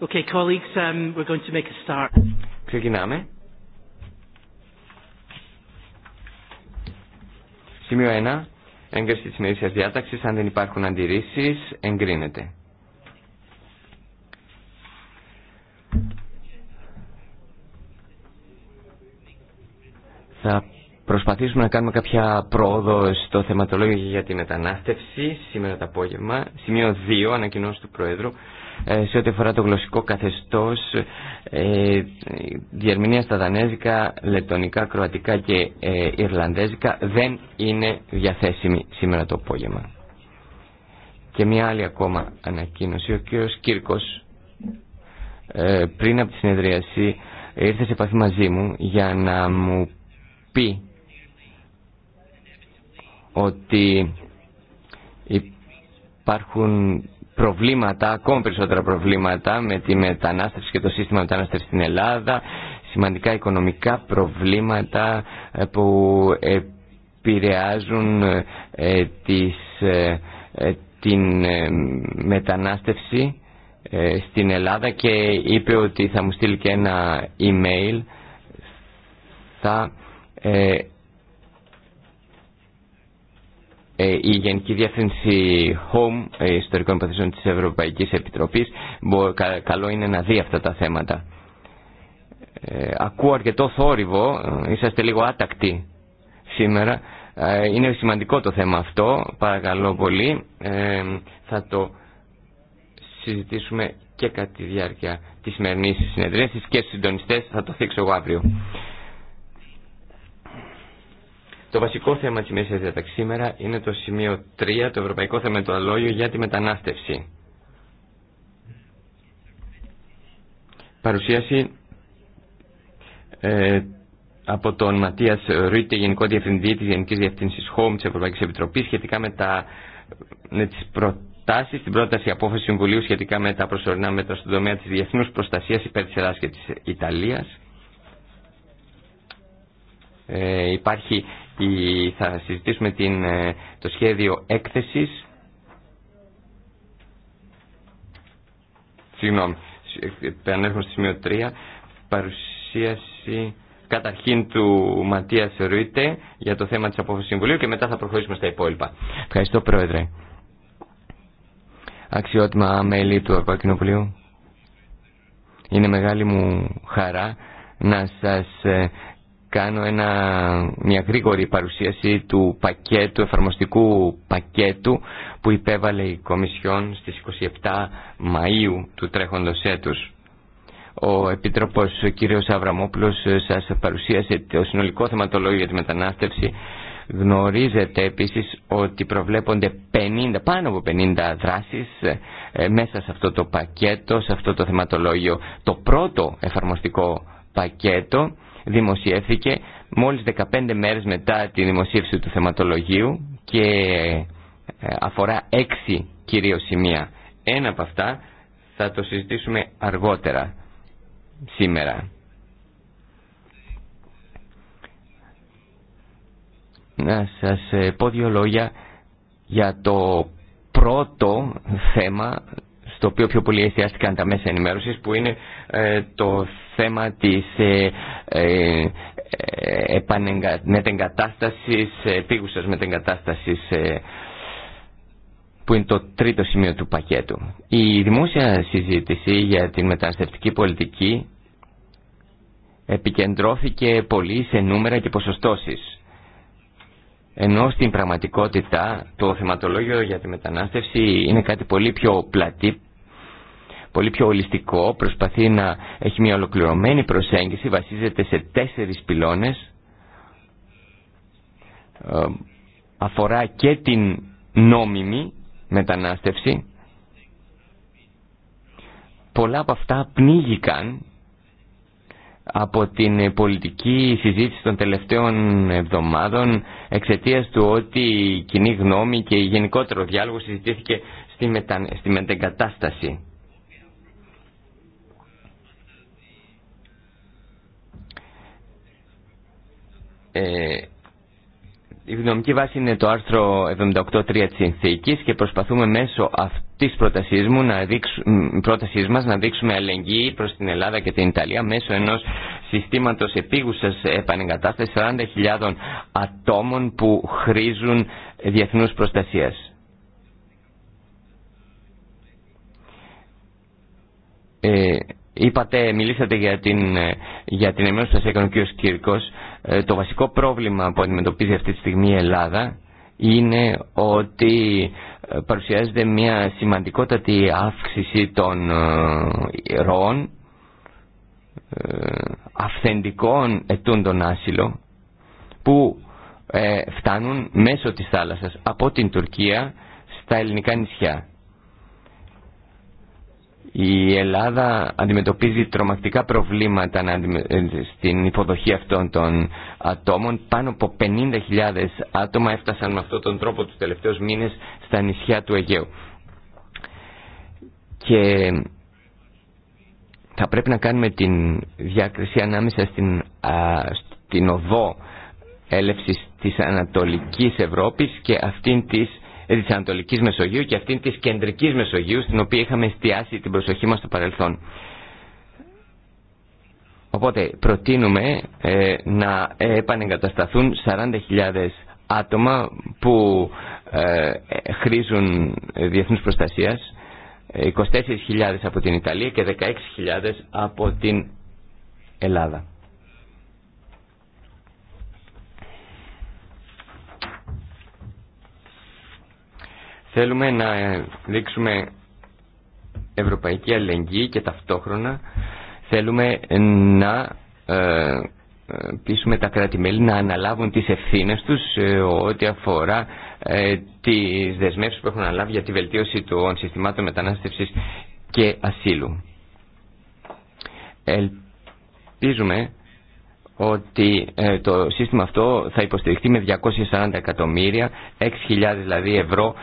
Okay, colleagues, um, we're going to make a start. Ξεκινάμε. Σημείο 1. Έγκριση της ημερήσιας διάταξης. Αν δεν υπάρχουν αντιρρήσεις, εγκρίνεται. Θα προσπαθήσουμε να κάνουμε κάποια πρόοδο στο θεματολόγιο για τη μετανάστευση σήμερα το απόγευμα. Σημείο 2. Ανακοινώσει του Προέδρου. Ε, σε ό,τι αφορά το γλωσσικό καθεστώς ε, διερμηνία στα δανέζικα, λετονικά, κροατικά και ε, ιρλανδέζικα δεν είναι διαθέσιμη σήμερα το απόγευμα. Και μια άλλη ακόμα ανακοίνωση. Ο κύριος Κύρκος ε, πριν από τη συνεδρίαση ήρθε σε επαφή μαζί μου για να μου πει ότι υπάρχουν προβλήματα, ακόμα περισσότερα προβλήματα με τη μετανάστευση και το σύστημα μετανάστευση στην Ελλάδα, σημαντικά οικονομικά προβλήματα ε, που επηρεάζουν ε, τις, ε, την μετανάστευση στην Ελλάδα και είπε ότι θα μου στείλει και ένα email θα ε, η Γενική Διεύθυνση Home ε, Ιστορικών Υποθέσεων της Ευρωπαϊκής Επιτροπής καλό είναι να δει αυτά τα θέματα. Ε, ακούω αρκετό θόρυβο, είσαστε λίγο άτακτοι σήμερα. είναι σημαντικό το θέμα αυτό, παρακαλώ πολύ. θα το συζητήσουμε και κατά τη διάρκεια της σημερινής συνεδρίασης και στους συντονιστές θα το θίξω εγώ αύριο. Το βασικό θέμα της Μέσης διάταξης σήμερα είναι το σημείο 3, το Ευρωπαϊκό Θεμετολόγιο για τη Μετανάστευση. Παρουσίαση ε, από τον Ματίας Ρούιτε, Γενικό Διευθυντή της Γενικής Διευθύνσης Home της Ευρωπαϊκής Επιτροπής σχετικά με, τα, με τις προτάσεις, την πρόταση απόφαση Συμβουλίου σχετικά με τα προσωρινά μέτρα στον τομέα της διεθνούς προστασίας υπέρ της Ελλάδας και της Ιταλίας. Ε, υπάρχει η, θα συζητήσουμε την, ε, το σχέδιο έκθεσης συγγνώμη, ε, επανέρχομαι στη σημείο 3 παρουσίαση καταρχήν του Ματία Ρούιτε για το θέμα της απόφασης συμβουλίου και μετά θα προχωρήσουμε στα υπόλοιπα. Ευχαριστώ Πρόεδρε. Αξιότιμα μέλη του Ευρωπαϊκού Είναι μεγάλη μου χαρά να σας ε, κάνω ένα, μια γρήγορη παρουσίαση του πακέτου, εφαρμοστικού πακέτου που υπέβαλε η Κομισιόν στις 27 Μαΐου του τρέχοντος έτους. Ο Επίτροπος ο κ. Αβραμόπουλος ε, σας παρουσίασε το συνολικό θεματολόγιο για τη μετανάστευση. Γνωρίζετε επίσης ότι προβλέπονται 50, πάνω από 50 δράσεις ε, ε, μέσα σε αυτό το πακέτο, σε αυτό το θεματολόγιο. Το πρώτο εφαρμοστικό πακέτο δημοσιεύθηκε μόλις 15 μέρες μετά τη δημοσίευση του θεματολογίου και ε, αφορά έξι κυρίως σημεία. Ένα από αυτά θα το συζητήσουμε αργότερα σήμερα. Να σας ε, πω δύο λόγια για το πρώτο θέμα στο οποίο πιο πολύ εστιάστηκαν τα μέσα ενημέρωσης που είναι ε, το θέμα της ε, ε, επανεγκα... μετεγκατάστασης, επίγουσας μετεγκατάστασης που είναι το τρίτο σημείο του πακέτου. Η δημόσια συζήτηση για την μεταναστευτική πολιτική επικεντρώθηκε πολύ σε νούμερα και ποσοστώσεις. Ενώ στην πραγματικότητα το θεματολόγιο για τη μετανάστευση είναι κάτι πολύ πιο πλατή, πολύ πιο ολιστικό, προσπαθεί να έχει μια ολοκληρωμένη προσέγγιση, βασίζεται σε τέσσερις πυλώνες, ε, αφορά και την νόμιμη μετανάστευση. Πολλά από αυτά πνίγηκαν από την πολιτική συζήτηση των τελευταίων εβδομάδων εξαιτίας του ότι η κοινή γνώμη και η γενικότερο διάλογο συζητήθηκε στη, μετα... στη Ε, η δημοτική βάση είναι το άρθρο 78.3 της συνθήκης και προσπαθούμε μέσω αυτής πρότασής, να πρότασής μας να δείξουμε αλληλεγγύη προς την Ελλάδα και την Ιταλία μέσω ενός συστήματος επίγουσας επανεγκατάστασης 40.000 ατόμων που χρήζουν διεθνούς προστασίας. Ε, είπατε, μιλήσατε για την, ε, για την ο κ. Ε, το βασικό πρόβλημα που αντιμετωπίζει αυτή τη στιγμή η Ελλάδα είναι ότι ε, παρουσιάζεται μια σημαντικότατη αύξηση των ε, ροών αυθεντικών ετούντων άσυλο που φτάνουν μέσω της θάλασσας από την Τουρκία στα ελληνικά νησιά. Η Ελλάδα αντιμετωπίζει τρομακτικά προβλήματα ε, στην υποδοχή αυτών των ατόμων. Πάνω από 50.000 άτομα έφτασαν με αυτόν τον τρόπο τους τελευταίους μήνες στα νησιά του Αιγαίου. Και θα πρέπει να κάνουμε την διάκριση ανάμεσα στην, στην οδό έλευσης της Ανατολικής Ευρώπης και αυτήν της Τη Ανατολική Μεσογείου και αυτήν της Κεντρικής Μεσογείου στην οποία είχαμε εστιάσει την προσοχή μας στο παρελθόν. Οπότε προτείνουμε ε, να ε, επανεγκατασταθούν 40.000 άτομα που ε, χρήζουν διεθνούς προστασίας 24.000 από την Ιταλία και 16.000 από την Ελλάδα. Θέλουμε να δείξουμε ευρωπαϊκή αλληλεγγύη και ταυτόχρονα θέλουμε να ε, ε, πείσουμε τα κράτη-μέλη να αναλάβουν τις ευθύνες τους ό,τι αφορά ε, τις δεσμεύσεις που έχουν αναλάβει για τη βελτίωση των συστημάτων μετανάστευσης και ασύλου. Ελπίζουμε ότι ε, το σύστημα αυτό θα υποστηριχθεί με 240 εκατομμύρια, 6.000 δηλαδή ευρώ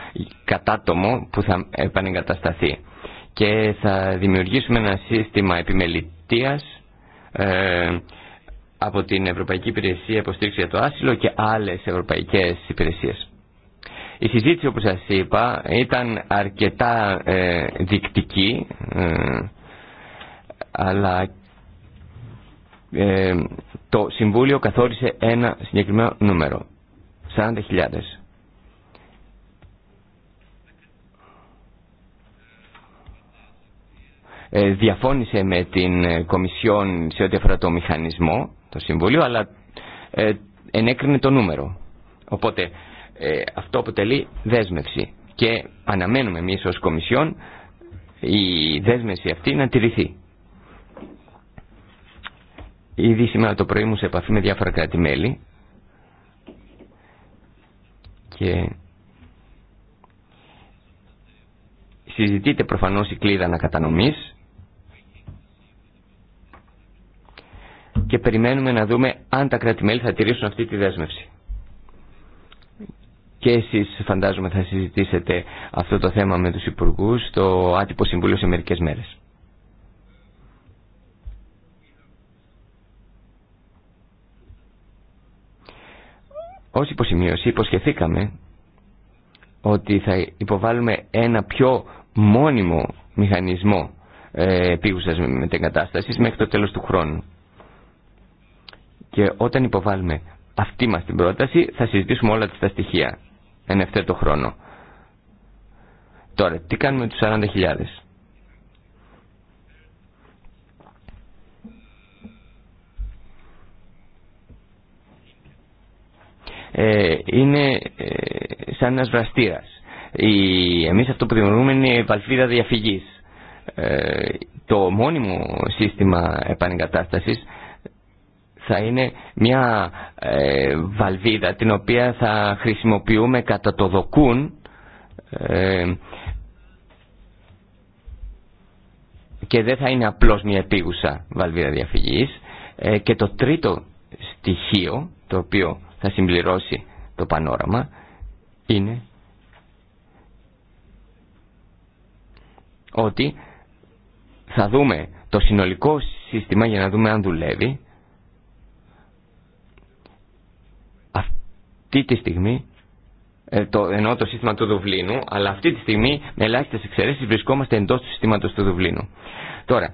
κατάτομο που θα επανεγκατασταθεί. Και θα δημιουργήσουμε ένα σύστημα επιμελητίας ε, από την Ευρωπαϊκή Υπηρεσία Υποστήριξη για το Άσυλο και άλλες ευρωπαϊκές υπηρεσίες. Η συζήτηση όπως σας είπα ήταν αρκετά ε, δεικτική ε, αλλά ε, το Συμβούλιο καθόρισε ένα συγκεκριμένο νούμερο. 40.000. Ε, διαφώνησε με την ε, Κομισιόν σε ό,τι αφορά το μηχανισμό, το Συμβούλιο, αλλά ε, ενέκρινε το νούμερο. Οπότε ε, αυτό αποτελεί δέσμευση και αναμένουμε εμείς ως Κομισιόν η δέσμευση αυτή να τηρηθεί. Ήδη σήμερα το πρωί μου σε επαφή με διάφορα κράτη-μέλη και συζητείται προφανώς η κλίδα ανακατανομής και περιμένουμε να δούμε αν τα κρατη θα τηρήσουν αυτή τη δέσμευση. Και εσείς φαντάζομαι θα συζητήσετε αυτό το θέμα με τους υπουργούς στο άτυπο συμβούλιο σε μερικές μέρες. Ως υποσημείωση υποσχεθήκαμε ότι θα υποβάλουμε ένα πιο μόνιμο μηχανισμό ε, επίγουσας μετεγκατάστασης μέχρι το τέλος του χρόνου. Και όταν υποβάλουμε αυτή μας την πρόταση θα συζητήσουμε όλα τα στοιχεία εν ευθέτω χρόνο. Τώρα, τι κάνουμε με τους 40.000. Ε, είναι ε, σαν ένας βραστήρας. Η, εμείς αυτό που δημιουργούμε είναι βαλβίδα διαφυγής. Ε, το μόνιμο σύστημα επανεγκατάστασης θα είναι μια βαλβίδα την οποία θα χρησιμοποιούμε κατά το δοκούν και δεν θα είναι απλώς μια επίγουσα βαλβίδα διαφυγής. και το τρίτο στοιχείο το οποίο θα συμπληρώσει το πανόραμα είναι ότι θα δούμε το συνολικό σύστημα για να δούμε αν δουλεύει. Αυτή τη στιγμή, ε, το, ενώ το σύστημα του Δουβλίνου, αλλά αυτή τη στιγμή με ελάχιστες εξαιρέσεις βρισκόμαστε εντός του συστήματος του Δουβλίνου. Τώρα,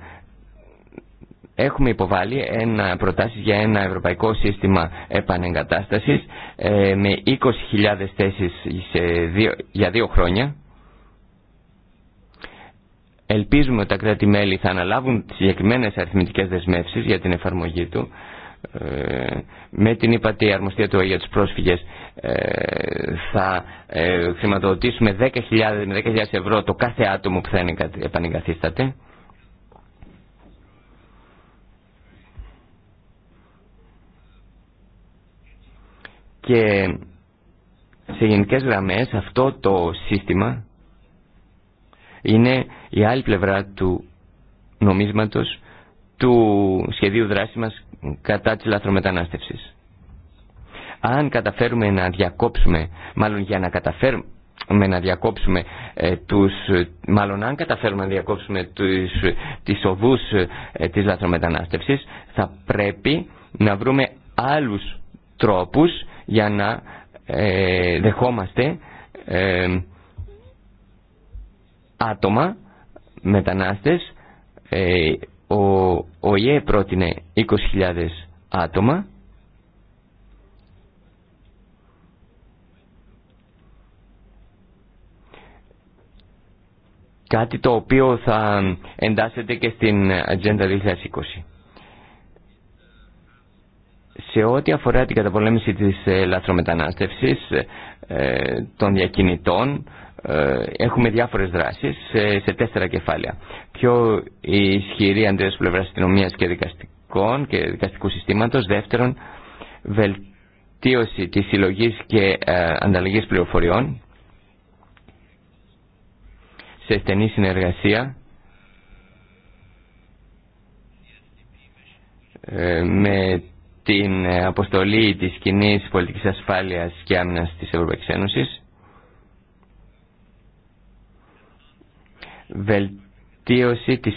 έχουμε υποβάλει ένα προτάσεις για ένα ευρωπαϊκό σύστημα επανεγκατάστασης ε, με 20.000 θέσεις για δύο χρόνια. Ελπίζουμε ότι τα κράτη-μέλη θα αναλάβουν συγκεκριμένε αριθμητικέ δεσμεύσεις για την εφαρμογή του. Ε, με την υπατή αρμοστία του για τους πρόσφυγες ε, θα χρηματοδοτήσουμε 10.000 με 10.000 ευρώ το κάθε άτομο που θα επανεγκαθίσταται. Και σε γενικές γραμμές αυτό το σύστημα είναι η άλλη πλευρά του νομίσματος του σχεδίου δράση μας κατά της λαθρομετανάστευσης. Αν καταφέρουμε να διακόψουμε, μάλλον για να καταφέρουμε, να διακόψουμε ε, τους, μάλλον αν καταφέρουμε να διακόψουμε τους, τις οδούς ε, της λαθρομετανάστευσης θα πρέπει να βρούμε άλλους τρόπους για να ε, δεχόμαστε ε, άτομα, μετανάστες. Ε, ο, ο ΙΕ πρότεινε 20.000 άτομα. Κάτι το οποίο θα εντάσσεται και στην Ατζέντα 2020. Σε ό,τι αφορά την καταπολέμηση της ε, λαθρομετανάστευσης ε, ε, των διακινητών, έχουμε διάφορες δράσεις σε τέσσερα κεφάλαια. Πιο ισχυρή αντίδραση πλευράς αστυνομίας και δικαστικών και δικαστικού συστήματος. Δεύτερον, βελτίωση της συλλογή και ανταλλαγής πληροφοριών σε στενή συνεργασία με την ε, αποστολή της κοινή πολιτικής ασφάλειας και άμυνας της Ευρωπαϊκής Ένωσης. Βελτίωση της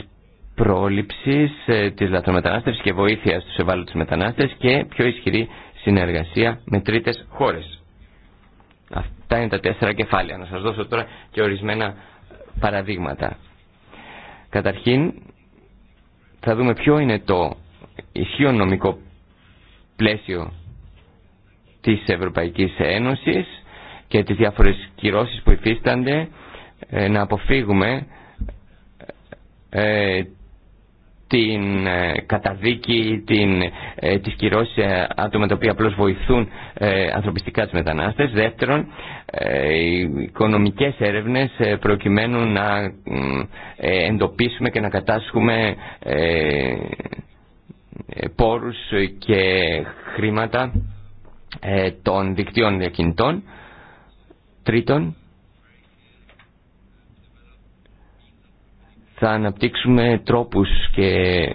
πρόληψης ε, της λαθρομετανάστευσης και βοήθεια στους ευάλωτους μετανάστες και πιο ισχυρή συνεργασία με τρίτες χώρες. Αυτά είναι τα τέσσερα κεφάλαια. Να σας δώσω τώρα και ορισμένα παραδείγματα. Καταρχήν, θα δούμε ποιο είναι το ισχύον νομικό πλαίσιο της Ευρωπαϊκής Ένωσης και τις διάφορες κυρώσεις που υφίστανται ε, να αποφύγουμε ε, την ε, καταδίκη, την, ε, κυρώσεις άτομα τα οποία απλώς βοηθούν ανθρωπιστικά τους μετανάστες. Δεύτερον, οι οικονομικές έρευνες προκειμένου να εντοπίσουμε και να κατάσχουμε ε, πόρους και χρήματα ε, των δικτύων διακινητών. Τρίτον, θα αναπτύξουμε τρόπους και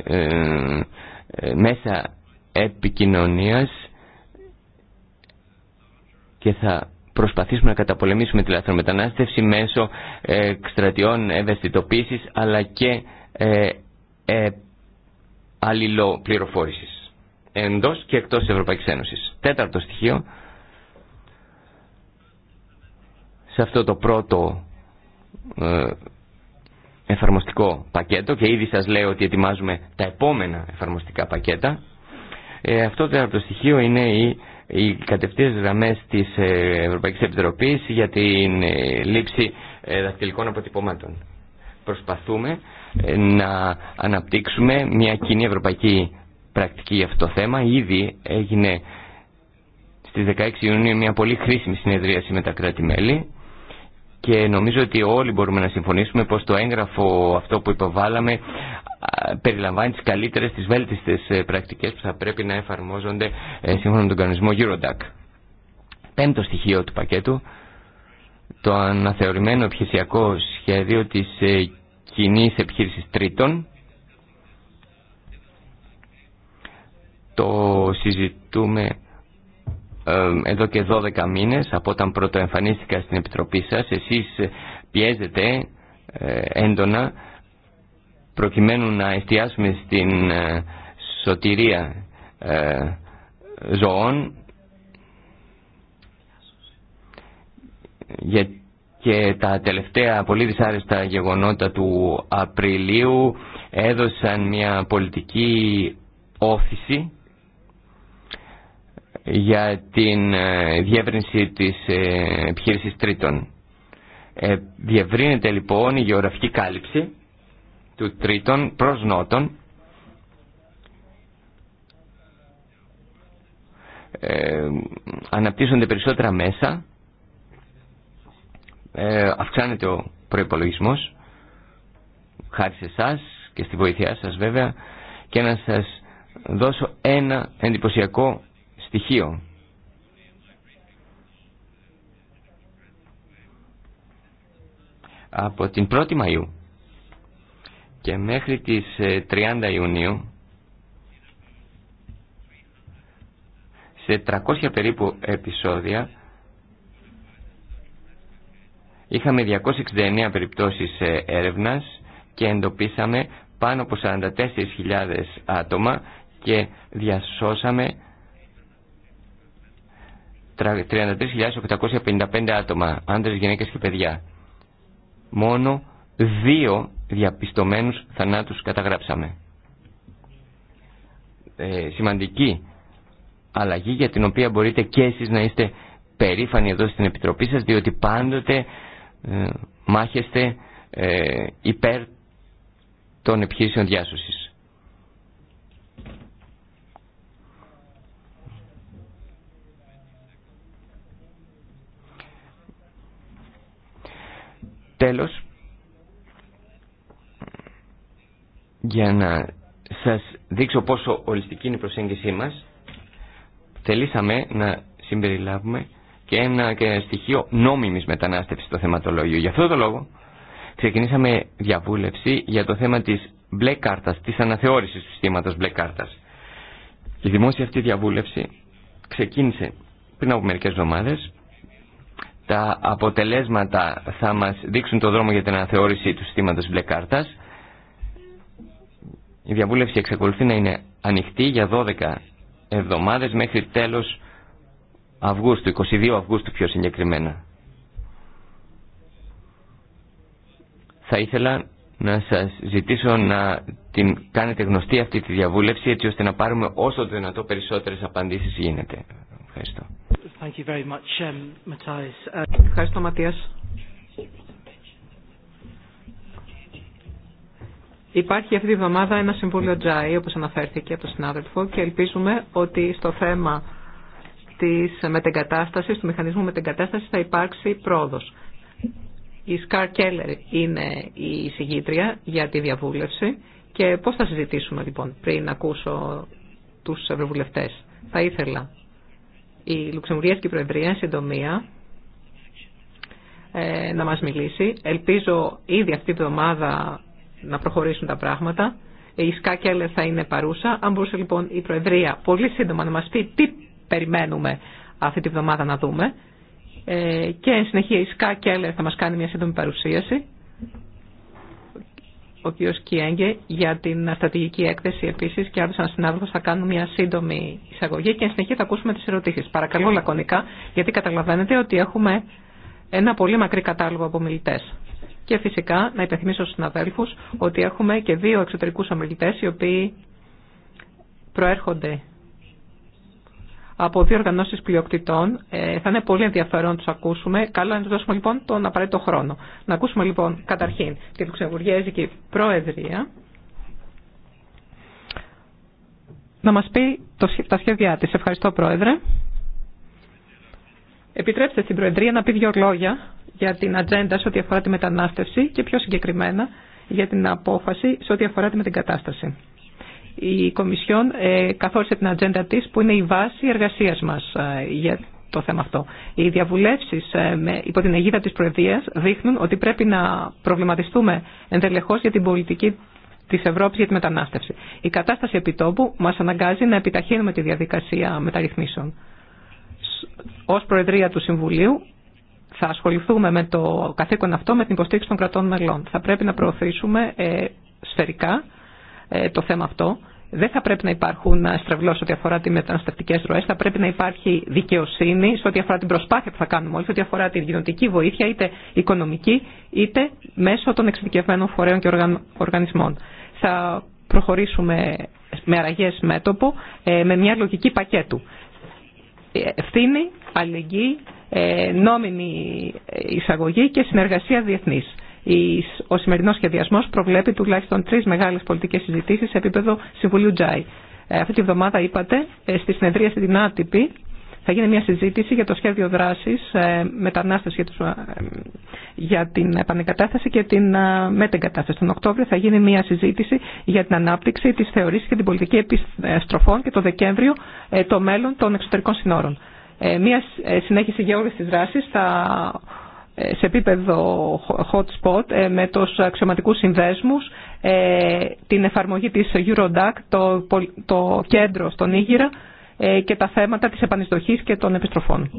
ε, μέσα επικοινωνίας και θα προσπαθήσουμε να καταπολεμήσουμε τη λαθρομετανάστευση μέσω εξτρατιών ευαισθητοποίησης αλλά και αλληλοπληροφόρηση εντός και εκτός της Ευρωπαϊκής Ένωσης. Τέταρτο στοιχείο, σε αυτό το πρώτο ε, εφαρμοστικό πακέτο και ήδη σας λέω ότι ετοιμάζουμε τα επόμενα εφαρμοστικά πακέτα. Ε, αυτό το τέταρτο στοιχείο είναι οι, οι κατευθύνες γραμμές της ε, Ευρωπαϊκής Επιτροπής για την λήψη δακτυλικών αποτυπωμάτων. Προσπαθούμε να αναπτύξουμε μια κοινή ευρωπαϊκή πρακτική για αυτό το θέμα. Ήδη έγινε στις 16 Ιουνίου μια πολύ χρήσιμη συνεδρίαση με τα κράτη-μέλη και νομίζω ότι όλοι μπορούμε να συμφωνήσουμε πως το έγγραφο αυτό που υποβάλαμε περιλαμβάνει τις καλύτερες, τις βέλτιστες ε, πρακτικές που θα πρέπει να εφαρμόζονται ε, σύμφωνα με τον κανονισμό Eurodac. Πέμπτο στοιχείο του πακέτου, το αναθεωρημένο επιχειρησιακό σχέδιο της ε, κοινή επιχείρηση τρίτων. Το συζητούμε εδώ και 12 μήνες από όταν πρώτο εμφανίστηκα στην Επιτροπή σας. Εσείς πιέζετε ε, έντονα προκειμένου να εστιάσουμε στην ε, σωτηρία ε, ζωών Γιατί και τα τελευταία πολύ δυσάρεστα γεγονότα του Απριλίου έδωσαν μια πολιτική όθηση για την ε, διεύρυνση της ε, επιχείρησης τρίτων. Ε, διευρύνεται λοιπόν η γεωγραφική κάλυψη του τρίτων προς νότον αναπτύσσονται περισσότερα μέσα ε, αυξάνεται ο προπολογισμό, χάρη σε εσά και στη βοήθειά σας βέβαια και να σας δώσω ένα εντυπωσιακό στοιχείο. Από την 1η Μαΐου και μέχρι τις 30 ε, Ιουνίου σε 300 περίπου επεισόδια Είχαμε 269 περιπτώσεις ε, έρευνας και εντοπίσαμε πάνω από 44.000 άτομα και διασώσαμε 33.855 άτομα, άντρες, γυναίκες και παιδιά. Μόνο δύο διαπιστωμένους θανάτους καταγράψαμε. Ε, σημαντική αλλαγή για την οποία μπορείτε και εσείς να είστε περήφανοι εδώ στην Επιτροπή σας, διότι πάντοτε ε, μάχεστε ε, υπέρ των επιχειρήσεων διάσωσης. Τέλος, για να σας δείξω πόσο ολιστική είναι η προσέγγιση μας, θελήσαμε να συμπεριλάβουμε και ένα και στοιχείο νόμιμης μετανάστευσης στο θεματολόγιο. Γι' αυτό το λόγο ξεκινήσαμε διαβούλευση για το θέμα της μπλε κάρτας, της αναθεώρησης του συστήματος μπλε κάρτας. Η δημόσια αυτή διαβούλευση ξεκίνησε πριν από μερικές εβδομάδες. Τα αποτελέσματα θα μας δείξουν το δρόμο για την αναθεώρηση του συστήματος μπλε κάρτας. Η διαβούλευση εξακολουθεί να είναι ανοιχτή για 12 εβδομάδες μέχρι τέλος Αυγούστου, 22 Αυγούστου πιο συγκεκριμένα. Θα ήθελα να σας ζητήσω να την κάνετε γνωστή αυτή τη διαβούλευση έτσι ώστε να πάρουμε όσο το δυνατό περισσότερες απαντήσεις γίνεται. Ευχαριστώ. Thank you very much, um, uh, Ευχαριστώ Ματίας. Υπάρχει αυτή τη βδομάδα ένα συμβούλιο Τζάι, mm. όπως αναφέρθηκε από τον συνάδελφο, και ελπίζουμε ότι στο θέμα της μετεγκατάστασης, του μηχανισμού μετεγκατάστασης θα υπάρξει πρόοδος. Η Σκάρ Κέλλερ είναι η συγγήτρια για τη διαβούλευση και πώς θα συζητήσουμε λοιπόν πριν ακούσω τους ευρωβουλευτές. Θα ήθελα η Λουξεμβουργιακή Προεδρία, συντομία, ε, να μας μιλήσει. Ελπίζω ήδη αυτή την εβδομάδα να προχωρήσουν τα πράγματα. Η Σκά θα είναι παρούσα. Αν μπορούσε λοιπόν η Προεδρία πολύ σύντομα να μας πει τι περιμένουμε αυτή τη βδομάδα να δούμε. Ε, και εν συνεχεία η ΣΚΑ Κέλλερ θα μας κάνει μια σύντομη παρουσίαση. Ο κ. Κιέγγε για την στρατηγική έκθεση επίσης και άλλος ένας συνάδελφος θα κάνουν μια σύντομη εισαγωγή και εν συνεχεία θα ακούσουμε τις ερωτήσεις. Παρακαλώ λακωνικά γιατί καταλαβαίνετε ότι έχουμε ένα πολύ μακρύ κατάλογο από μιλητές. Και φυσικά να υπενθυμίσω στους συναδέλφους ότι έχουμε και δύο εξωτερικούς ομιλητές οι οποίοι προέρχονται από δύο οργανώσει πλειοκτητών. Ε, θα είναι πολύ ενδιαφέρον να του ακούσουμε. Καλό να του δώσουμε λοιπόν τον απαραίτητο χρόνο. Να ακούσουμε λοιπόν καταρχήν τη Λουξεμβουργέζικη Προεδρία να μας πει το, τα σχέδιά τη. Ευχαριστώ Πρόεδρε. Επιτρέψτε στην Προεδρία να πει δύο λόγια για την ατζέντα σε ό,τι αφορά τη μετανάστευση και πιο συγκεκριμένα για την απόφαση σε ό,τι αφορά τη κατάσταση η Κομισιόν ε, καθόρισε την ατζέντα της που είναι η βάση εργασίας μας ε, για το θέμα αυτό. Οι διαβουλεύσεις ε, υπό την αιγίδα της Προεδρίας δείχνουν ότι πρέπει να προβληματιστούμε εντελεχώς για την πολιτική τη Ευρώπη για τη μετανάστευση. Η κατάσταση επιτόπου μα αναγκάζει να επιταχύνουμε τη διαδικασία μεταρρυθμίσεων. Ω Προεδρία του Συμβουλίου θα ασχοληθούμε με το καθήκον αυτό με την υποστήριξη των κρατών μελών. Θα πρέπει να προωθήσουμε ε, σφαιρικά το θέμα αυτό δεν θα πρέπει να υπάρχουν ε, στρεβλώ ό,τι αφορά τι μεταναστευτικέ ροέ. Θα πρέπει να υπάρχει δικαιοσύνη σε ό,τι αφορά την προσπάθεια που θα κάνουμε όλοι, σε ό,τι αφορά την κοινωνική βοήθεια, είτε οικονομική, είτε μέσω των εξειδικευμένων φορέων και οργανισμών. Θα προχωρήσουμε με αραγέ μέτωπο, ε, με μια λογική πακέτου. Ε, ευθύνη, αλληλεγγύη, νόμιμη εισαγωγή και συνεργασία διεθνής. Ο σημερινό σχεδιασμό προβλέπει τουλάχιστον τρει μεγάλε πολιτικέ συζητήσει σε επίπεδο Συμβουλίου Τζάι. Ε, αυτή τη βδομάδα είπατε, ε, στη συνεδρία στην Άτυπη, θα γίνει μια συζήτηση για το σχέδιο δράση ε, μετανάστευση για την επανεκατάσταση και την μετεγκατάσταση. Τον Οκτώβριο θα γίνει μια συζήτηση για την ανάπτυξη τη θεωρήση και την πολιτική επιστροφών και το Δεκέμβριο το μέλλον των εξωτερικών συνόρων. Μια συνέχιση για όλε τι δράσει θα σε επίπεδο hot spot ε, με τους αξιωματικούς συνδέσμους, ε, την εφαρμογή της Eurodac, το, το κέντρο στον Ήγυρα ε, και τα θέματα της επανειστοχής και των επιστροφών.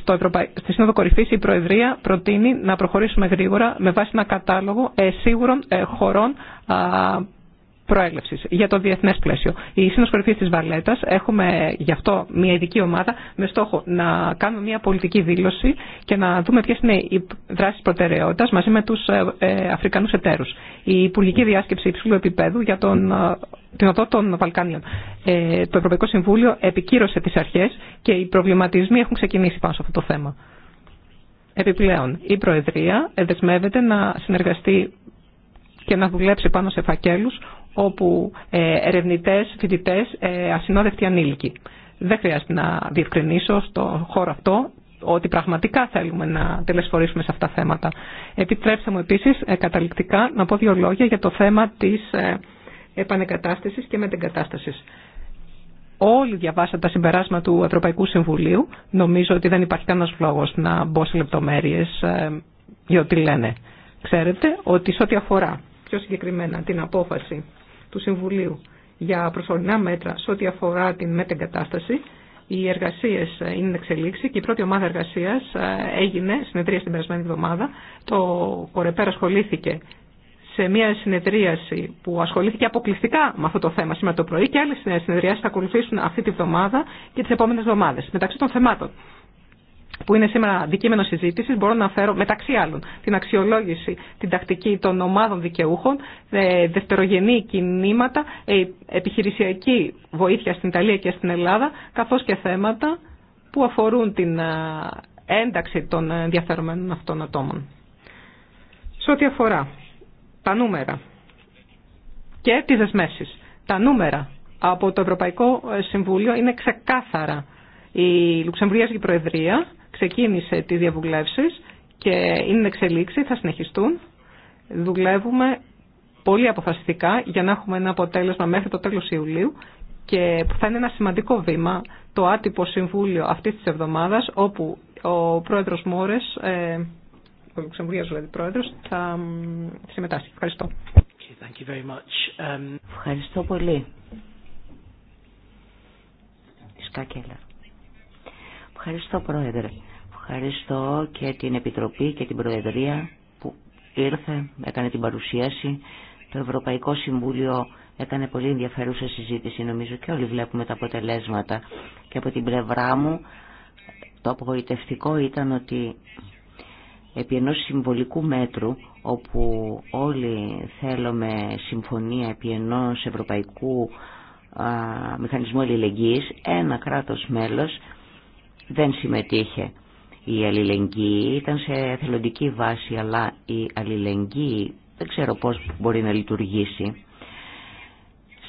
Στο Στη Σύνοδο Κορυφή η Προεδρία προτείνει να προχωρήσουμε γρήγορα με βάση ένα κατάλογο σίγουρων χωρών για το διεθνέ πλαίσιο. Η Σύνοδο Κορυφή τη Βαλέτα έχουμε γι' αυτό μια ειδική ομάδα με στόχο να κάνουμε μια πολιτική δήλωση και να δούμε ποιε είναι οι δράσει προτεραιότητα μαζί με του ε, ε, Αφρικανού εταίρου. Η Υπουργική Διάσκεψη Υψηλού Επιπέδου για τον, ε, την οδό των Βαλκανίων. το Ευρωπαϊκό Συμβούλιο επικύρωσε τι αρχέ και οι προβληματισμοί έχουν ξεκινήσει πάνω σε αυτό το θέμα. Επιπλέον, η Προεδρία δεσμεύεται να συνεργαστεί και να δουλέψει πάνω σε φακέλους όπου ε, ερευνητές, φοιτητές, ε, ασυνόδευτοι ανήλικοι. Δεν χρειάζεται να διευκρινίσω στον χώρο αυτό ότι πραγματικά θέλουμε να τελεσφορήσουμε σε αυτά τα θέματα. Επιτρέψτε μου επίσης ε, καταληκτικά να πω δύο λόγια για το θέμα της επανεκατάστασης και μετεγκατάστασης. Όλοι διαβάσατε τα συμπεράσματα του Ευρωπαϊκού Συμβουλίου. Νομίζω ότι δεν υπάρχει κανένας λόγος να μπω σε λεπτομέρειες για ό,τι λένε. Ξέρετε ότι σε ό,τι αφορά πιο συγκεκριμένα την απόφαση του Συμβουλίου για προσωρινά μέτρα σε ό,τι αφορά την μετεγκατάσταση. Οι εργασίε είναι εξελίξη και η πρώτη ομάδα εργασία ε, έγινε συνεδρία την περασμένη εβδομάδα. Το Κορεπέρα ασχολήθηκε σε μια συνεδρίαση που ασχολήθηκε αποκλειστικά με αυτό το θέμα σήμερα το πρωί και άλλε συνεδριάσει θα ακολουθήσουν αυτή τη βδομάδα και τι επόμενε εβδομάδε. Μεταξύ των θεμάτων που είναι σήμερα αντικείμενο συζήτηση, μπορώ να φέρω μεταξύ άλλων την αξιολόγηση, την τακτική των ομάδων δικαιούχων, ε, δευτερογενή κινήματα, ε, επιχειρησιακή βοήθεια στην Ιταλία και στην Ελλάδα, καθώ και θέματα που αφορούν την ε, ένταξη των ενδιαφερομένων αυτών ατόμων. Σε ό,τι αφορά τα νούμερα και τις δεσμεύσει. Τα νούμερα από το Ευρωπαϊκό Συμβούλιο είναι ξεκάθαρα. Η η Προεδρία ξεκίνησε τις διαβουλεύσεις και είναι εξελίξη, θα συνεχιστούν. Δουλεύουμε πολύ αποφασιστικά για να έχουμε ένα αποτέλεσμα μέχρι το τέλος Ιουλίου και θα είναι ένα σημαντικό βήμα το άτυπο συμβούλιο αυτής της εβδομάδας όπου ο πρόεδρος Μόρες, ε, ο Λουξεμβουργίας δηλαδή πρόεδρος, θα συμμετάσχει. Ευχαριστώ. Okay, thank you very much. Um, Ευχαριστώ πολύ. Σκάκελα. Ευχαριστώ Πρόεδρε. Ευχαριστώ και την Επιτροπή και την Προεδρία που ήρθε, έκανε την παρουσίαση. Το Ευρωπαϊκό Συμβούλιο έκανε πολύ ενδιαφέρουσα συζήτηση νομίζω και όλοι βλέπουμε τα αποτελέσματα. Και από την πλευρά μου το απογοητευτικό ήταν ότι επί ενός συμβολικού μέτρου όπου όλοι θέλουμε συμφωνία επί ενός ευρωπαϊκού α, μηχανισμού αλληλεγγύης ένα κράτος μέλος δεν συμμετείχε. Η αλληλεγγύη ήταν σε θελοντική βάση, αλλά η αλληλεγγύη δεν ξέρω πώς μπορεί να λειτουργήσει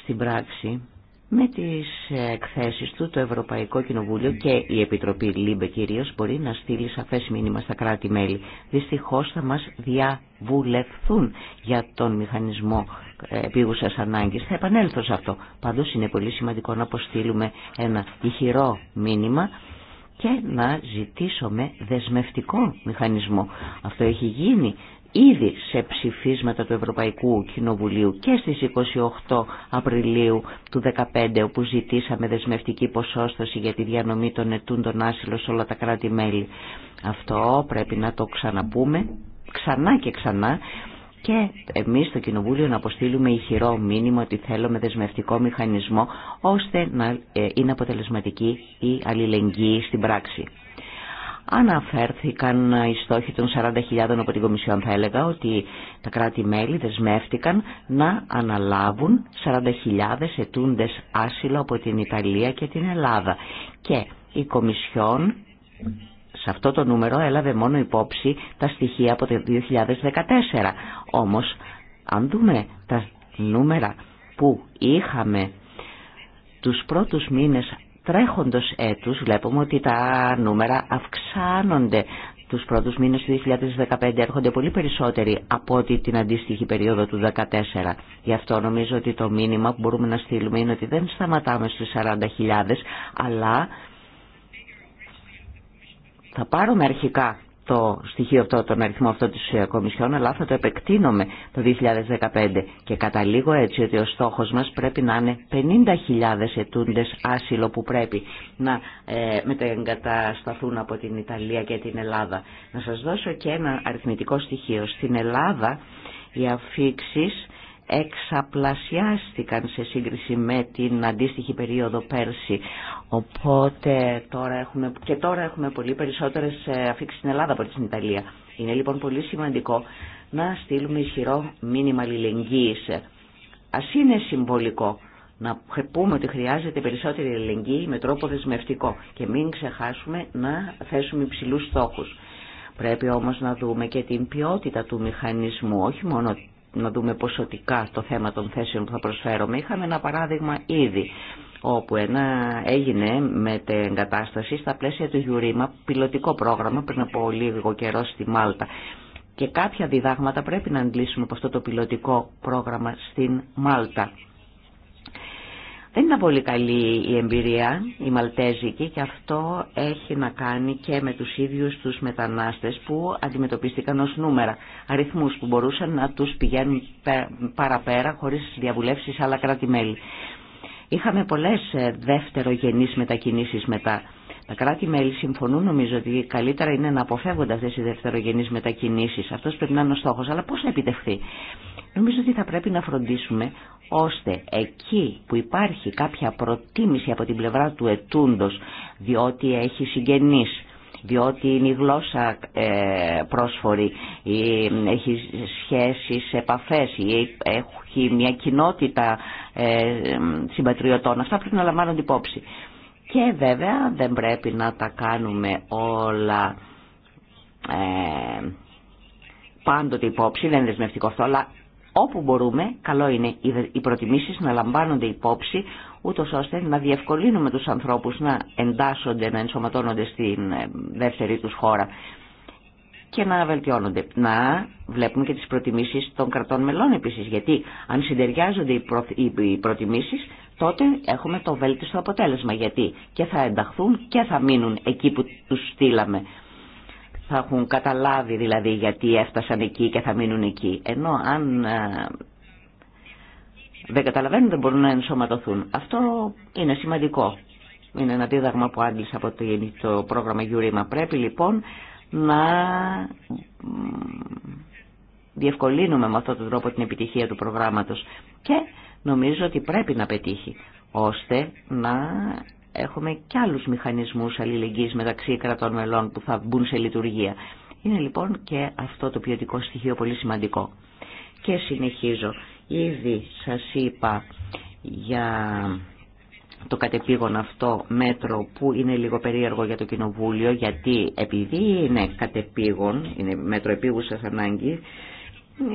στην πράξη. Με τις εκθέσεις του το Ευρωπαϊκό Κοινοβούλιο και η Επιτροπή ΛΥΜΠΕ κυρίως μπορεί να στείλει σαφές μήνυμα στα κράτη-μέλη. Δυστυχώς θα μας διαβουλευθούν για τον μηχανισμό ε, επίγουσας ανάγκης. Θα επανέλθω σε αυτό. Πάντως είναι πολύ σημαντικό να αποστείλουμε ένα ηχηρό μήνυμα και να ζητήσουμε δεσμευτικό μηχανισμό. Αυτό έχει γίνει ήδη σε ψηφίσματα του Ευρωπαϊκού Κοινοβουλίου και στις 28 Απριλίου του 2015 όπου ζητήσαμε δεσμευτική ποσόστοση για τη διανομή των ετούντων άσυλων σε όλα τα κράτη-μέλη. Αυτό πρέπει να το ξαναπούμε ξανά και ξανά και εμείς στο Κοινοβούλιο να αποστείλουμε ηχηρό μήνυμα ότι θέλουμε δεσμευτικό μηχανισμό ώστε να ε, είναι αποτελεσματική η αλληλεγγύη στην πράξη. Αναφέρθηκαν ε, οι στόχοι των 40.000 από την Κομισιόν θα έλεγα ότι τα κράτη-μέλη δεσμεύτηκαν να αναλάβουν 40.000 ετούντες άσυλο από την Ιταλία και την Ελλάδα και η Κομισιόν σε αυτό το νούμερο έλαβε μόνο υπόψη τα στοιχεία από το 2014. Όμως, αν δούμε τα νούμερα που είχαμε τους πρώτους μήνες τρέχοντος έτους, βλέπουμε ότι τα νούμερα αυξάνονται. Τους πρώτους μήνες του 2015 έρχονται πολύ περισσότεροι από ότι την αντίστοιχη περίοδο του 2014. Γι' αυτό νομίζω ότι το μήνυμα που μπορούμε να στείλουμε είναι ότι δεν σταματάμε στους 40.000, αλλά θα πάρουμε αρχικά το στοιχείο αυτό, τον αριθμό αυτό της ε, Κομισιόν, αλλά θα το επεκτείνουμε το 2015 και καταλήγω έτσι ότι ο στόχος μας πρέπει να είναι 50.000 ετούντες άσυλο που πρέπει να ε, μετεγκατασταθούν από την Ιταλία και την Ελλάδα. Να σας δώσω και ένα αριθμητικό στοιχείο. Στην Ελλάδα οι αφήξεις εξαπλασιάστηκαν σε σύγκριση με την αντίστοιχη περίοδο πέρσι. Οπότε τώρα έχουμε, και τώρα έχουμε πολύ περισσότερες ε, αφήξεις στην Ελλάδα από την Ιταλία. Είναι λοιπόν πολύ σημαντικό να στείλουμε ισχυρό μήνυμα αλληλεγγύης. Ας είναι συμβολικό να πούμε ότι χρειάζεται περισσότερη αλληλεγγύη με τρόπο δεσμευτικό και μην ξεχάσουμε να θέσουμε υψηλούς στόχους. Πρέπει όμως να δούμε και την ποιότητα του μηχανισμού, όχι μόνο να δούμε ποσοτικά το θέμα των θέσεων που θα προσφέρουμε. Είχαμε ένα παράδειγμα ήδη όπου ένα έγινε με την εγκατάσταση στα πλαίσια του Γιουρίμα, πιλωτικό πρόγραμμα πριν από λίγο καιρό στη Μάλτα. Και κάποια διδάγματα πρέπει να αντλήσουμε από αυτό το πιλωτικό πρόγραμμα στην Μάλτα. Δεν ήταν πολύ καλή η εμπειρία, η Μαλτέζικη, και αυτό έχει να κάνει και με τους ίδιους τους μετανάστες που αντιμετωπίστηκαν ως νούμερα. Αριθμούς που μπορούσαν να τους πηγαίνουν παραπέρα χωρίς διαβουλεύσεις άλλα κράτη-μέλη. Είχαμε πολλές ε, δεύτερο γενείς μετακινήσεις μετά. Τα κράτη-μέλη συμφωνούν νομίζω ότι καλύτερα είναι να αποφεύγονται αυτές οι δευτερογενείς μετακινήσεις. Αυτός πρέπει να είναι ο στόχος. Αλλά πώς να επιτευχθεί. Νομίζω ότι θα πρέπει να φροντίσουμε ώστε εκεί που υπάρχει κάποια προτίμηση από την πλευρά του ετούντος, διότι έχει συγγενείς, διότι είναι η γλώσσα ε, πρόσφορη, ή έχει σχέσεις, επαφές, ή έχει μια κοινότητα ε, συμπατριωτών. Αυτά πρέπει να λαμβάνονται υπόψη. Και βέβαια δεν πρέπει να τα κάνουμε όλα ε, πάντοτε υπόψη, δεν είναι δεσμευτικό αυτό, αλλά Όπου μπορούμε, καλό είναι οι προτιμήσεις να λαμβάνονται υπόψη, ούτω ώστε να διευκολύνουμε τους ανθρώπους να εντάσσονται, να ενσωματώνονται στην ε, δεύτερη τους χώρα και να βελτιώνονται. Να βλέπουμε και τις προτιμήσεις των κρατών μελών επίσης, γιατί αν συντεριάζονται οι, προτιμήσει, προτιμήσεις, τότε έχουμε το βέλτιστο αποτέλεσμα, γιατί και θα ενταχθούν και θα μείνουν εκεί που τους στείλαμε θα έχουν καταλάβει δηλαδή γιατί έφτασαν εκεί και θα μείνουν εκεί. Ενώ αν ε, δεν καταλαβαίνουν δεν μπορούν να ενσωματωθούν. Αυτό είναι σημαντικό. Είναι ένα δίδαγμα που άγγισε από το πρόγραμμα Γιουρίμα. Πρέπει λοιπόν να διευκολύνουμε με αυτόν τον τρόπο την επιτυχία του προγράμματος και νομίζω ότι πρέπει να πετύχει ώστε να έχουμε και άλλους μηχανισμούς αλληλεγγύης μεταξύ κρατών μελών που θα μπουν σε λειτουργία. Είναι λοιπόν και αυτό το ποιοτικό στοιχείο πολύ σημαντικό. Και συνεχίζω. Ήδη σας είπα για το κατεπήγον αυτό μέτρο που είναι λίγο περίεργο για το Κοινοβούλιο γιατί επειδή είναι κατεπήγον, είναι μέτρο επίγουσας ανάγκη,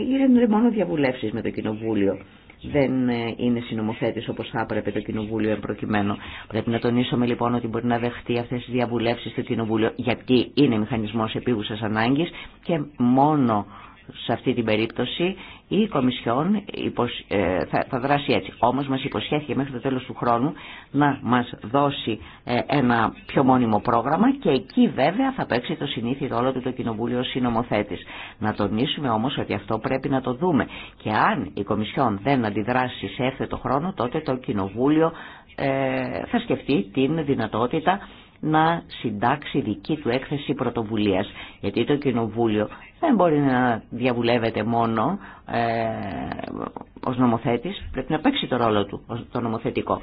γίνονται μόνο διαβουλεύσεις με το Κοινοβούλιο δεν ε, είναι συνομοθέτης όπως θα έπρεπε το Κοινοβούλιο προκειμένου. Πρέπει να τονίσουμε λοιπόν ότι μπορεί να δεχτεί αυτές τις διαβουλεύσεις στο Κοινοβούλιο γιατί είναι μηχανισμός επίγουσας ανάγκης και μόνο σε αυτή την περίπτωση η Κομισιόν ε, θα δράσει έτσι. Όμως μας υποσχέθηκε μέχρι το τέλος του χρόνου να μας δώσει ε, ένα πιο μόνιμο πρόγραμμα και εκεί βέβαια θα παίξει το συνήθι ρόλο του το Κοινοβούλιο συνομοθέτης. Να τονίσουμε όμως ότι αυτό πρέπει να το δούμε. Και αν η Κομισιόν δεν αντιδράσει σε έφθετο χρόνο τότε το Κοινοβούλιο ε, θα σκεφτεί την δυνατότητα να συντάξει δική του έκθεση πρωτοβουλίας. Γιατί το Κοινοβούλιο δεν μπορεί να διαβουλεύεται μόνο ε, ως νομοθέτης, πρέπει να παίξει το ρόλο του, το νομοθετικό.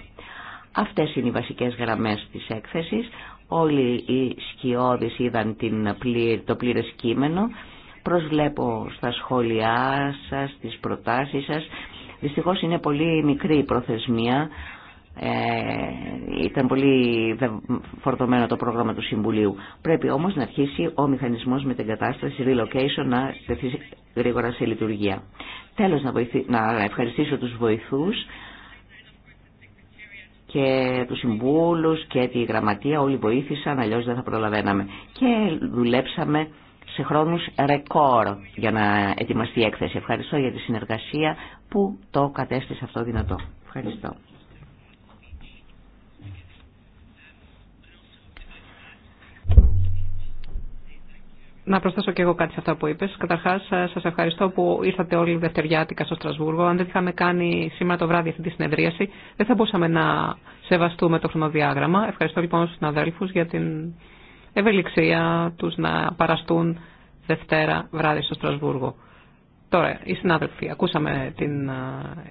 Αυτές είναι οι βασικές γραμμές της έκθεσης. Όλοι οι σκιώδεις είδαν την, το πλήρες κείμενο. Προσβλέπω στα σχόλιά σας, στις προτάσεις σας. Δυστυχώς είναι πολύ μικρή η προθεσμία. Ε, ήταν πολύ φορτωμένο το πρόγραμμα του Συμβουλίου. Πρέπει όμως να αρχίσει ο μηχανισμός με την κατάσταση relocation να τεθεί γρήγορα σε λειτουργία. Τέλος να, να ευχαριστήσω τους βοηθούς και τους συμβούλους και τη γραμματεία όλοι βοήθησαν, αλλιώς δεν θα προλαβαίναμε. Και δουλέψαμε σε χρόνους ρεκόρ για να ετοιμαστεί η έκθεση. Ευχαριστώ για τη συνεργασία που το κατέστησε αυτό δυνατό. Ευχαριστώ. να προσθέσω και εγώ κάτι σε αυτά που είπε. Καταρχά ε, σα ευχαριστώ που ήρθατε όλοι δευτεριάτικα στο Στρασβούργο. Αν δεν είχαμε κάνει σήμερα το βράδυ αυτή τη συνεδρίαση, δεν θα μπορούσαμε να σεβαστούμε το χρονοδιάγραμμα. Ευχαριστώ λοιπόν του συναδέλφου για την ευελιξία του να παραστούν Δευτέρα βράδυ στο Στρασβούργο. Τώρα, οι συνάδελφοι, ακούσαμε την ε,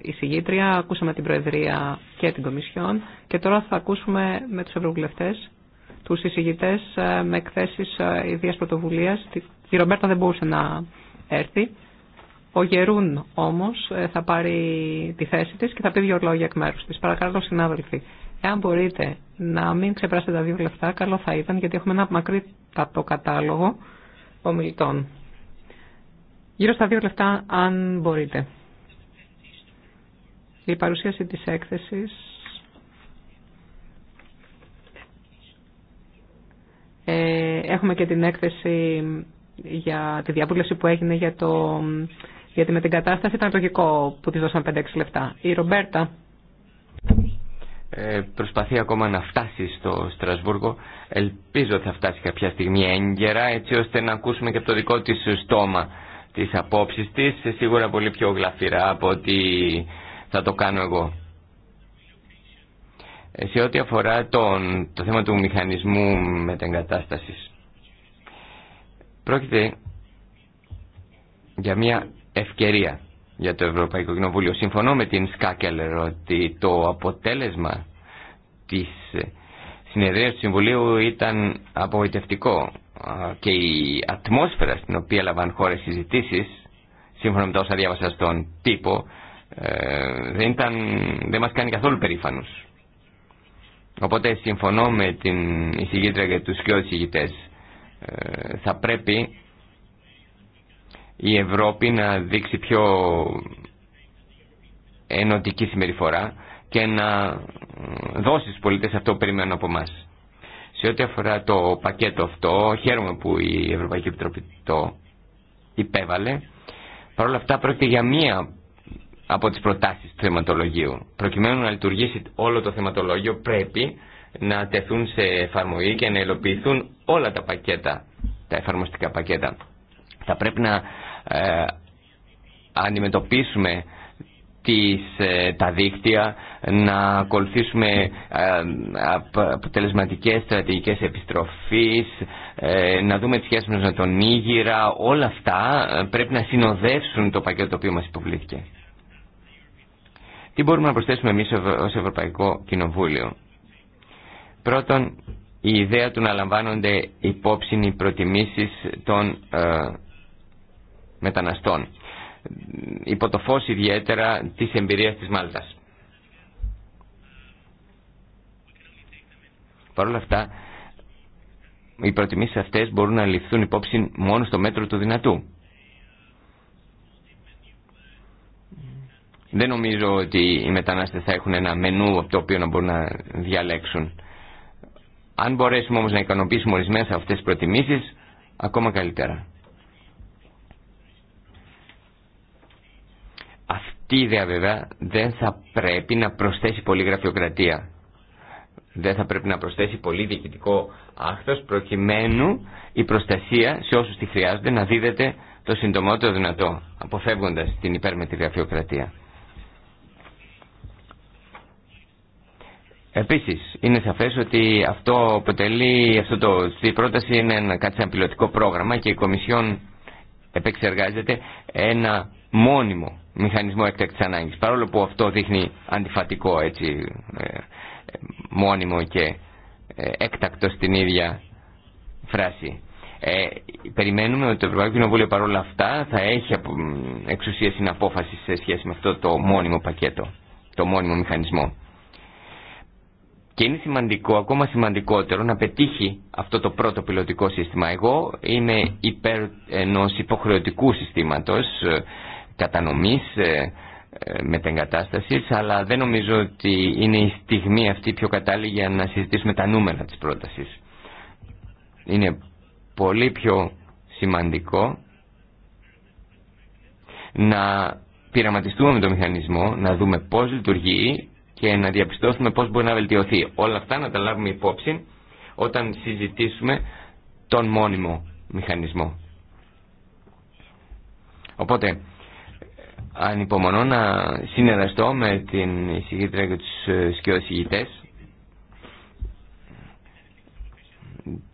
εισηγήτρια, ακούσαμε την Προεδρία και την Κομισιόν και τώρα θα ακούσουμε με του Ευρωβουλευτέ τους συζητητέ ε, με εκθέσει ε, ιδίας πρωτοβουλία. Η Ρομπέρτα δεν μπορούσε να έρθει. Ο Γερούν όμως ε, θα πάρει τη θέση της και θα πει δύο λόγια εκ μέρου της. Παρακαλώ συνάδελφοι, εάν μπορείτε να μην ξεπεράσετε τα δύο λεφτά, καλό θα ήταν γιατί έχουμε ένα το κατάλογο ομιλητών. Γύρω στα δύο λεφτά αν μπορείτε. Η παρουσίαση της έκθεσης Ε, έχουμε και την έκθεση για τη διαβούλευση που έγινε για, το, για τη μετεγκατάσταση. Ήταν λογικό που τη δώσαν 5-6 λεπτά. Η Ρομπέρτα. Ε, προσπαθεί ακόμα να φτάσει στο Στρασβούργο. Ελπίζω ότι θα φτάσει κάποια στιγμή έγκαιρα, έτσι ώστε να ακούσουμε και από το δικό τη στόμα τι απόψει τη. Ε, σίγουρα πολύ πιο γλαφυρά από ότι θα το κάνω εγώ σε ό,τι αφορά τον, το θέμα του μηχανισμού μετεγκατάστασης. Πρόκειται για μια ευκαιρία για το Ευρωπαϊκό Κοινοβούλιο. Συμφωνώ με την Σκάκελερ ότι το αποτέλεσμα της συνεδρίας του Συμβουλίου ήταν απογοητευτικό και η ατμόσφαιρα στην οποία έλαβαν χώρε συζητήσει, σύμφωνα με τα όσα διάβασα στον τύπο, ε, δεν, ήταν, δεν μας κάνει καθόλου περήφανους. Οπότε συμφωνώ με την εισηγήτρια και τους και εισηγητές. Ε, θα πρέπει η Ευρώπη να δείξει πιο ενωτική συμπεριφορά και να δώσει στους πολίτες αυτό που περιμένουν από εμά. Σε ό,τι αφορά το πακέτο αυτό, χαίρομαι που η Ευρωπαϊκή Επιτροπή το υπέβαλε. Παρ' όλα αυτά πρόκειται για μία από τις προτάσεις του θεματολογίου. Προκειμένου να λειτουργήσει όλο το θεματολόγιο πρέπει να τεθούν σε εφαρμογή και να υλοποιηθούν όλα τα πακέτα, τα εφαρμοστικά πακέτα. Θα πρέπει να ε, αντιμετωπίσουμε τις, ε, τα δίκτυα, να ακολουθήσουμε ε, αποτελεσματικές στρατηγικές επιστροφής, ε, να δούμε τις σχέσεις με τον Ήγηρα, όλα αυτά πρέπει να συνοδεύσουν το πακέτο το οποίο μας υποβλήθηκε. Τι μπορούμε να προσθέσουμε εμείς ως Ευρωπαϊκό Κοινοβούλιο. Πρώτον, η ιδέα του να λαμβάνονται υπόψη οι προτιμήσεις των ε, μεταναστών. Υπό το φως ιδιαίτερα της εμπειρίας της Μάλτας. Παρ' όλα αυτά, οι προτιμήσεις αυτές μπορούν να ληφθούν υπόψη μόνο στο μέτρο του δυνατού. Δεν νομίζω ότι οι μετανάστες θα έχουν ένα μενού από το οποίο να μπορούν να διαλέξουν. Αν μπορέσουμε όμως να ικανοποιήσουμε ορισμένες αυτές τις προτιμήσεις, ακόμα καλύτερα. Αυτή η ιδέα βέβαια δεν θα πρέπει να προσθέσει πολύ γραφειοκρατία. Δεν θα πρέπει να προσθέσει πολύ διοικητικό άχθος προκειμένου η προστασία σε όσους τη χρειάζονται να δίδεται το συντομότερο δυνατό, αποφεύγοντας την υπέρμετη γραφειοκρατία. Επίση, είναι σαφέ ότι αυτό αποτελεί, αυτό το, η πρόταση είναι κάτι σαν πιλωτικό πρόγραμμα και η Κομισιόν επεξεργάζεται ένα μόνιμο μηχανισμό έκτακτης ανάγκη, παρόλο που αυτό δείχνει αντιφατικό, έτσι, ε, μόνιμο και ε, έκτακτο στην ίδια φράση. Ε, περιμένουμε ότι το Ευρωπαϊκό Κοινοβούλιο παρόλα αυτά θα έχει εξουσία στην απόφαση σε σχέση με αυτό το μόνιμο πακέτο, το μόνιμο μηχανισμό. Και είναι σημαντικό, ακόμα σημαντικότερο, να πετύχει αυτό το πρώτο πιλωτικό σύστημα. Εγώ είμαι υπέρ ενό υποχρεωτικού συστήματος ε, κατανομής ε, ε, μετεγκατάσταση, αλλά δεν νομίζω ότι είναι η στιγμή αυτή πιο κατάλληλη για να συζητήσουμε τα νούμερα της πρότασης. Είναι πολύ πιο σημαντικό να πειραματιστούμε με το μηχανισμό, να δούμε πώς λειτουργεί και να διαπιστώσουμε πώς μπορεί να βελτιωθεί. Όλα αυτά να τα λάβουμε υπόψη όταν συζητήσουμε τον μόνιμο μηχανισμό. Οπότε, ανυπομονώ να συνεργαστώ με την εισηγήτρια και τους ε, σκιοσηγητές.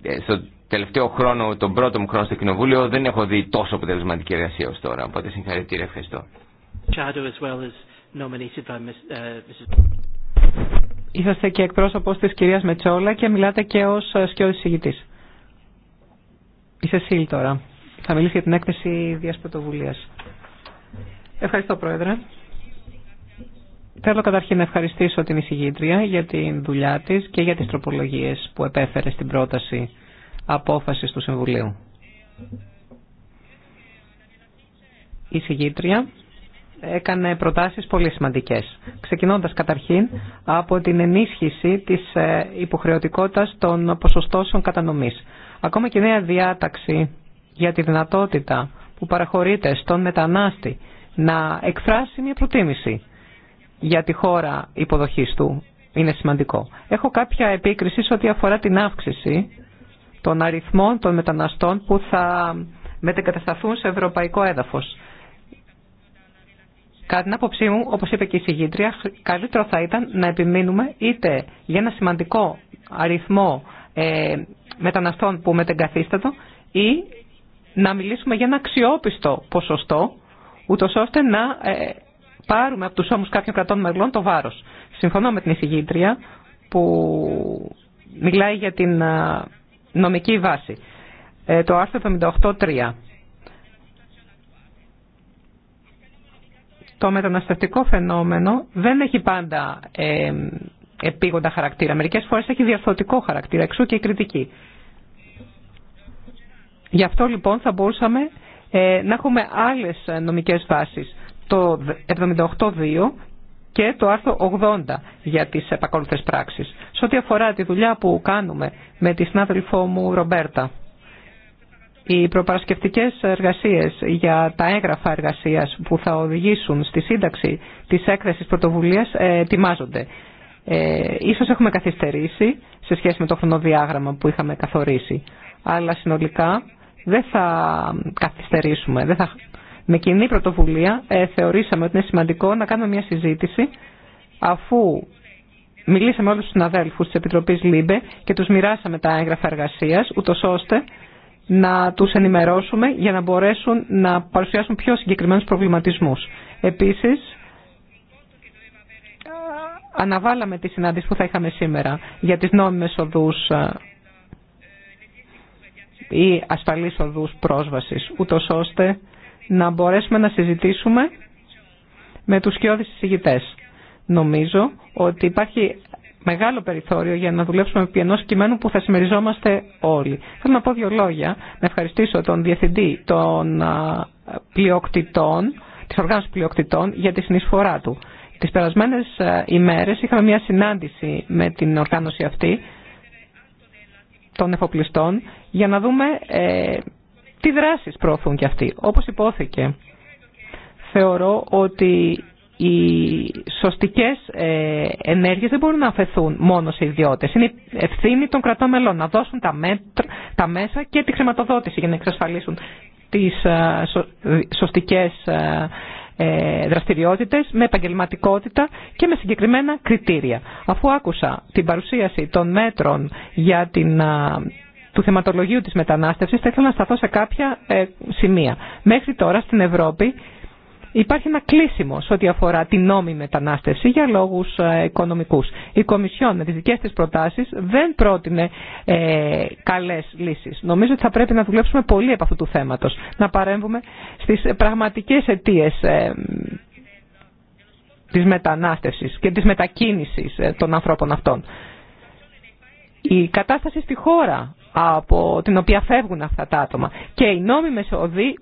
Ε, στο τελευταίο χρόνο, τον πρώτο μου χρόνο στο Κοινοβούλιο, δεν έχω δει τόσο αποτελεσματική εργασία ως τώρα. Οπότε, συγχαρητήρια, ευχαριστώ. as well as nominated by uh, Είσαστε και εκπρόσωπος της κυρίας Μετσόλα και μιλάτε και ως ε, σκιώδης συγητής. Είσαι σύλλη τώρα. Θα μιλήσει για την έκθεση Δίας Ευχαριστώ Πρόεδρε. Θέλω καταρχήν να ευχαριστήσω την εισηγήτρια για την δουλειά της και για τις τροπολογίες που επέφερε στην πρόταση απόφασης του Συμβουλίου. Η εισηγήτρια έκανε προτάσεις πολύ σημαντικές. Ξεκινώντας καταρχήν από την ενίσχυση της ε, υποχρεωτικότητας των ποσοστώσεων κατανομής. Ακόμα και η νέα διάταξη για τη δυνατότητα που παραχωρείται στον μετανάστη να εκφράσει μια προτίμηση για τη χώρα υποδοχής του είναι σημαντικό. Έχω κάποια επίκριση σε ό,τι αφορά την αύξηση των αριθμών των μεταναστών που θα μετεγκατασταθούν σε ευρωπαϊκό έδαφος. Κατά την άποψή μου, όπως είπε και η συγγήτρια, καλύτερο θα ήταν να επιμείνουμε είτε για ένα σημαντικό αριθμό ε, μεταναστών που μετεγκαθίστατο ή να μιλήσουμε για ένα αξιόπιστο ποσοστό, ούτω ώστε να ε, πάρουμε από τους ώμου κάποιων κρατών μελών το βάρος. Συμφωνώ με την συγγήτρια που μιλάει για την ε, νομική βάση. Ε, το άρθρο 78.3 το μεταναστευτικό φαινόμενο δεν έχει πάντα ε, επίγοντα χαρακτήρα. Μερικές φορές έχει διαρθωτικό χαρακτήρα, εξού και η κριτική. Γι' αυτό λοιπόν θα μπορούσαμε ε, να έχουμε άλλες νομικές βάσεις. Το 78.2 και το άρθρο 80 για τις επακόλουθες πράξεις. Σε ό,τι αφορά τη δουλειά που κάνουμε με τη συνάδελφό μου Ρομπέρτα οι προπαρασκευτικές εργασίες για τα έγγραφα εργασίας που θα οδηγήσουν στη σύνταξη της έκθεσης πρωτοβουλίας ε, ετοιμάζονται. Ε, ίσως έχουμε καθυστερήσει σε σχέση με το χρονοδιάγραμμα που είχαμε καθορίσει, αλλά συνολικά δεν θα καθυστερήσουμε. Δεν θα... Με κοινή πρωτοβουλία ε, θεωρήσαμε ότι είναι σημαντικό να κάνουμε μια συζήτηση αφού μιλήσαμε όλους τους συναδέλφους της Επιτροπής ΛΥΜΠΕ και τους μοιράσαμε τα έγγραφα εργασίας, ούτως ώστε να τους ενημερώσουμε για να μπορέσουν να παρουσιάσουν πιο συγκεκριμένους προβληματισμούς. Επίσης, αναβάλαμε τη συνάντηση που θα είχαμε σήμερα για τις νόμιμες οδούς ε, ή ασφαλείς οδούς πρόσβασης, ούτως ώστε να μπορέσουμε να συζητήσουμε με τους κοιόδης συζητητές. Νομίζω ότι υπάρχει μεγάλο περιθώριο για να δουλέψουμε επί ενός κειμένου που θα συμμεριζόμαστε όλοι. Θέλω να πω δύο λόγια, να ευχαριστήσω τον Διευθυντή των πλειοκτητών, της Οργάνωσης Πλειοκτητών για τη συνεισφορά του. Τις περασμένες ημέρες είχαμε μια συνάντηση με την οργάνωση αυτή των εφοπλιστών για να δούμε ε, τι δράσεις προωθούν και αυτοί. Όπως υπόθηκε, θεωρώ ότι οι σωστικές ε, ενέργειε δεν μπορούν να αφαιθούν μόνο σε ιδιώτε. Είναι ευθύνη των κρατών μελών να δώσουν τα, μέτρα, τα μέσα και τη χρηματοδότηση για να εξασφαλίσουν τις ε, ε, σωστικές δραστηριότητες με επαγγελματικότητα και με συγκεκριμένα κριτήρια. Αφού άκουσα την παρουσίαση των μέτρων για την του θεματολογίου της μετανάστευσης θα ήθελα να σταθώ σε κάποια σημεία. Μέχρι τώρα στην Ευρώπη Υπάρχει ένα κλείσιμο σε ό,τι αφορά την νόμιμη μετανάστευση για λόγους ε, οικονομικούς. Η Κομισιόν με τις δικές της προτάσεις δεν πρότεινε ε, καλές λύσεις. Νομίζω ότι θα πρέπει να δουλέψουμε πολύ από αυτού του θέματος. Να παρέμβουμε στις πραγματικές αιτίες ε, της μετανάστευσης και της μετακίνησης ε, των ανθρώπων αυτών. Η κατάσταση στη χώρα από την οποία φεύγουν αυτά τα άτομα και οι νόμιμες οδοί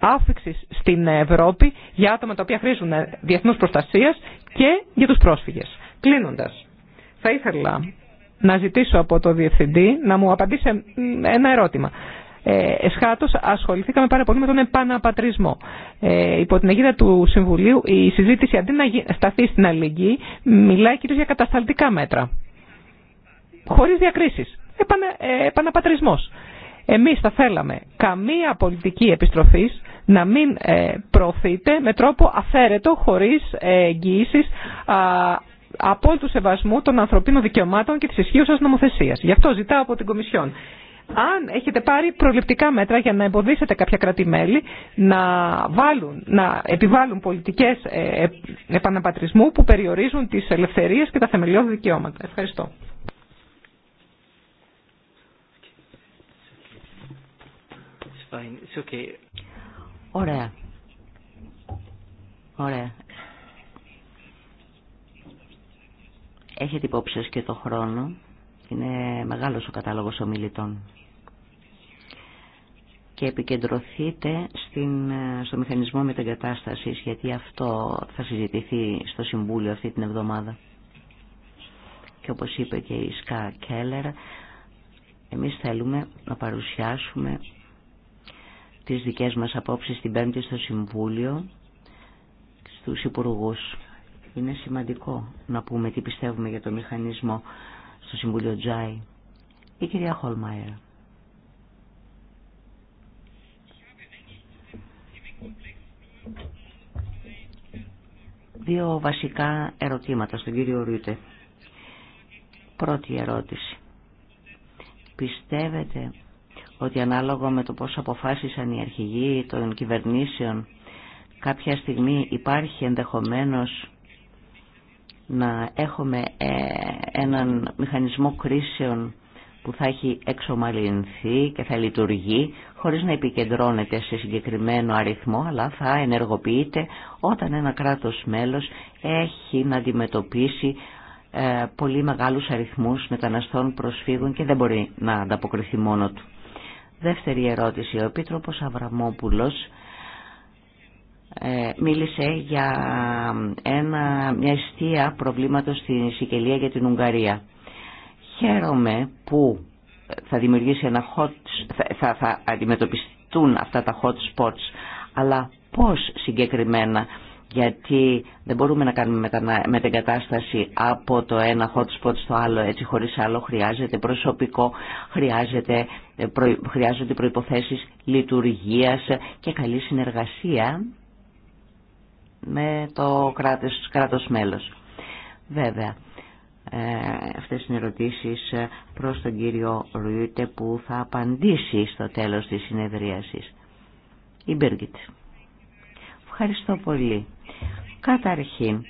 άφηξη στην Ευρώπη για άτομα τα οποία χρήζουν διεθνού προστασία και για τους πρόσφυγες. Κλείνοντα, θα ήθελα να ζητήσω από το Διευθυντή να μου απαντήσει ένα ερώτημα. Ε, εσχάτως ασχοληθήκαμε πάρα πολύ με τον επαναπατρισμό. Ε, υπό την αιγύρια του Συμβουλίου η συζήτηση αντί να σταθεί στην αλληλεγγύη μιλάει κυρίως για κατασταλτικά μέτρα. Χωρίς διακρίσεις. Επανα, ε, επαναπατρισμός. Εμείς θα θέλαμε καμία πολιτική επιστροφής να μην ε, προωθείται με τρόπο αφαίρετο, χωρίς ε, από απόλυτου σεβασμού των ανθρωπίνων δικαιωμάτων και της ισχύουσας νομοθεσίας. Γι' αυτό ζητάω από την Κομισιόν. Αν έχετε πάρει προληπτικά μέτρα για να εμποδίσετε κάποια κράτη-μέλη να, βάλουν, να επιβάλλουν πολιτικές ε, επαναπατρισμού που περιορίζουν τις ελευθερίες και τα θεμελιώδη δικαιώματα. Ευχαριστώ. okay. Ωραία. Ωραία. Έχετε υπόψη και το χρόνο. Είναι μεγάλος ο κατάλογος ομιλητών. Και επικεντρωθείτε στην, στο μηχανισμό μεταγκατάστασης, γιατί αυτό θα συζητηθεί στο Συμβούλιο αυτή την εβδομάδα. Και όπως είπε και η Σκά Κέλλερ, εμείς θέλουμε να παρουσιάσουμε τις δικές μας απόψεις την Πέμπτη στο Συμβούλιο στους Υπουργούς. Είναι σημαντικό να πούμε τι πιστεύουμε για το μηχανισμό στο Συμβούλιο Τζάι. Η κυρία Χολμάιερ. Δύο βασικά ερωτήματα στον κύριο Ρούτε. Πρώτη ερώτηση. Πιστεύετε ότι ανάλογα με το πώς αποφάσισαν οι αρχηγοί των κυβερνήσεων κάποια στιγμή υπάρχει ενδεχομένως να έχουμε ε, έναν μηχανισμό κρίσεων που θα έχει εξομαλυνθεί και θα λειτουργεί χωρίς να επικεντρώνεται σε συγκεκριμένο αριθμό αλλά θα ενεργοποιείται όταν ένα κράτος μέλος έχει να αντιμετωπίσει ε, πολύ μεγάλους αριθμούς μεταναστών προσφύγων και δεν μπορεί να ανταποκριθεί μόνο του. Δεύτερη ερώτηση. Ο Επίτροπος Αβραμόπουλος ε, μίλησε για ένα, μια αιστεία προβλήματος στην Σικελία για την Ουγγαρία. Χαίρομαι που θα δημιουργήσει ένα hot, θα, θα αντιμετωπιστούν αυτά τα hot spots, αλλά πώς συγκεκριμένα, γιατί δεν μπορούμε να κάνουμε κατάσταση από το ένα hot spot στο άλλο, έτσι χωρίς άλλο χρειάζεται προσωπικό, χρειάζεται χρειάζονται προϋποθέσεις λειτουργίας και καλή συνεργασία με το κράτος, κράτος μέλος. Βέβαια, ε, αυτές είναι ερωτήσεις προς τον κύριο Ρουίτε που θα απαντήσει στο τέλος της συνεδρίασης. Η Μπέργκητ. Ευχαριστώ πολύ. Καταρχήν,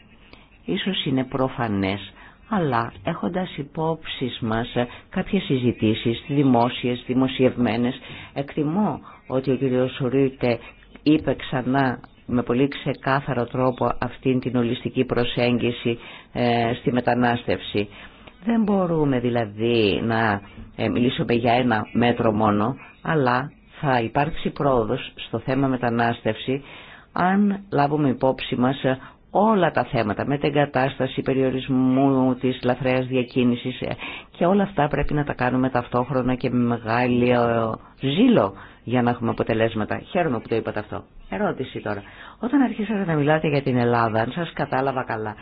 ίσως είναι προφανές αλλά έχοντας υπόψη μας ε, κάποιες συζητήσεις δημόσιες, δημοσιευμένες, εκτιμώ ότι ο κ. Σουρίτε είπε ξανά με πολύ ξεκάθαρο τρόπο αυτήν την ολιστική προσέγγιση ε, στη μετανάστευση. Δεν μπορούμε δηλαδή να ε, μιλήσουμε για ένα μέτρο μόνο, αλλά θα υπάρξει πρόοδος στο θέμα μετανάστευση αν λάβουμε υπόψη μας όλα τα θέματα με την κατάσταση περιορισμού της λαθρέας διακίνησης ε, και όλα αυτά πρέπει να τα κάνουμε ταυτόχρονα και με μεγάλο ε, ζήλο για να έχουμε αποτελέσματα. Χαίρομαι που το είπατε αυτό. Ερώτηση τώρα. Όταν αρχίσατε να μιλάτε για την Ελλάδα, αν σας κατάλαβα καλά,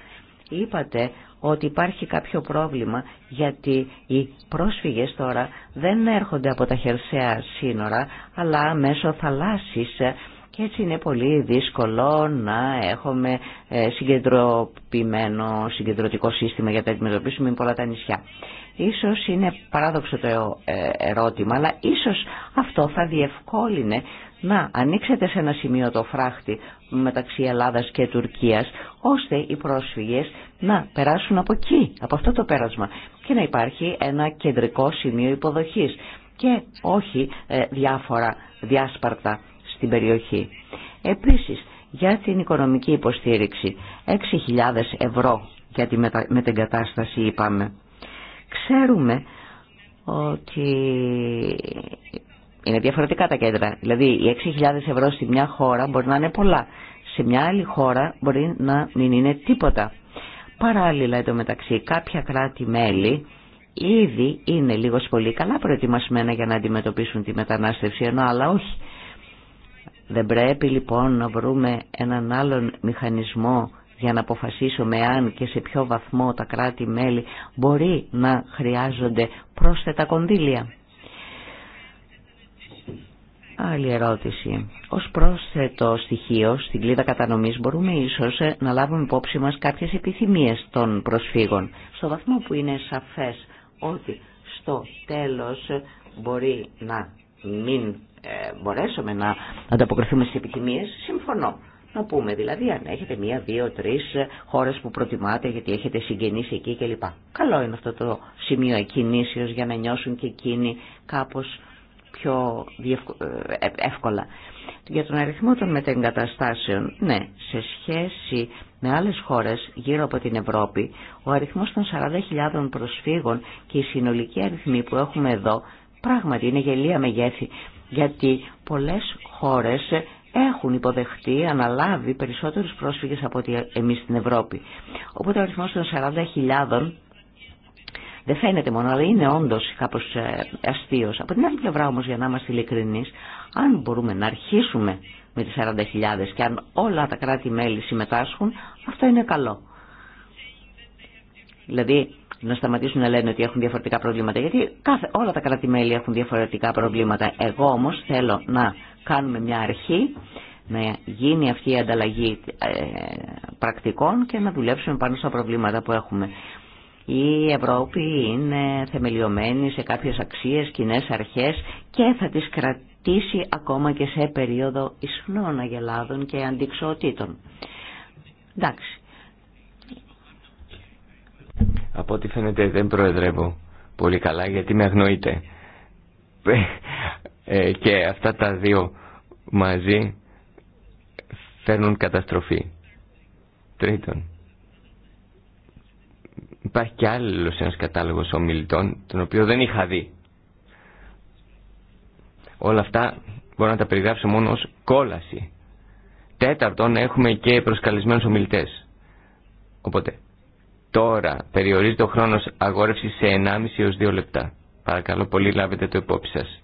είπατε ότι υπάρχει κάποιο πρόβλημα γιατί οι πρόσφυγες τώρα δεν έρχονται από τα χερσαία σύνορα αλλά μέσω θαλάσσης ε, και έτσι είναι πολύ δύσκολο να έχουμε ε, συγκεντρωπημένο συγκεντρωτικό σύστημα για να αντιμετωπίσουμε πολλά τα νησιά. Ίσως είναι παράδοξο το ε, ερώτημα, αλλά ίσως αυτό θα διευκόλυνε να ανοίξετε σε ένα σημείο το φράχτη μεταξύ Ελλάδας και Τουρκίας, ώστε οι πρόσφυγες να περάσουν από εκεί, από αυτό το πέρασμα και να υπάρχει ένα κεντρικό σημείο υποδοχής και όχι ε, διάφορα διάσπαρτα στην περιοχή. Επίσης, για την οικονομική υποστήριξη, 6.000 ευρώ για τη μετεγκατάσταση είπαμε. Ξέρουμε ότι είναι διαφορετικά τα κέντρα. Δηλαδή, οι 6.000 ευρώ στη μια χώρα μπορεί να είναι πολλά. Σε μια άλλη χώρα μπορεί να μην είναι τίποτα. Παράλληλα, εδώ μεταξύ, κάποια κράτη-μέλη ήδη είναι λίγο πολύ καλά προετοιμασμένα για να αντιμετωπίσουν τη μετανάστευση, ενώ άλλα όχι. Δεν πρέπει λοιπόν να βρούμε έναν άλλον μηχανισμό για να αποφασίσουμε αν και σε ποιο βαθμό τα κράτη-μέλη μπορεί να χρειάζονται πρόσθετα κονδύλια. Άλλη ερώτηση. Ως πρόσθετο στοιχείο στην κλίδα κατανομής μπορούμε ίσως να λάβουμε υπόψη μας κάποιες επιθυμίες των προσφύγων. Στο βαθμό που είναι σαφές ότι στο τέλος μπορεί να μην ε, μπορέσουμε να ανταποκριθούμε στις επιθυμίες, συμφωνώ. Να πούμε δηλαδή αν έχετε μία, δύο, τρεις ε, χώρες που προτιμάτε γιατί έχετε συγγενείς εκεί κλπ. Καλό είναι αυτό το σημείο εκκινήσεως για να νιώσουν και εκείνοι κάπως πιο ε, εύκολα. Για τον αριθμό των μετεγκαταστάσεων, ναι, σε σχέση με άλλες χώρες γύρω από την Ευρώπη, ο αριθμός των 40.000 προσφύγων και η συνολική αριθμή που έχουμε εδώ Πράγματι είναι γελία μεγέθη, γιατί πολλές χώρες έχουν υποδεχτεί, αναλάβει περισσότερους πρόσφυγες από ότι εμείς στην Ευρώπη. Οπότε ο αριθμός των 40.000 δεν φαίνεται μόνο, αλλά είναι όντως κάπως ε, αστείος. Από την άλλη πλευρά όμως για να είμαστε ειλικρινείς αν μπορούμε να αρχίσουμε με τις 40.000 και αν όλα τα κράτη-μέλη συμμετάσχουν, αυτό είναι καλό. Δηλαδή, να σταματήσουν να λένε ότι έχουν διαφορετικά προβλήματα, γιατί κάθε, όλα τα κράτη-μέλη έχουν διαφορετικά προβλήματα. Εγώ όμως θέλω να κάνουμε μια αρχή, να γίνει αυτή η ανταλλαγή ε, πρακτικών και να δουλέψουμε πάνω στα προβλήματα που έχουμε. Η Ευρώπη είναι θεμελιωμένη σε κάποιες αξίες, κοινέ αρχές και θα τις κρατήσει ακόμα και σε περίοδο ισχνών αγελάδων και αντικσοοτήτων. Εντάξει, από ό,τι φαίνεται δεν προεδρεύω πολύ καλά γιατί με αγνοείτε. Ε, και αυτά τα δύο μαζί φέρνουν καταστροφή. Τρίτον, υπάρχει και άλλο ένα κατάλογο ομιλητών, τον οποίο δεν είχα δει. Όλα αυτά μπορώ να τα περιγράψω μόνο ως κόλαση. Τέταρτον, έχουμε και προσκαλισμένους ομιλητές. Οπότε, Τώρα περιορίζεται ο χρόνος αγόρευσης σε 1,5 έως 2 λεπτά. Παρακαλώ πολύ λάβετε το υπόψη σα.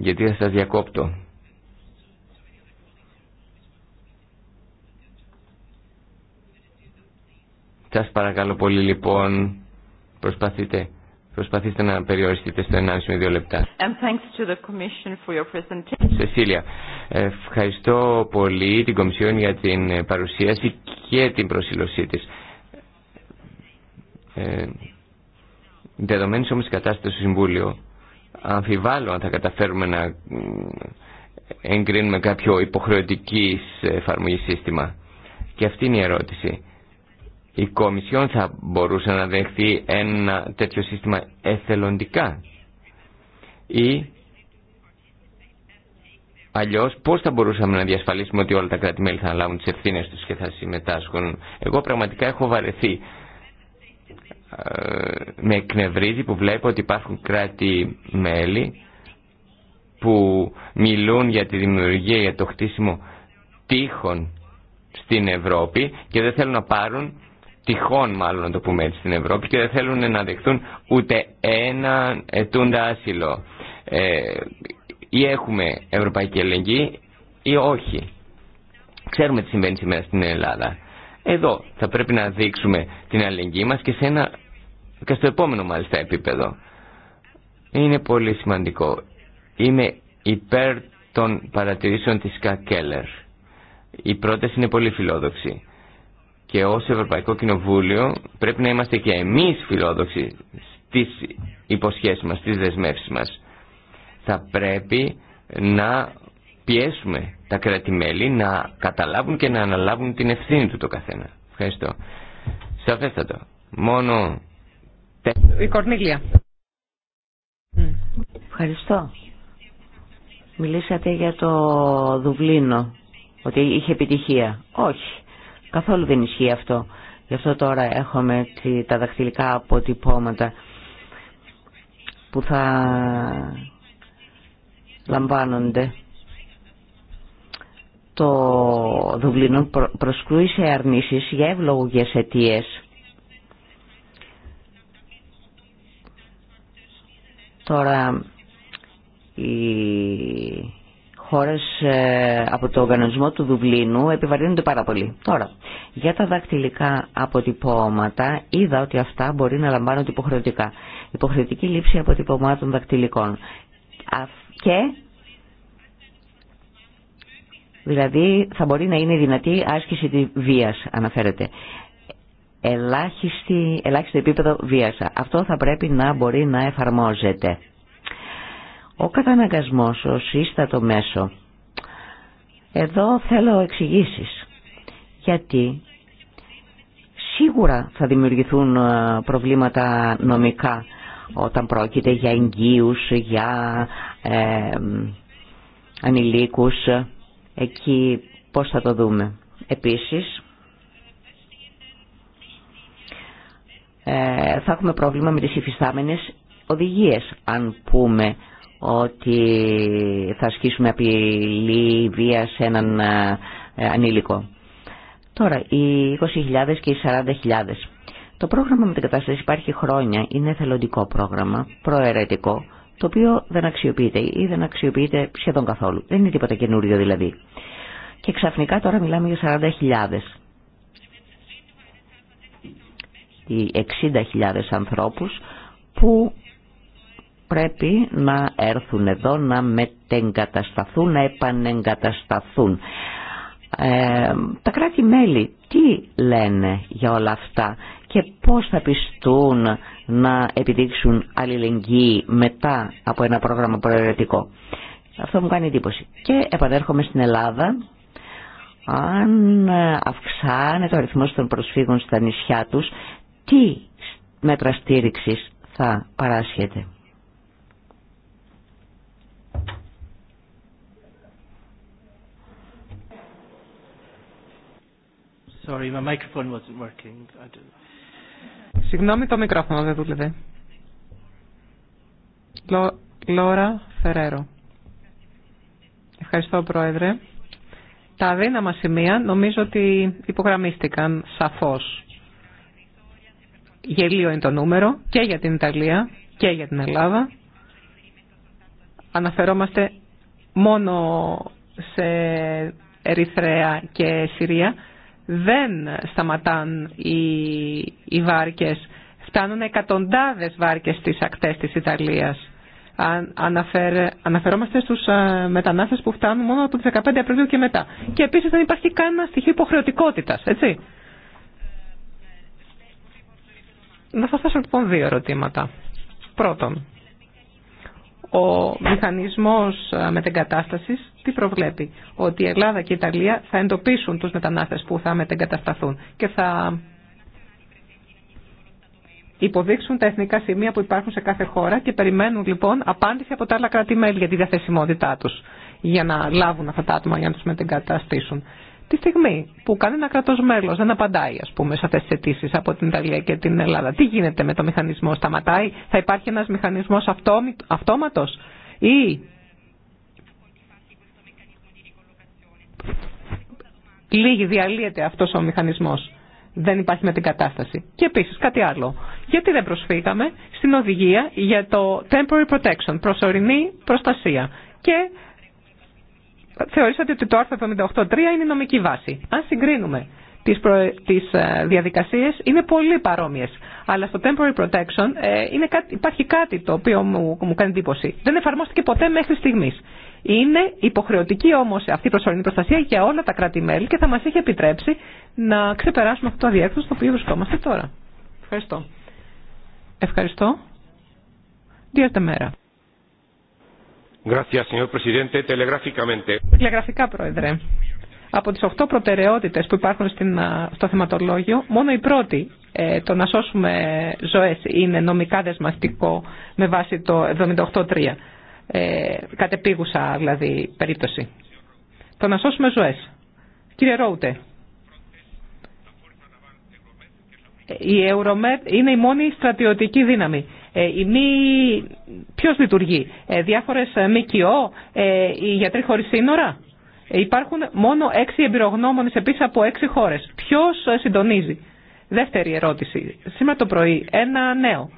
Γιατί θα σα διακόπτω. Σας παρακαλώ πολύ λοιπόν προσπαθείτε Προσπαθήστε να περιοριστείτε στο 1,5 με 2 λεπτά. Σεσίλια, ευχαριστώ πολύ την Κομισιόν για την παρουσίαση και την προσήλωσή της. Ε, δεδομένης όμως η κατάσταση στο Συμβούλιο, αμφιβάλλω αν θα καταφέρουμε να ε, εγκρίνουμε κάποιο υποχρεωτική εφαρμογή σύστημα. Και αυτή είναι η ερώτηση η Κομισιόν θα μπορούσε να δεχθεί ένα τέτοιο σύστημα εθελοντικά ή αλλιώς πώς θα μπορούσαμε να διασφαλίσουμε ότι όλα τα κράτη-μέλη θα λάβουν τις ευθύνες τους και θα συμμετάσχουν. Εγώ πραγματικά έχω βαρεθεί. Ε, με εκνευρίζει που βλέπω ότι υπάρχουν κράτη-μέλη που μιλούν για τη δημιουργία, για το χτίσιμο τείχων στην Ευρώπη και δεν θέλουν να πάρουν τυχόν μάλλον να το πούμε έτσι στην Ευρώπη και δεν θέλουν να δεχθούν ούτε ένα ετούντα άσυλο. Ε, ή έχουμε ευρωπαϊκή ελεγγύη ή όχι. Ξέρουμε τι συμβαίνει σήμερα στην Ελλάδα. Εδώ θα πρέπει να δείξουμε την αλληλεγγύη μας και, σε ένα, και στο επόμενο μάλιστα επίπεδο. Είναι πολύ σημαντικό. Είμαι υπέρ των παρατηρήσεων της Κακέλερ. Η πρόταση είναι πολύ φιλόδοξη και ως Ευρωπαϊκό Κοινοβούλιο πρέπει να είμαστε και εμείς φιλόδοξοι στις υποσχέσεις μας, στις δεσμεύσεις μας. Θα πρέπει να πιέσουμε τα κράτη-μέλη να καταλάβουν και να αναλάβουν την ευθύνη του το καθένα. Ευχαριστώ. Σαφέστατο. Μόνο... Η Κορνίλια. Ευχαριστώ. Μιλήσατε για το Δουβλίνο, ότι είχε επιτυχία. Όχι. Καθόλου δεν ισχύει αυτό. Γι' αυτό τώρα έχουμε τα δαχτυλικά αποτυπώματα που θα λαμβάνονται. Το Δουβλίνο προσκρούει σε αρνήσεις για ευλογές αιτίε. Τώρα η χώρες ε, από το οργανισμό του Δουβλίνου επιβαρύνονται πάρα πολύ. Τώρα, για τα δακτυλικά αποτυπώματα είδα ότι αυτά μπορεί να λαμβάνονται υποχρεωτικά. Υποχρεωτική λήψη αποτυπωμάτων δακτυλικών. Και δηλαδή θα μπορεί να είναι δυνατή άσκηση τη βίας αναφέρεται ελάχιστη, ελάχιστο επίπεδο βίας αυτό θα πρέπει να μπορεί να εφαρμόζεται ο καταναγκασμός ως σύστατο μέσο. Εδώ θέλω εξηγήσεις. Γιατί σίγουρα θα δημιουργηθούν ε, προβλήματα νομικά όταν πρόκειται για εγγύους, για ε, ανηλίκους. Εκεί πώς θα το δούμε. Επίσης, ε, θα έχουμε πρόβλημα με τις υφιστάμενες οδηγίες, αν πούμε ότι θα ασκήσουμε απειλή βία σε έναν ε, ανήλικο. Τώρα, οι 20.000 και οι 40.000. Το πρόγραμμα με την κατάσταση υπάρχει χρόνια, είναι εθελοντικό πρόγραμμα, προαιρετικό, το οποίο δεν αξιοποιείται ή δεν αξιοποιείται σχεδόν καθόλου. Δεν είναι τίποτα καινούριο δηλαδή. Και ξαφνικά τώρα μιλάμε για 40.000. Οι 60.000 ανθρώπους που πρέπει να έρθουν εδώ, να μετεγκατασταθούν, να επανεγκατασταθούν. Ε, τα κράτη-μέλη τι λένε για όλα αυτά και πώς θα πιστούν να επιδείξουν αλληλεγγύη μετά από ένα πρόγραμμα προαιρετικό. Αυτό μου κάνει εντύπωση. Και επανέρχομαι στην Ελλάδα. Αν αυξάνεται ο αριθμός των προσφύγων στα νησιά τους, τι μέτρα στήριξης θα παράσχεται. Sorry, my microphone wasn't working. I Συγγνώμη, το μικρόφωνο δεν δούλευε. Λόρα Φερέρο. Ευχαριστώ, Πρόεδρε. Τα αδύναμα σημεία νομίζω ότι υπογραμμίστηκαν σαφώς. Γελίο είναι το νούμερο και για την Ιταλία και για την Ελλάδα. Αναφερόμαστε μόνο σε Ερυθρέα και Συρία δεν σταματάν οι, οι βάρκες. Φτάνουν εκατοντάδες βάρκες στις ακτές της Ιταλίας. αναφερόμαστε στους α, ε, μετανάστες που φτάνουν μόνο από τις 15 Απριλίου και μετά. Και επίσης δεν υπάρχει κανένα στοιχείο υποχρεωτικότητας, έτσι. Να σας θέσω λοιπόν δύο ερωτήματα. Πρώτον, ο μηχανισμός ε, μετεγκατάστασης τι προβλέπει. Ότι η Ελλάδα και η Ιταλία θα εντοπίσουν τους μετανάστες που θα μετεγκατασταθούν και θα υποδείξουν τα εθνικά σημεία που υπάρχουν σε κάθε χώρα και περιμένουν λοιπόν απάντηση από τα άλλα κράτη-μέλη για τη διαθεσιμότητά τους για να λάβουν αυτά τα άτομα για να τους μετεγκαταστήσουν τη στιγμή που κανένα κρατό μέλο δεν απαντάει ας πούμε, σε αυτέ τις αιτήσει από την Ιταλία και την Ελλάδα. Τι γίνεται με το μηχανισμό, σταματάει, θα υπάρχει ένας μηχανισμός αυτόματο αυτόματος ή λίγη διαλύεται αυτός ο μηχανισμός. Δεν υπάρχει με την κατάσταση. Και επίσης κάτι άλλο. Γιατί δεν προσφύγαμε στην οδηγία για το temporary protection, προσωρινή προστασία. Και θεωρήσατε ότι το άρθρο 78.3 είναι νομική βάση. Αν συγκρίνουμε τις, προ... τις ε, διαδικασίες είναι πολύ παρόμοιες. Αλλά στο temporary protection ε, είναι κάτι... υπάρχει κάτι το οποίο μου... μου κάνει εντύπωση. Δεν εφαρμόστηκε ποτέ μέχρι στιγμής. Είναι υποχρεωτική όμως αυτή η προσωρινή προστασία για όλα τα κράτη-μέλη και θα μας έχει επιτρέψει να ξεπεράσουμε αυτό το αδιέξοδο στο οποίο βρισκόμαστε τώρα. Ευχαριστώ. Ευχαριστώ. Δύο μέρα. Gracias, señor Τηλεγραφικά, Πρόεδρε. Από τις 8 προτεραιότητες που υπάρχουν στο θεματολόγιο, μόνο η πρώτη, ε, το να σώσουμε ζωές, είναι νομικά δεσμευτικό με βάση το 78-3. Ε, κατεπίγουσα δηλαδή περίπτωση. Το να σώσουμε ζωές. Κύριε Ρόουτε, η Euromed είναι η μόνη στρατιωτική δύναμη Ποιο ε, Ποιος λειτουργεί, ε, διάφορε ε, ΜΚΟ, οι γιατροί χωρί σύνορα. Υπάρχουν μόνο έξι εμπειρογνώμονε επίσης από έξι χώρε. Ποιο συντονίζει. Δεύτερη ερώτηση. Σήμερα το πρωί ένα νέο.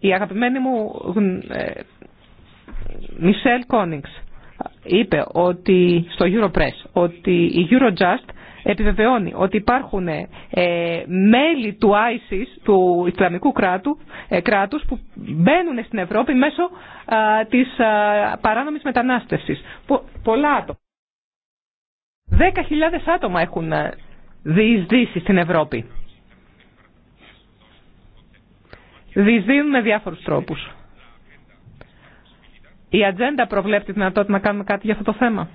Η αγαπημένη μου Μισελ Κόνιξ είπε ότι στο Europress ότι η Eurojust επιβεβαιώνει ότι υπάρχουν ε, μέλη του ISIS, του Ισλαμικού κράτου, ε, κράτους, που μπαίνουν στην Ευρώπη μέσω ε, της ε, παράνομης μετανάστευσης. Πο, πολλά άτομα. άτομα έχουν ε, διεισδύσει στην Ευρώπη. Διεισδύουν με διάφορους τρόπους. Η ατζέντα προβλέπει τη δυνατότητα να κάνουμε κάτι για αυτό το θέμα.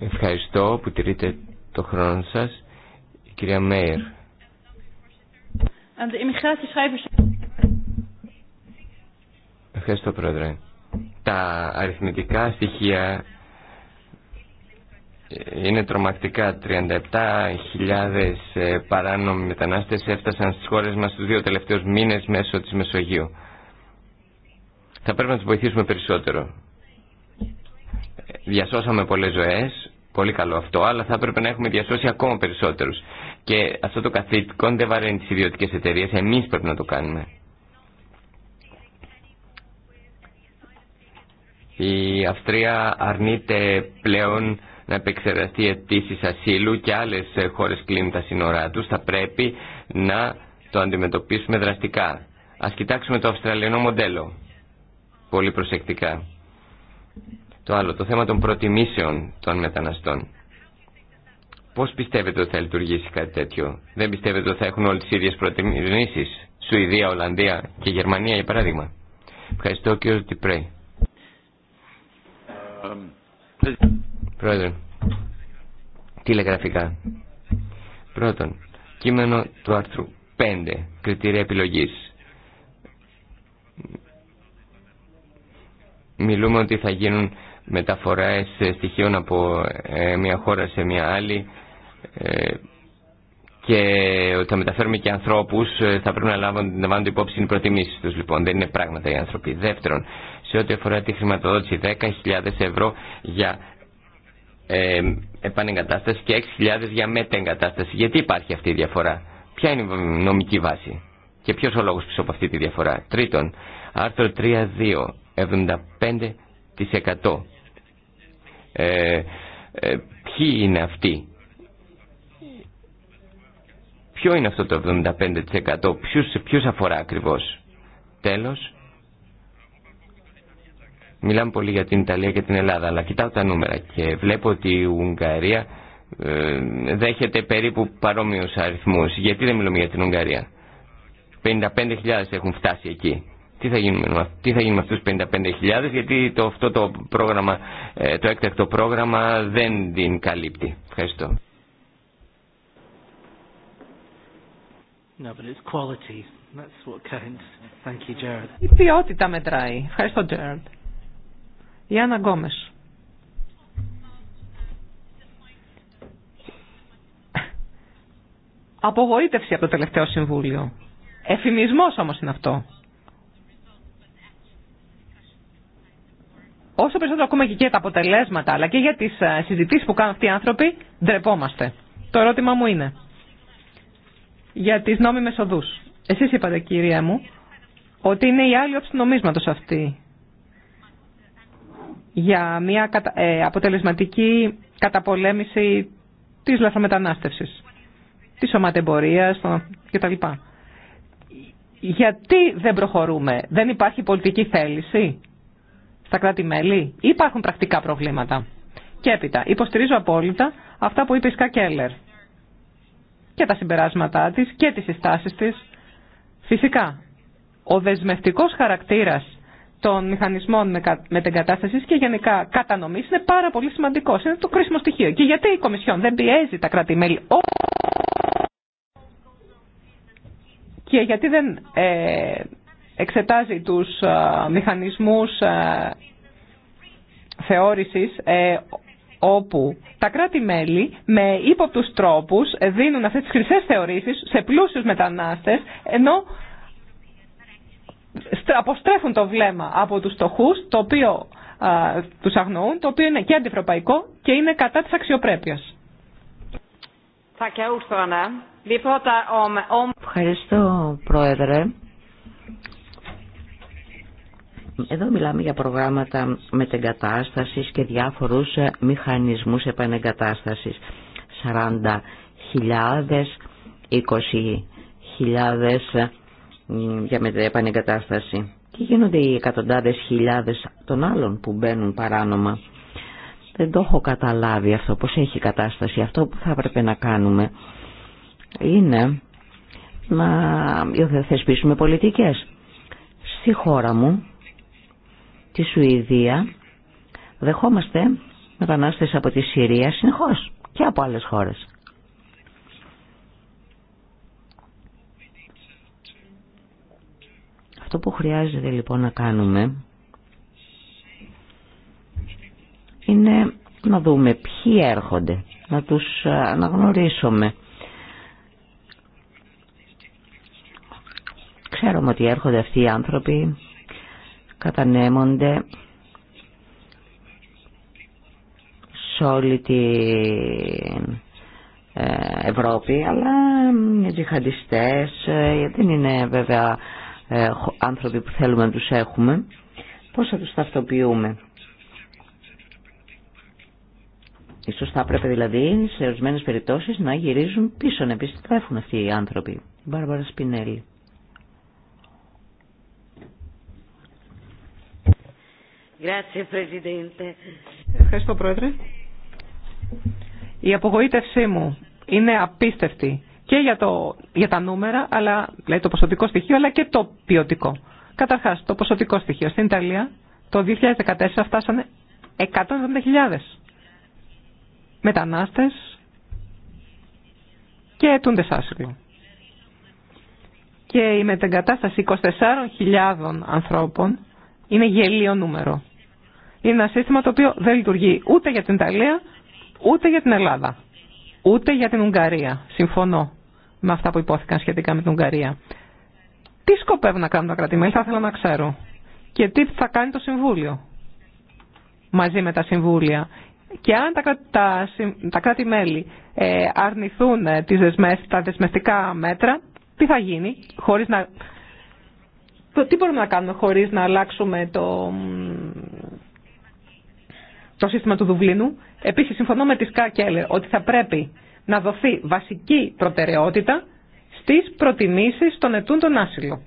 Ευχαριστώ που τηρείτε το χρόνο σας. Η κυρία Μέιερ. Ευχαριστώ, Πρόεδρε. Τα αριθμητικά στοιχεία είναι τρομακτικά. 37.000 ε, παράνομοι μετανάστες έφτασαν στις χώρες μας τους δύο τελευταίους μήνες μέσω της Μεσογείου. Θα πρέπει να τους βοηθήσουμε περισσότερο. Διασώσαμε πολλές ζωές, πολύ καλό αυτό, αλλά θα έπρεπε να έχουμε διασώσει ακόμα περισσότερους. Και αυτό το καθήκον δεν βαραίνει τις ιδιωτικές εταιρείες, εμείς πρέπει να το κάνουμε. Η Αυστρία αρνείται πλέον να επεξεργαστεί αιτήσει ασύλου και άλλες χώρες κλείνουν τα σύνορά τους. Θα πρέπει να το αντιμετωπίσουμε δραστικά. Ας κοιτάξουμε το αυστραλιανό μοντέλο πολύ προσεκτικά. Το άλλο, το θέμα των προτιμήσεων των μεταναστών. Πώς πιστεύετε ότι θα λειτουργήσει κάτι τέτοιο. Δεν πιστεύετε ότι θα έχουν όλες τις ίδιες προτιμήσεις. Σουηδία, Ολλανδία και Γερμανία για παράδειγμα. Ευχαριστώ κύριο Τιπρέ. Πρόεδρε, τηλεγραφικά. Πρώτον, κείμενο του άρθρου 5, κριτήρια επιλογής μιλούμε ότι θα γίνουν μεταφορές ε, στοιχείων από ε, μια χώρα σε μια άλλη ε, και ότι θα μεταφέρουμε και ανθρώπους θα πρέπει να λαμβάνονται υπόψη οι προτιμήσεις τους λοιπόν δεν είναι πράγματα οι άνθρωποι δεύτερον σε ό,τι αφορά τη χρηματοδότηση 10.000 ευρώ για ε, επανεγκατάσταση και 6.000 για μετεγκατάσταση γιατί υπάρχει αυτή η διαφορά ποια είναι η νομική βάση και ποιος ο λόγος πίσω από αυτή τη διαφορά τρίτον άρθρο 3.2 75%. Ε, ε, ποιοι είναι αυτοί. Ποιο είναι αυτό το 75%, ποιους, ποιους αφορά ακριβώς. Τέλος, μιλάμε πολύ για την Ιταλία και την Ελλάδα, αλλά κοιτάω τα νούμερα και βλέπω ότι η Ουγγαρία ε, δέχεται περίπου παρόμοιους αριθμούς. Γιατί δεν μιλούμε για την Ουγγαρία. 55.000 έχουν φτάσει εκεί τι θα γίνει με, τι θα γίνουμε με 55.000 γιατί το, αυτό το, πρόγραμμα, ε, το έκτακτο πρόγραμμα δεν την καλύπτει. Ευχαριστώ. but it's That's what counts. Thank you, Η ποιότητα μετράει. Ευχαριστώ, Jared. Η Άννα Γκόμες. Απογοήτευση από το τελευταίο συμβούλιο. Εφημισμός όμως είναι αυτό. Όσο περισσότερο ακούμε και για τα αποτελέσματα, αλλά και για τι ε, συζητήσει που κάνουν αυτοί οι άνθρωποι, ντρεπόμαστε. Το ερώτημα μου είναι για τι νόμιμε οδού. Εσεί είπατε, κυρία μου, ότι είναι η άλλη όψη νομίσματο αυτή για μια ε, αποτελεσματική καταπολέμηση της λαθρομετανάστευσης, της σωματεμπορίας κτλ. Γιατί δεν προχωρούμε, δεν υπάρχει πολιτική θέληση στα κράτη-μέλη ή υπάρχουν πρακτικά προβλήματα. Και έπειτα, υποστηρίζω απόλυτα αυτά που είπε η Σκα και τα συμπεράσματά της και τι συστάσει της. Φυσικά, ο δεσμευτικός χαρακτήρας των μηχανισμών κατάσταση και γενικά κατανομής είναι πάρα πολύ σημαντικό. Είναι το κρίσιμο στοιχείο. Και γιατί η Κομισιόν δεν πιέζει τα κράτη-μέλη και γιατί δεν ε, εξετάζει τους ε, μηχανισμούς ε, θεώρησης ε, όπου τα κράτη-μέλη με ύποπτους τρόπους δίνουν αυτές τις χρυσές θεωρήσεις σε πλούσιους μετανάστες ενώ αποστρέφουν το βλέμμα από τους στοχούς το οποίο τους αγνοούν, το οποίο είναι και αντιευρωπαϊκό και είναι κατά της αξιοπρέπειας. Ευχαριστώ Πρόεδρε. Εδώ μιλάμε για προγράμματα μετεγκατάστασης και διάφορους ε, μηχανισμούς επανεγκατάστασης. 40.000, 20.000 ε, για επανεγκατάσταση. Και γίνονται οι εκατοντάδες χιλιάδες των άλλων που μπαίνουν παράνομα. Δεν το έχω καταλάβει αυτό, πώς έχει κατάσταση. Αυτό που θα έπρεπε να κάνουμε είναι να θεσπίσουμε πολιτικές. Στη χώρα μου στη Σουηδία δεχόμαστε μετανάστες από τη Συρία συνεχώς και από άλλες χώρες. Αυτό που χρειάζεται λοιπόν να κάνουμε είναι να δούμε ποιοι έρχονται, να τους αναγνωρίσουμε. Ξέρουμε ότι έρχονται αυτοί οι άνθρωποι κατανέμονται σε όλη την ε, Ευρώπη αλλά οι τζιχαντιστές ε, δεν είναι βέβαια ε, άνθρωποι που θέλουμε να τους έχουμε πώς θα τους ταυτοποιούμε Ίσως θα έπρεπε δηλαδή σε ορισμένε περιπτώσεις να γυρίζουν πίσω να επιστρέφουν αυτοί οι άνθρωποι Μπάρμπαρα Σπινέλη Ευχαριστώ, Πρόεδρε. Η απογοήτευσή μου είναι απίστευτη και για, τα νούμερα, αλλά, δηλαδή το ποσοτικό στοιχείο, αλλά και το ποιοτικό. Καταρχάς, το ποσοτικό στοιχείο. Στην Ιταλία το 2014 φτάσανε 170.000 μετανάστες και αιτούντες άσυλο. Και η μετεγκατάσταση 24.000 ανθρώπων είναι γελίο νούμερο είναι ένα σύστημα το οποίο δεν λειτουργεί ούτε για την Ιταλία, ούτε για την Ελλάδα, ούτε για την Ουγγαρία. Συμφωνώ με αυτά που υπόθηκαν σχετικά με την Ουγγαρία. Τι σκοπεύουν να κάνουν τα κρατημέλη, θα ήθελα να ξέρω. Και τι θα κάνει το Συμβούλιο μαζί με τα Συμβούλια. Και αν τα, τα, τα κράτη-μέλη ε, αρνηθούν ε, τις τα δεσμευτικά μέτρα, τι θα γίνει, χωρίς να... τι μπορούμε να κάνουμε χωρίς να αλλάξουμε το, το σύστημα του Δουβλίνου. Επίση, συμφωνώ με τη Σκά Κέλλερ ότι θα πρέπει να δοθεί βασική προτεραιότητα στι προτιμήσει των ετούντων άσυλο.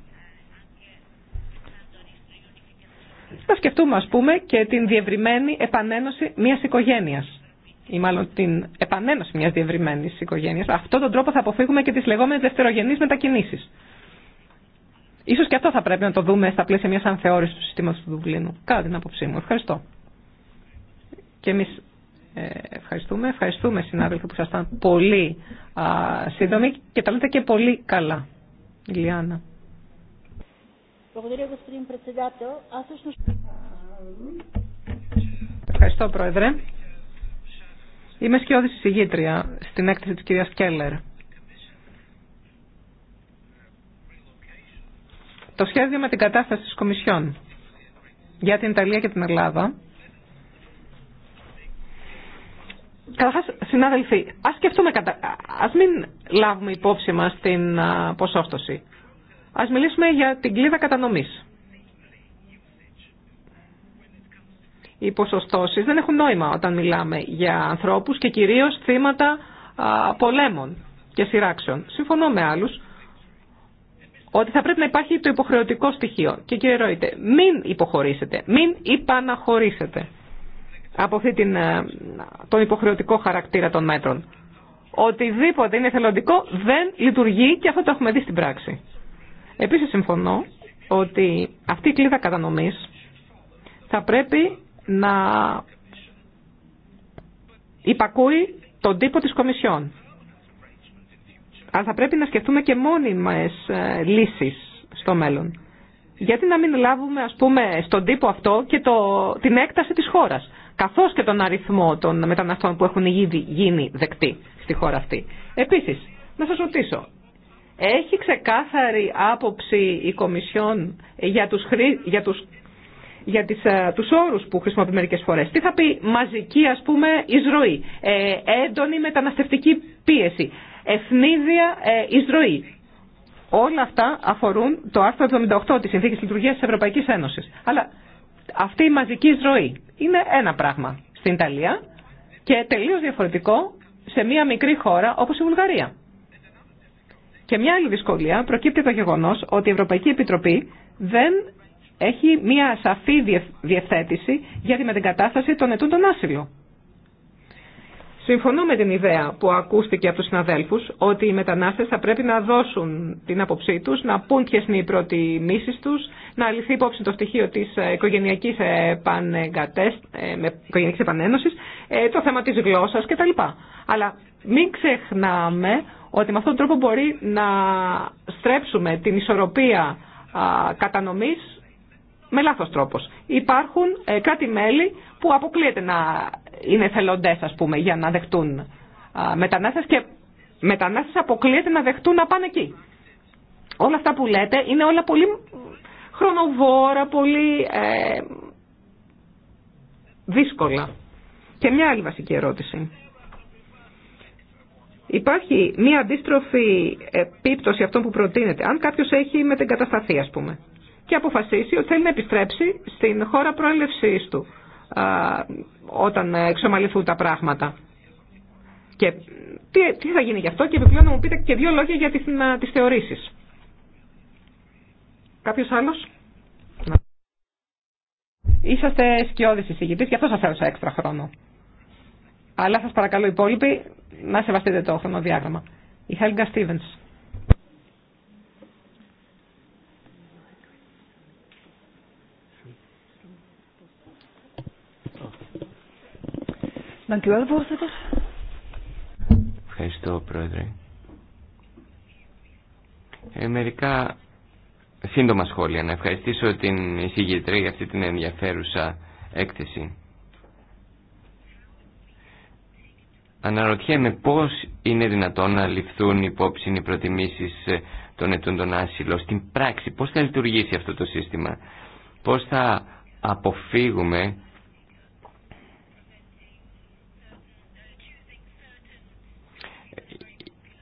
Να σκεφτούμε, α πούμε, και την διευρυμένη επανένωση μια οικογένεια. ή μάλλον την επανένωση μια διευρυμένη οικογένεια. Αυτόν τον τρόπο θα αποφύγουμε και τι λεγόμενε δευτερογενεί μετακινήσεις. Ίσως και αυτό θα πρέπει να το δούμε στα πλαίσια μιας ανθεώρησης του συστήματος του Δουβλίνου. Κάτι την άποψή μου. Ευχαριστώ. Και εμείς ε, ευχαριστούμε. Ευχαριστούμε συνάδελφοι που ήσασταν πολύ α, σύντομοι και τα λέτε και πολύ καλά. Ηλιάνα. Ευχαριστώ Πρόεδρε. Είμαι σκιώδη συγγήτρια στην έκθεση τη κυρία Κέλλερ. Το σχέδιο με την κατάσταση της Κομισιόν για την Ιταλία και την Ελλάδα Καταρχά, συνάδελφοι, α σκεφτούμε, κατα... ας μην λάβουμε υπόψη μα την ποσόστοση. Ας μιλήσουμε για την κλίδα κατανομής. Οι ποσοστώσει δεν έχουν νόημα όταν μιλάμε για ανθρώπους και κυρίως θύματα πολέμων και σειράξεων. Συμφωνώ με άλλους ότι θα πρέπει να υπάρχει το υποχρεωτικό στοιχείο. Και κύριε Ρόιτε, μην υποχωρήσετε, μην υπαναχωρήσετε από την, ε, τον υποχρεωτικό χαρακτήρα των μέτρων. Οτιδήποτε είναι θελοντικό δεν λειτουργεί και αυτό το έχουμε δει στην πράξη. Επίσης συμφωνώ ότι αυτή η κλίδα κατανομής θα πρέπει να υπακούει τον τύπο της Κομισιόν. Αλλά θα πρέπει να σκεφτούμε και μόνιμες ε, λύσεις στο μέλλον. Γιατί να μην λάβουμε, ας πούμε, στον τύπο αυτό και το, την έκταση της χώρας καθώς και τον αριθμό των μεταναστών που έχουν ήδη γίνει δεκτοί στη χώρα αυτή. Επίσης, να σας ρωτήσω, έχει ξεκάθαρη άποψη η Κομισιόν για τους, χρή... για τους... Για τις, ε, τους όρους που χρησιμοποιεί μερικές φορές. Τι θα πει μαζική ας πούμε εισρωή, ε, έντονη μεταναστευτική πίεση, εθνίδια ε, εισρωή. Όλα αυτά αφορούν το άρθρο 78 της Συνθήκης Λειτουργίας της Ευρωπαϊκής Ένωσης. Αλλά αυτή η μαζική εισρωή είναι ένα πράγμα στην Ιταλία και τελείω διαφορετικό σε μια μικρή χώρα όπως η Βουλγαρία. Και μια άλλη δυσκολία προκύπτει το γεγονός ότι η Ευρωπαϊκή Επιτροπή δεν έχει μια σαφή διευθέτηση για τη μετεγκατάσταση των ετούντων άσυλων. Συμφωνώ με την ιδέα που ακούστηκε από τους συναδέλφους ότι οι μετανάστες θα πρέπει να δώσουν την άποψή τους, να πούν ποιες είναι οι προτιμήσεις τους, να ληφθεί υπόψη το στοιχείο της οικογενειακής, ε, οικογενειακής επανένωσης, ε, το θέμα της γλώσσας κτλ. Αλλά μην ξεχνάμε ότι με αυτόν τον τρόπο μπορεί να στρέψουμε την ισορροπία κατανομής με λάθος τρόπος. κάτι ε, κράτη-μέλη που αποκλείεται να είναι θελοντές ας πούμε για να δεχτούν μετανάστες και μετανάστες αποκλείεται να δεχτούν να πάνε εκεί. Όλα αυτά που λέτε είναι όλα πολύ χρονοβόρα, πολύ ε, δύσκολα. Και μια άλλη βασική ερώτηση. Υπάρχει μια αντίστροφη επίπτωση αυτών που προτείνεται. Αν κάποιος έχει μετεγκατασταθεί ας πούμε και αποφασίσει ότι θέλει να επιστρέψει στην χώρα προέλευσής του όταν εξομαλυθούν τα πράγματα. Και τι, τι θα γίνει γι' αυτό και επιπλέον να μου πείτε και δύο λόγια για τις, να, τις θεωρήσεις. Κάποιος άλλος. Είσαστε σκιώδης εισηγητής, γι' αυτό σας έδωσα έξτρα χρόνο. Αλλά σας παρακαλώ οι υπόλοιποι να σεβαστείτε το χρονοδιάγραμμα. Η Helga Stevens. Ευχαριστώ, Πρόεδρε. Ε, μερικά σύντομα σχόλια. Να ευχαριστήσω την εισηγητρία για αυτή την ενδιαφέρουσα έκθεση. Αναρωτιέμαι πώς είναι δυνατόν να ληφθούν υπόψη οι προτιμήσεις των ετούντων άσυλων στην πράξη. Πώς θα λειτουργήσει αυτό το σύστημα. Πώς θα αποφύγουμε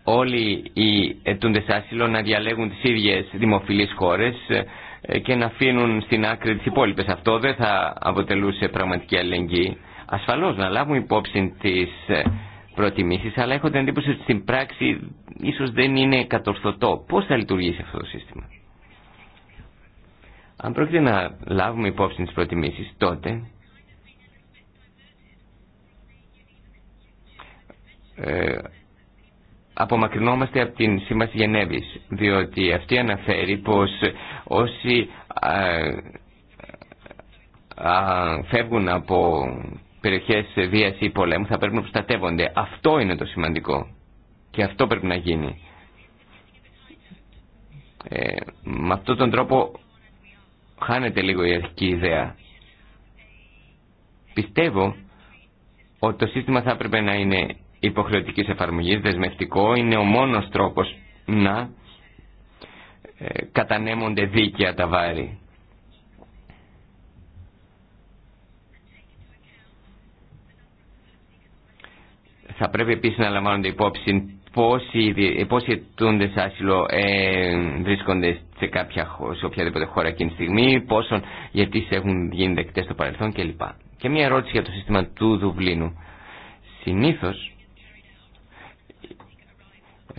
όλοι οι ετούντες άσυλο να διαλέγουν τις ίδιες δημοφιλείς χώρες ε, και να αφήνουν στην άκρη τις υπόλοιπες. Αυτό δεν θα αποτελούσε πραγματική αλληλεγγύη. Ασφαλώς να λάβουμε υπόψη τις ε, προτιμήσεις, αλλά έχω την εντύπωση ότι στην πράξη ίσως δεν είναι κατορθωτό. Πώς θα λειτουργήσει αυτό το σύστημα. Αν πρόκειται να λάβουμε υπόψη τις προτιμήσεις, τότε ε, απομακρυνόμαστε από την Σύμβαση Γενέβης, διότι αυτή αναφέρει πως όσοι φεύγουν από περιοχές βίας ή πολέμου θα πρέπει να προστατεύονται. Αυτό είναι το σημαντικό και αυτό πρέπει να γίνει. Ε, με αυτόν τον τρόπο χάνεται λίγο η αρχική ιδέα. Πιστεύω ότι το σύστημα θα έπρεπε να είναι υποχρεωτικής εφαρμογής, δεσμευτικό, είναι ο μόνος τρόπος να ε, κατανέμονται δίκαια τα βάρη. Θα πρέπει επίσης να λαμβάνονται υπόψη πόσοι, πόσοι σε άσυλο ε, βρίσκονται σε, κάποια, σε οποιαδήποτε χώρα εκείνη τη στιγμή, πόσο γιατί έχουν γίνει δεκτές στο παρελθόν κλπ. Και μια ερώτηση για το σύστημα του Δουβλίνου. Συνήθως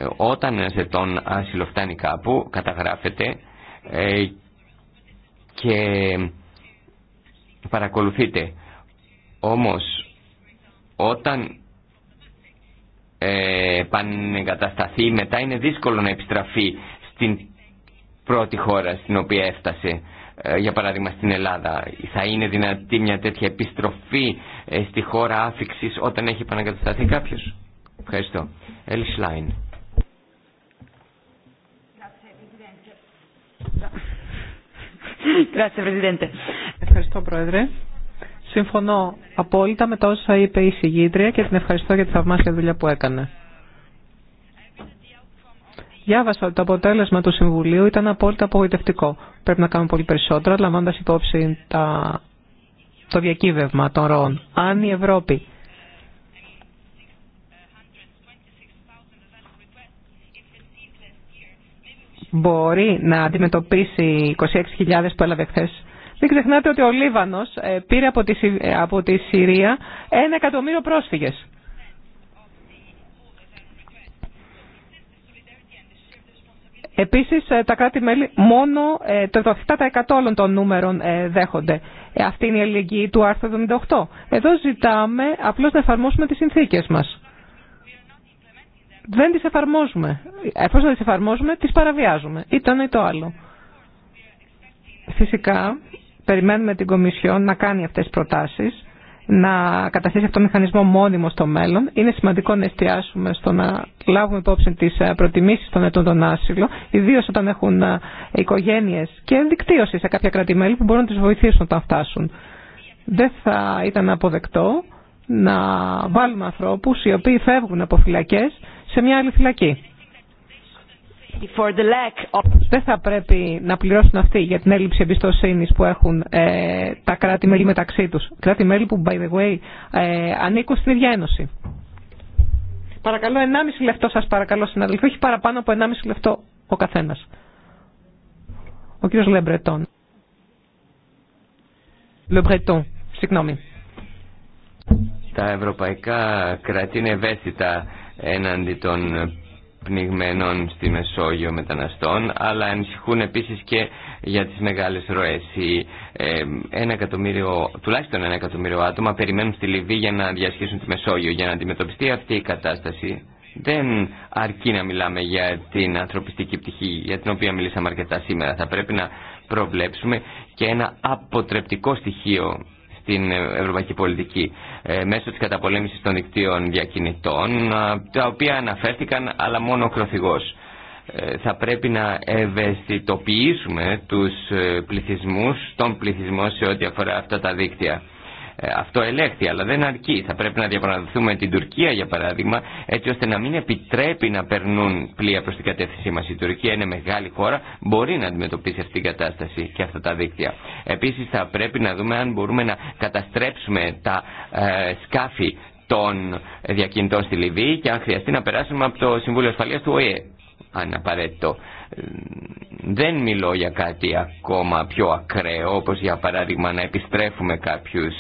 ε, όταν σε ετών άσυλο φτάνει κάπου, καταγράφεται ε, και παρακολουθείτε. Όμως, όταν ε, πανεγκατασταθεί μετά είναι δύσκολο να επιστραφεί στην πρώτη χώρα στην οποία έφτασε. Ε, για παράδειγμα στην Ελλάδα. Θα είναι δυνατή μια τέτοια επιστροφή στη χώρα άφηξης όταν έχει πανεγκατασταθεί κάποιος. Ευχαριστώ. Ελισλάιν. Ευχαριστώ, Πρόεδρε. Συμφωνώ απόλυτα με τα όσα είπε η συγγήτρια και την ευχαριστώ για τη θαυμάσια δουλειά που έκανε. Διάβασα ότι το αποτέλεσμα του Συμβουλίου ήταν απόλυτα απογοητευτικό. Πρέπει να κάνουμε πολύ περισσότερα, λαμβάνοντα υπόψη τα... το διακύβευμα των ροών. Αν η Ευρώπη μπορεί να αντιμετωπίσει 26.000 που έλαβε χθε. Δεν ξεχνάτε ότι ο Λίβανος ε, πήρε από τη, ε, από τη Συρία ένα εκατομμύριο πρόσφυγες. Επίσης, ε, τα κράτη-μέλη μόνο το 7% όλων των νούμερων δέχονται. Αυτή είναι η αλληλεγγύη του άρθρου 78. Εδώ ζητάμε απλώς να εφαρμόσουμε τις συνθήκες μας δεν τις εφαρμόζουμε. Εφόσον τις εφαρμόζουμε, τις παραβιάζουμε. Ή το ένα ή το άλλο. Φυσικά, περιμένουμε την Κομισιόν να κάνει αυτές τις προτάσεις, να καταστήσει αυτόν το μηχανισμό μόνιμο στο μέλλον. Είναι σημαντικό να εστιάσουμε στο να λάβουμε υπόψη τις ε, προτιμήσεις των ετών των άσυλων, ιδίως όταν έχουν ε, οικογένειες και δικτύωση σε κάποια κρατημέλη που μπορούν να τους βοηθήσουν όταν φτάσουν. Δεν θα ήταν αποδεκτό να βάλουμε ανθρώπους οι οποίοι φεύγουν από φυλακές σε μια άλλη φυλακή. Δεν θα πρέπει να πληρώσουν αυτοί για την έλλειψη εμπιστοσύνη που έχουν ε, τα κράτη-μέλη μεταξύ του. Κράτη-μέλη που, by the way, ε, ανήκουν στην ίδια ένωση. Παρακαλώ, 1,5 λεπτό σα παρακαλώ, συναδελφοί. Όχι παραπάνω από 1,5 λεπτό ο καθένα. Ο κύριος Λεμπρετών. Λεμπρετών, συγγνώμη. Τα ευρωπαϊκά κράτη είναι ευαίσθητα έναντι των πνιγμένων στη Μεσόγειο μεταναστών, αλλά ανησυχούν επίσης και για τις μεγάλες ροές. Ε, ένα εκατομμύριο, τουλάχιστον ένα εκατομμύριο άτομα περιμένουν στη Λιβύη για να διασχίσουν τη Μεσόγειο. Για να αντιμετωπιστεί αυτή η κατάσταση δεν αρκεί να μιλάμε για την ανθρωπιστική πτυχή για την οποία μιλήσαμε αρκετά σήμερα. Θα πρέπει να προβλέψουμε και ένα αποτρεπτικό στοιχείο στην ευρωπαϊκή πολιτική ε, μέσω της καταπολέμησης των δικτύων διακινητών, ε, τα οποία αναφέρθηκαν αλλά μόνο κροθυγός. Ε, θα πρέπει να ευαισθητοποιήσουμε τους πληθυσμούς, τον πληθυσμό σε ό,τι αφορά αυτά τα δίκτυα. Ε, αυτό ελέγχθη, αλλά δεν αρκεί. Θα πρέπει να διαπραγματευτούμε την Τουρκία, για παράδειγμα, έτσι ώστε να μην επιτρέπει να περνούν πλοία προ την κατεύθυνσή μα. Η Τουρκία είναι μεγάλη χώρα, μπορεί να αντιμετωπίσει αυτή την κατάσταση και αυτά τα δίκτυα. Επίση, θα πρέπει να δούμε αν μπορούμε να καταστρέψουμε τα ε, σκάφη των διακινητών στη Λιβύη και αν χρειαστεί να περάσουμε από το Συμβούλιο Ασφαλείας του ΟΗΕ, αν απαραίτητο. Δεν μιλώ για κάτι ακόμα πιο ακραίο, όπως για παράδειγμα να επιστρέφουμε κάποιους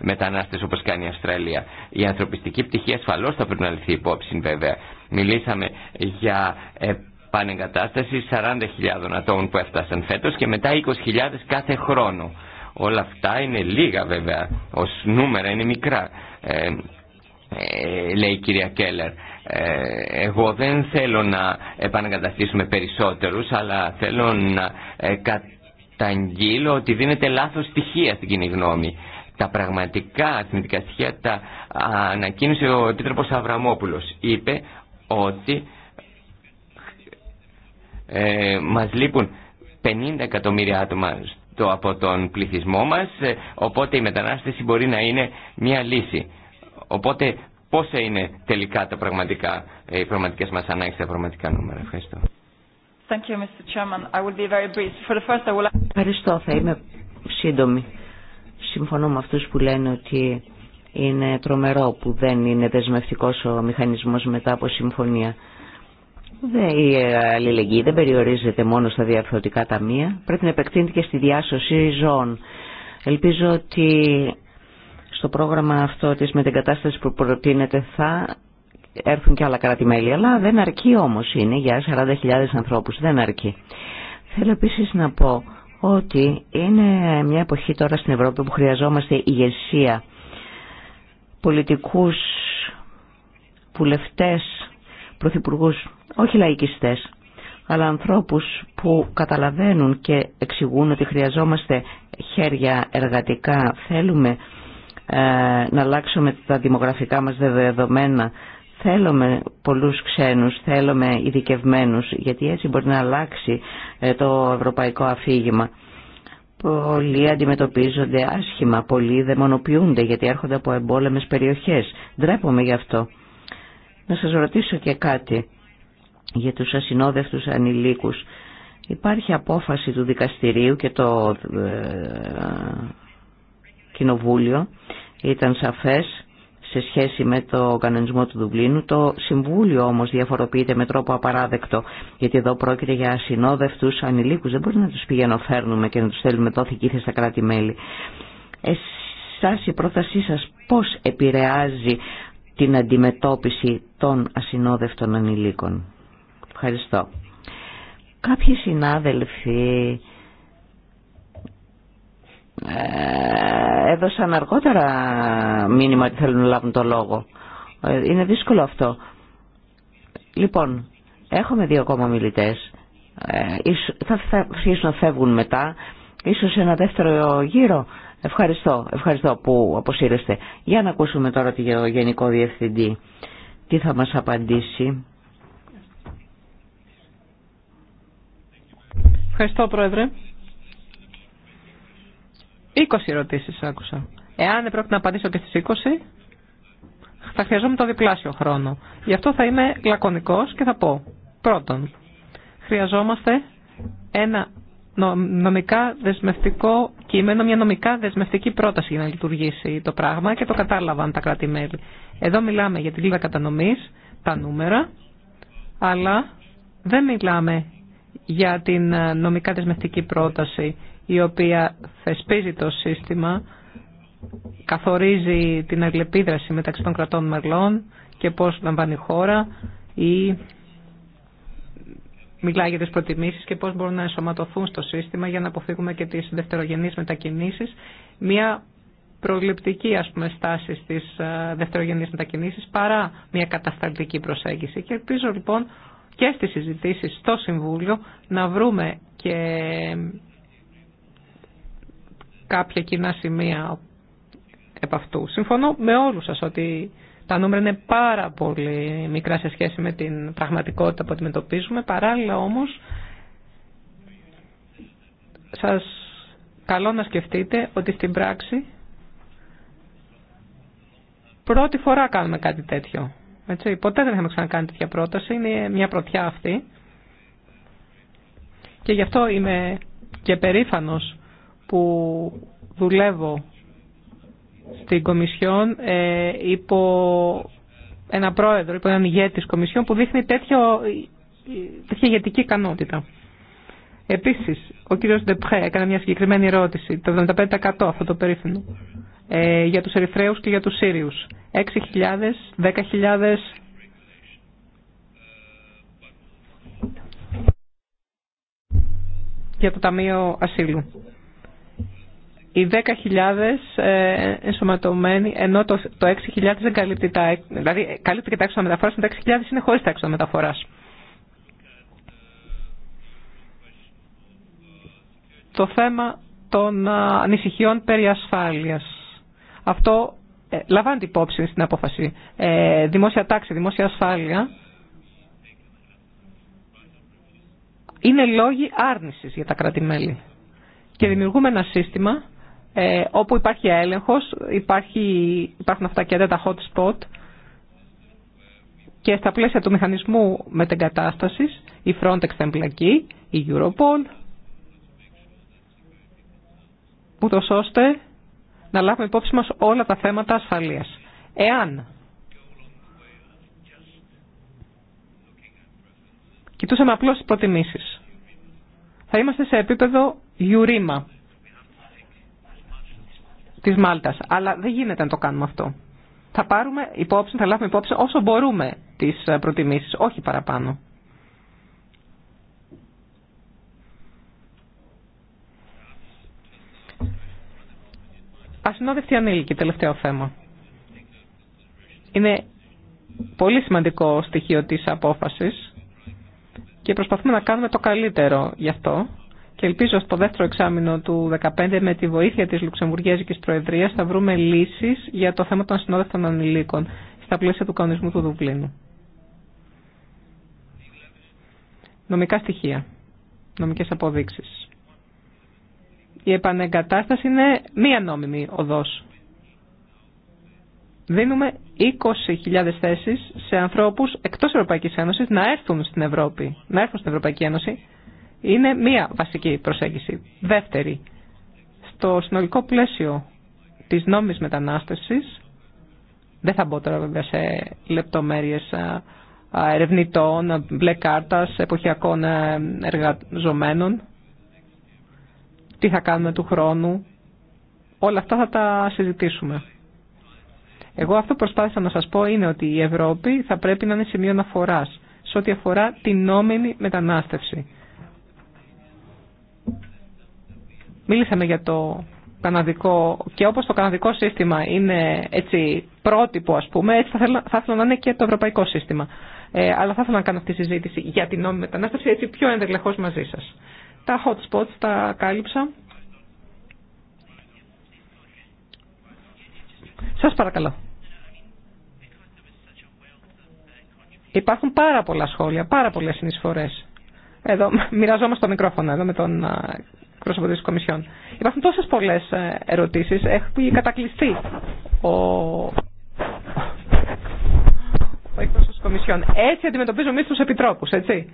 μετανάστες όπως κάνει η Αυστραλία. Η ανθρωπιστική πτυχή ασφαλώς θα πρέπει να λυθεί υπόψη βέβαια. Μιλήσαμε για επανεγκατάσταση 40.000 ατόμων που έφτασαν φέτος και μετά 20.000 κάθε χρόνο. Όλα αυτά είναι λίγα βέβαια, ως νούμερα είναι μικρά. Ε, ε, λέει η κυρία Κέλλερ. Ε, εγώ δεν θέλω να επαναγκαταστήσουμε περισσότερους, αλλά θέλω να ε, καταγγείλω ότι δίνεται λάθος στοιχεία στην κοινή γνώμη. Τα πραγματικά αθνητικά στοιχεία τα ανακοίνωσε ο Επίτροπος Αβραμόπουλος. Είπε ότι ε, μας λείπουν 50 εκατομμύρια άτομα από τον πληθυσμό μας, οπότε η μετανάστευση μπορεί να είναι μια λύση. Οπότε πόσα είναι τελικά τα πραγματικά, ε, οι πραγματικές μας ανάγκες, τα πραγματικά νούμερα. Ευχαριστώ. Ευχαριστώ, θα είμαι σύντομη. Συμφωνώ με αυτούς που λένε ότι είναι τρομερό που δεν είναι δεσμευτικός ο μηχανισμός μετά από συμφωνία. Η ε, αλληλεγγύη δεν περιορίζεται μόνο στα διαφορετικά ταμεία, πρέπει να επεκτείνεται και στη διάσωση ζώων. Ελπίζω ότι στο πρόγραμμα αυτό της μετεγκατάστασης που προτείνεται θα έρθουν και άλλα κράτη-μέλη, αλλά δεν αρκεί όμως είναι για 40.000 ανθρώπους, δεν αρκεί. Θέλω επίσης να πω ότι είναι μια εποχή τώρα στην Ευρώπη που χρειαζόμαστε ηγεσία, πολιτικούς, βουλευτές, πρωθυπουργούς, όχι λαϊκιστές, αλλά ανθρώπους που καταλαβαίνουν και εξηγούν ότι χρειαζόμαστε χέρια εργατικά, θέλουμε ε, να αλλάξουμε τα δημογραφικά μας δεδομένα. Θέλουμε πολλούς ξένους, θέλουμε ειδικευμένου, γιατί έτσι μπορεί να αλλάξει ε, το ευρωπαϊκό αφήγημα. Πολλοί αντιμετωπίζονται άσχημα, πολλοί δαιμονοποιούνται γιατί έρχονται από εμπόλεμες περιοχές. Ντρέπομαι γι' αυτό. Να σας ρωτήσω και κάτι για τους ασυνόδευτους ανηλίκους. Υπάρχει απόφαση του δικαστηρίου και το ε, Κοινοβούλιο ήταν σαφές σε σχέση με το κανονισμό του Δουβλίνου. Το Συμβούλιο όμως διαφοροποιείται με τρόπο απαράδεκτο, γιατί εδώ πρόκειται για ασυνόδευτους ανηλίκους. Δεν μπορεί να τους πηγαίνω φέρνουμε και να τους θέλουμε τόθη κήθε στα κράτη-μέλη. Εσάς η πρότασή σας πώς επηρεάζει την αντιμετώπιση των ασυνόδευτων ανηλίκων. Ευχαριστώ. Κάποιοι συνάδελφοι ε, έδωσαν αργότερα μήνυμα ότι θέλουν να λάβουν το λόγο. Ε, είναι δύσκολο αυτό. Λοιπόν, έχουμε δύο ακόμα μιλητές. Ε, θα, θα να φεύγουν μετά. Ίσως ένα δεύτερο γύρο. Ευχαριστώ, ευχαριστώ που αποσύρεστε. Για να ακούσουμε τώρα το Γενικό Διευθυντή. Τι θα μας απαντήσει. Ευχαριστώ, Πρόεδρε. 20 ερωτήσει άκουσα. Εάν πρέπει να απαντήσω και στι 20, θα χρειαζόμουν το διπλάσιο χρόνο. Γι' αυτό θα είμαι λακωνικός και θα πω. Πρώτον, χρειαζόμαστε ένα νομικά δεσμευτικό κείμενο, μια νομικά δεσμευτική πρόταση για να λειτουργήσει το πράγμα και το κατάλαβαν τα κράτη-μέλη. Εδώ μιλάμε για τη λίγα κατανομής, τα νούμερα, αλλά δεν μιλάμε για την ε, νομικά δεσμευτική πρόταση η οποία θεσπίζει το σύστημα, καθορίζει την αλληλεπίδραση μεταξύ των κρατών μελών και πώς λαμβάνει η χώρα ή μιλάει για τις προτιμήσεις και πώς μπορούν να ενσωματωθούν στο σύστημα για να αποφύγουμε και τις δευτερογενείς μετακινήσεις. Μια προληπτική ας πούμε, στάση στις ε, δευτερογενείς μετακινήσεις παρά μια κατασταλτική προσέγγιση. Και ελπίζω λοιπόν και στις συζητήσεις στο Συμβούλιο να βρούμε και κάποια κοινά σημεία επ' αυτού. Συμφωνώ με όλους σας ότι τα νούμερα είναι πάρα πολύ μικρά σε σχέση με την πραγματικότητα που αντιμετωπίζουμε. Παράλληλα όμως, σας καλώ να σκεφτείτε ότι στην πράξη πρώτη φορά κάνουμε κάτι τέτοιο. Έτσι. Ποτέ δεν έχουμε ξανακάνει τέτοια πρόταση. Είναι μια πρωτιά αυτή. Και γι' αυτό είμαι και περήφανος που δουλεύω στην Κομισιόν ε, υπό ένα πρόεδρο, υπό έναν ηγέτη Κομισιόν που δείχνει τέτοιο, τέτοια ηγετική ικανότητα. Επίσης, ο κύριο Ντεπχέ έκανε μια συγκεκριμένη ερώτηση, το 75% αυτό το περίφημο, ε, για τους Ερυθρέους και για τους Σύριους. 6.000, 10.000. για το Ταμείο Ασύλου οι 10.000 ε, ενσωματωμένοι, ενώ το, το 6.000 δεν καλύπτει τα, δηλαδή καλύπτει και τα έξοδα μεταφοράς, τα 6.000 είναι χωρί τα έξοδα μεταφοράς. Το θέμα των ανησυχιών περί ασφάλειας. Αυτό ε, λαμβάνεται υπόψη στην απόφαση. Ε, δημόσια τάξη, δημόσια ασφάλεια. Είναι λόγοι άρνησης για τα κράτη-μέλη. Και δημιουργούμε ένα σύστημα ε, όπου υπάρχει έλεγχος, υπάρχει, υπάρχουν αυτά και τα hot spot και στα πλαίσια του μηχανισμού μετεγκατάστασης η Frontex θα εμπλακεί, η Europol, ούτω ώστε να λάβουμε υπόψη μας όλα τα θέματα ασφαλείας. Εάν κοιτούσαμε απλώς τις προτιμήσεις, θα είμαστε σε επίπεδο γιουρίμα της Μάλτας. Αλλά δεν γίνεται να το κάνουμε αυτό. Θα πάρουμε υπόψη, θα λάβουμε υπόψη όσο μπορούμε τις ε, προτιμήσεις, όχι παραπάνω. Ασυνόδευτη ανήλικη, τελευταίο θέμα. Είναι πολύ σημαντικό στοιχείο της απόφασης και προσπαθούμε να κάνουμε το καλύτερο γι' αυτό και ελπίζω στο δεύτερο εξάμεινο του 2015 με τη βοήθεια της Λουξεμβουργιάζικης Προεδρίας θα βρούμε λύσεις για το θέμα των συνόδευτων ανηλίκων στα πλαίσια του κανονισμού του Δουβλίνου. Νομικά στοιχεία, νομικές αποδείξεις. Η επανεγκατάσταση είναι μία νόμιμη οδός. Δίνουμε 20.000 θέσεις σε ανθρώπους εκτός Ευρωπαϊκής Ένωσης να έρθουν στην Ευρώπη, να έρθουν στην Ευρωπαϊκή Ένωση είναι μία βασική προσέγγιση. Δεύτερη, στο συνολικό πλαίσιο της νόμιμης μετανάστευσης, δεν θα μπω τώρα βέβαια σε λεπτομέρειες ερευνητών, μπλε κάρτας, εποχιακών ε, εργαζομένων, τι θα κάνουμε του χρόνου, όλα αυτά θα τα συζητήσουμε. Εγώ αυτό που προσπάθησα να σας πω είναι ότι η Ευρώπη θα πρέπει να είναι σημείο αναφοράς σε ό,τι αφορά την νόμιμη μετανάστευση. Μίλησαμε για το καναδικό και όπως το καναδικό σύστημα είναι έτσι πρότυπο ας πούμε, έτσι θα θέλω, να είναι και το ευρωπαϊκό σύστημα. Ε, αλλά θα ήθελα να κάνω αυτή τη συζήτηση για την νόμιμη μετανάστευση έτσι πιο ενδελεχώς μαζί σας. Τα hot spots τα κάλυψα. Σας παρακαλώ. Υπάρχουν πάρα πολλά σχόλια, πάρα πολλές συνεισφορές. Εδώ μοιραζόμαστε το μικρόφωνο εδώ με τον τη Κομισιόν. Υπάρχουν τόσε πολλέ ε, ερωτήσει. έχει κατακλειστεί ο, ο εκπρόσωπος της Κομισιόν. Έτσι αντιμετωπίζουμε εμεί του επιτρόπου, έτσι.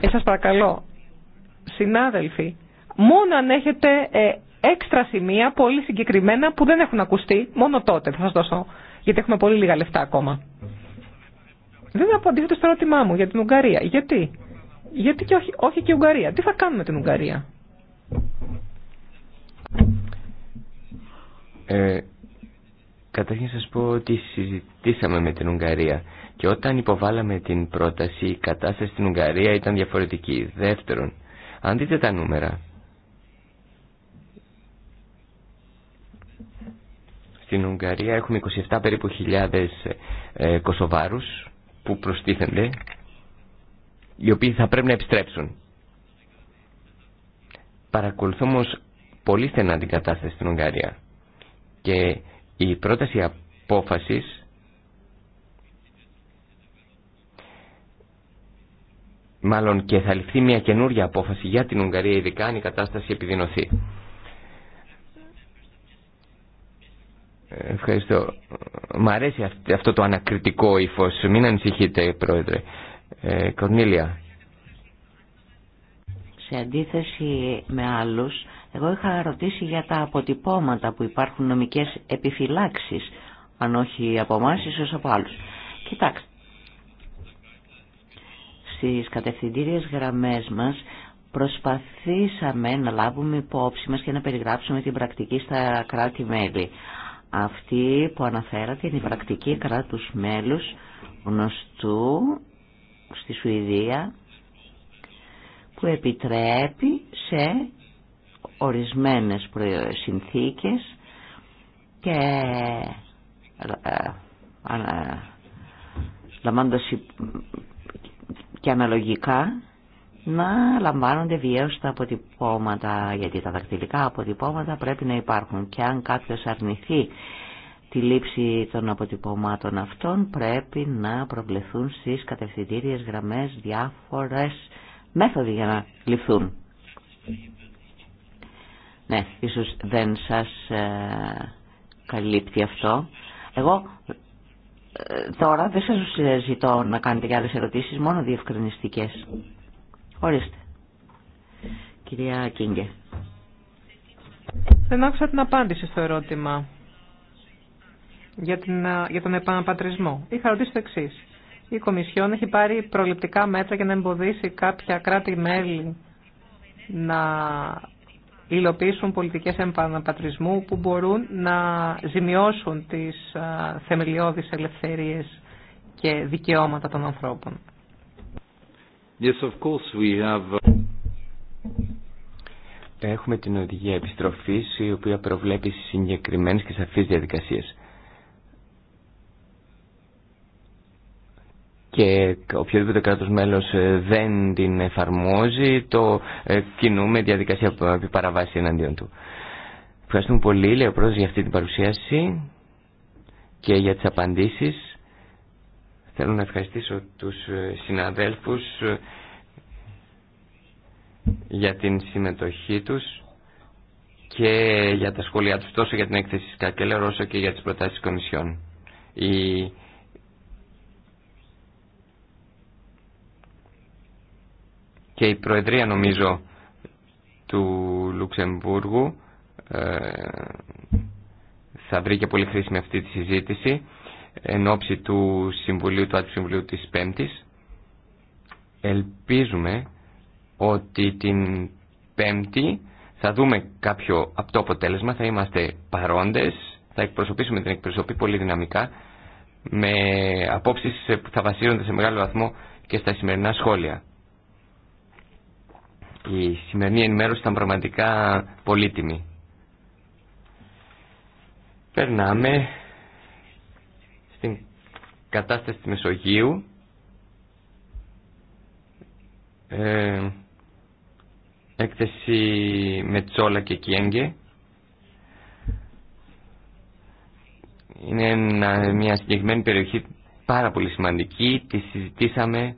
Ε, σας παρακαλώ, συνάδελφοι, μόνο αν έχετε ε, έξτρα σημεία πολύ συγκεκριμένα που δεν έχουν ακουστεί, μόνο τότε θα σα δώσω, γιατί έχουμε πολύ λίγα λεφτά ακόμα. Δεν απαντήσετε στο ερώτημά μου για την Ουγγαρία. Γιατί? Γιατί και όχι, όχι και η Ουγγαρία. Τι θα κάνουμε με την Ουγγαρία. Ε, καταρχήν σας πω ότι συζητήσαμε με την Ουγγαρία και όταν υποβάλαμε την πρόταση η κατάσταση στην Ουγγαρία ήταν διαφορετική. Δεύτερον, αν δείτε τα νούμερα, στην Ουγγαρία έχουμε 27 περίπου χιλιάδες ε, που προστίθενται οι οποίοι θα πρέπει να επιστρέψουν Παρακολουθώ όμω πολύ στενά την κατάσταση στην Ουγγαρία και η πρόταση απόφασης μάλλον και θα ληφθεί μια καινούργια απόφαση για την Ουγγαρία ειδικά αν η κατάσταση επιδεινωθεί. Ευχαριστώ. Μ' αρέσει αυτό το ανακριτικό ύφος. Μην ανησυχείτε, Πρόεδρε. Ε, Κορνίλια σε αντίθεση με άλλους, εγώ είχα ρωτήσει για τα αποτυπώματα που υπάρχουν νομικές επιφυλάξεις, αν όχι από εμάς, ίσως από άλλους. Κοιτάξτε, στις κατευθυντήριες γραμμές μας προσπαθήσαμε να λάβουμε υπόψη μας και να περιγράψουμε την πρακτική στα κράτη-μέλη. Αυτή που αναφέρατε είναι η πρακτική κράτους μέλους γνωστού στη Σουηδία, που επιτρέπει σε ορισμένες συνθήκες και ε, ε, ε, λαμβάνοντας και αναλογικά να λαμβάνονται βιαίως τα αποτυπώματα γιατί τα δακτυλικά αποτυπώματα πρέπει να υπάρχουν και αν κάποιος αρνηθεί τη λήψη των αποτυπωμάτων αυτών πρέπει να προβλεφθούν στις κατευθυντήριες γραμμές διάφορες μέθοδοι για να ληφθούν. Ναι, ίσως δεν σας ε, καλύπτει αυτό. Εγώ ε, τώρα δεν σας ζητώ να κάνετε και άλλες ερωτήσεις, μόνο διευκρινιστικές. Ορίστε. Κυρία Κίνγκε. Δεν άκουσα την απάντηση στο ερώτημα για, ε, για τον επαναπατρισμό. Είχα ρωτήσει το εξή η Κομισιόν έχει πάρει προληπτικά μέτρα για να εμποδίσει κάποια κράτη-μέλη να υλοποιήσουν πολιτικές επαναπατρισμού που μπορούν να ζημιώσουν τις θεμελιώδεις ελευθερίες και δικαιώματα των ανθρώπων. Yes, of course we have... Uh, Έχουμε την οδηγία επιστροφής η οποία προβλέπει συγκεκριμένες και σαφείς διαδικασίες. και οποιοδήποτε κράτος μέλος ε, δεν την εφαρμόζει το ε, κινούμε διαδικασία παραβάση εναντίον του. Ευχαριστούμε πολύ λέει ο Πρόεδρος για αυτή την παρουσίαση και για τις απαντήσεις. Θέλω να ευχαριστήσω τους ε, συναδέλφους για την συμμετοχή τους και για τα σχόλιά τους τόσο για την έκθεση Σκακελέρ όσο και για τις προτάσεις κομισιών. και η Προεδρία νομίζω του Λουξεμβούργου ε, θα βρει και πολύ χρήσιμη αυτή τη συζήτηση εν ώψη του Συμβουλίου, του Συμβουλίου της Πέμπτης. Ελπίζουμε ότι την Πέμπτη θα δούμε κάποιο από το αποτέλεσμα, θα είμαστε παρόντες, θα εκπροσωπήσουμε την εκπροσωπή πολύ δυναμικά με απόψεις που θα βασίζονται σε μεγάλο βαθμό και στα σημερινά σχόλια. Η σημερινή ενημέρωση ήταν πραγματικά πολύτιμη. Περνάμε στην κατάσταση της Μεσογείου. Ε, έκθεση Τσόλα και Κιέγγε. Είναι μια συγκεκριμένη περιοχή πάρα πολύ σημαντική. Τη συζητήσαμε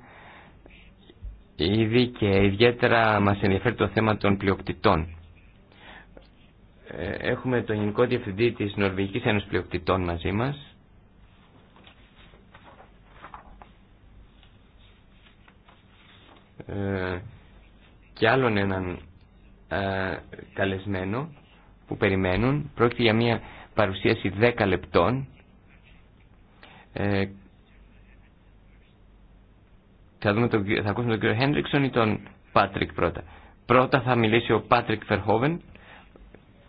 ήδη και ιδιαίτερα μας ενδιαφέρει το θέμα των πλειοκτητών. Ε, έχουμε τον Γενικό Διευθυντή της Νορβηγικής Ένωσης Πλειοκτητών μαζί μας. Ε, και άλλον έναν ε, καλεσμένο που περιμένουν. Πρόκειται για μια παρουσίαση 10 λεπτών θα, δούμε θα ακούσουμε τον κύριο Χέντριξον ή τον Πάτρικ πρώτα. Πρώτα θα μιλήσει ο Πάτρικ Φερχόβεν,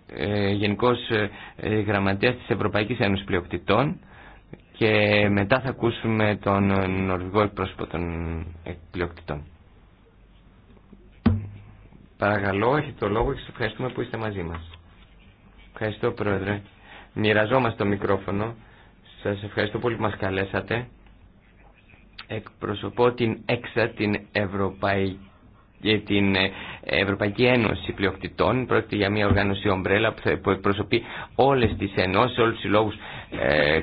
ε, γενικός ε, ε, γραμματέας της Ευρωπαϊκής Ένωσης Πλειοκτητών και μετά θα ακούσουμε τον ε, νορβηγό εκπρόσωπο των πλειοκτητών. Παρακαλώ, έχετε το λόγο και σας ευχαριστούμε που είστε μαζί μας. Ευχαριστώ Πρόεδρε. Μοιραζόμαστε το μικρόφωνο. Σας ευχαριστώ πολύ που μας καλέσατε. Εκπροσωπώ την ΕΞΑ, την Ευρωπαϊκή για την ε, Ευρωπαϊκή Ένωση Πλειοκτητών. Πρόκειται για μια οργάνωση ομπρέλα που εκπροσωπεί όλες τις ενώσεις, όλους τους συλλόγους ε,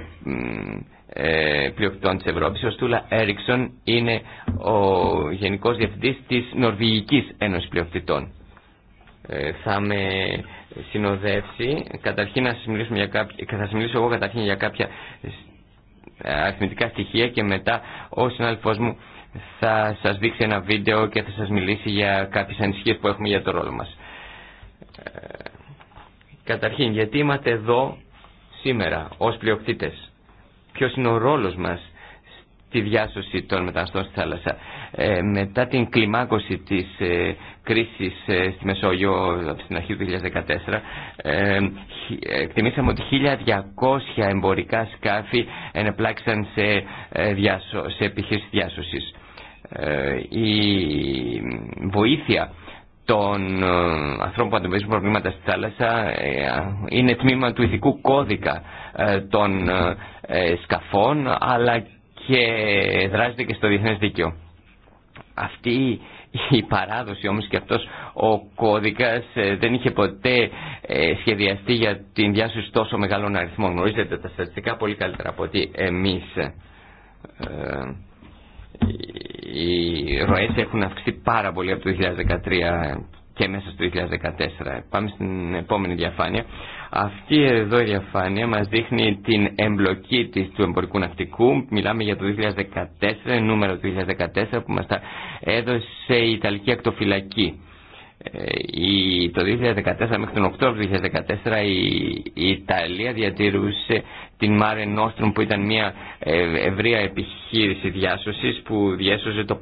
ε, πλειοκτητών της Ευρώπης. Ο Στούλα Έριξον είναι ο Γενικός Διευθυντής της Νορβηγικής Ένωσης Πλειοκτητών. Ε, θα με συνοδεύσει. Καταρχήν να σας μιλήσω, για θα μιλήσω εγώ καταρχήν για κάποια αριθμητικά στοιχεία και μετά ο συνάδελφός μου θα σας δείξει ένα βίντεο και θα σας μιλήσει για κάποιες ανησυχίες που έχουμε για το ρόλο μας. Ε, καταρχήν, γιατί είμαστε εδώ σήμερα ως πλειοκτήτες. Ποιος είναι ο ρόλος μας τη διάσωση των μεταναστών στη θάλασσα. Ε, μετά την κλιμάκωση της ε, κρίσης ε, στη Μεσόγειο από την αρχή του 2014, ε, εκτιμήσαμε ότι 1.200 εμπορικά σκάφη ενεπλάξαν σε, διάσω, επιχείρηση διάσωσης. Η βοήθεια των ανθρώπων που αντιμετωπίζουν προβλήματα στη θάλασσα είναι τμήμα του ηθικού κώδικα των σκαφών αλλά και δράζεται και στο διεθνές δίκαιο. Αυτή η παράδοση όμως και αυτός ο κώδικας ε, δεν είχε ποτέ ε, σχεδιαστεί για την διάσωση τόσο μεγάλων αριθμών. Γνωρίζετε τα στατιστικά πολύ καλύτερα από ότι εμείς. Ε, οι ροές έχουν αυξηθεί πάρα πολύ από το 2013 και μέσα στο 2014. Πάμε στην επόμενη διαφάνεια. Αυτή εδώ η διαφάνεια μας δείχνει την εμπλοκή της του εμπορικού ναυτικού. Μιλάμε για το 2014, νούμερο του 2014 που μας τα έδωσε η Ιταλική Ακτοφυλακή. Ε, το 2014 μέχρι τον Οκτώβριο του 2014 η, Ιταλία διατηρούσε την Mare Nostrum που ήταν μια ε, ευρεία επιχείρηση διάσωσης που διέσωσε το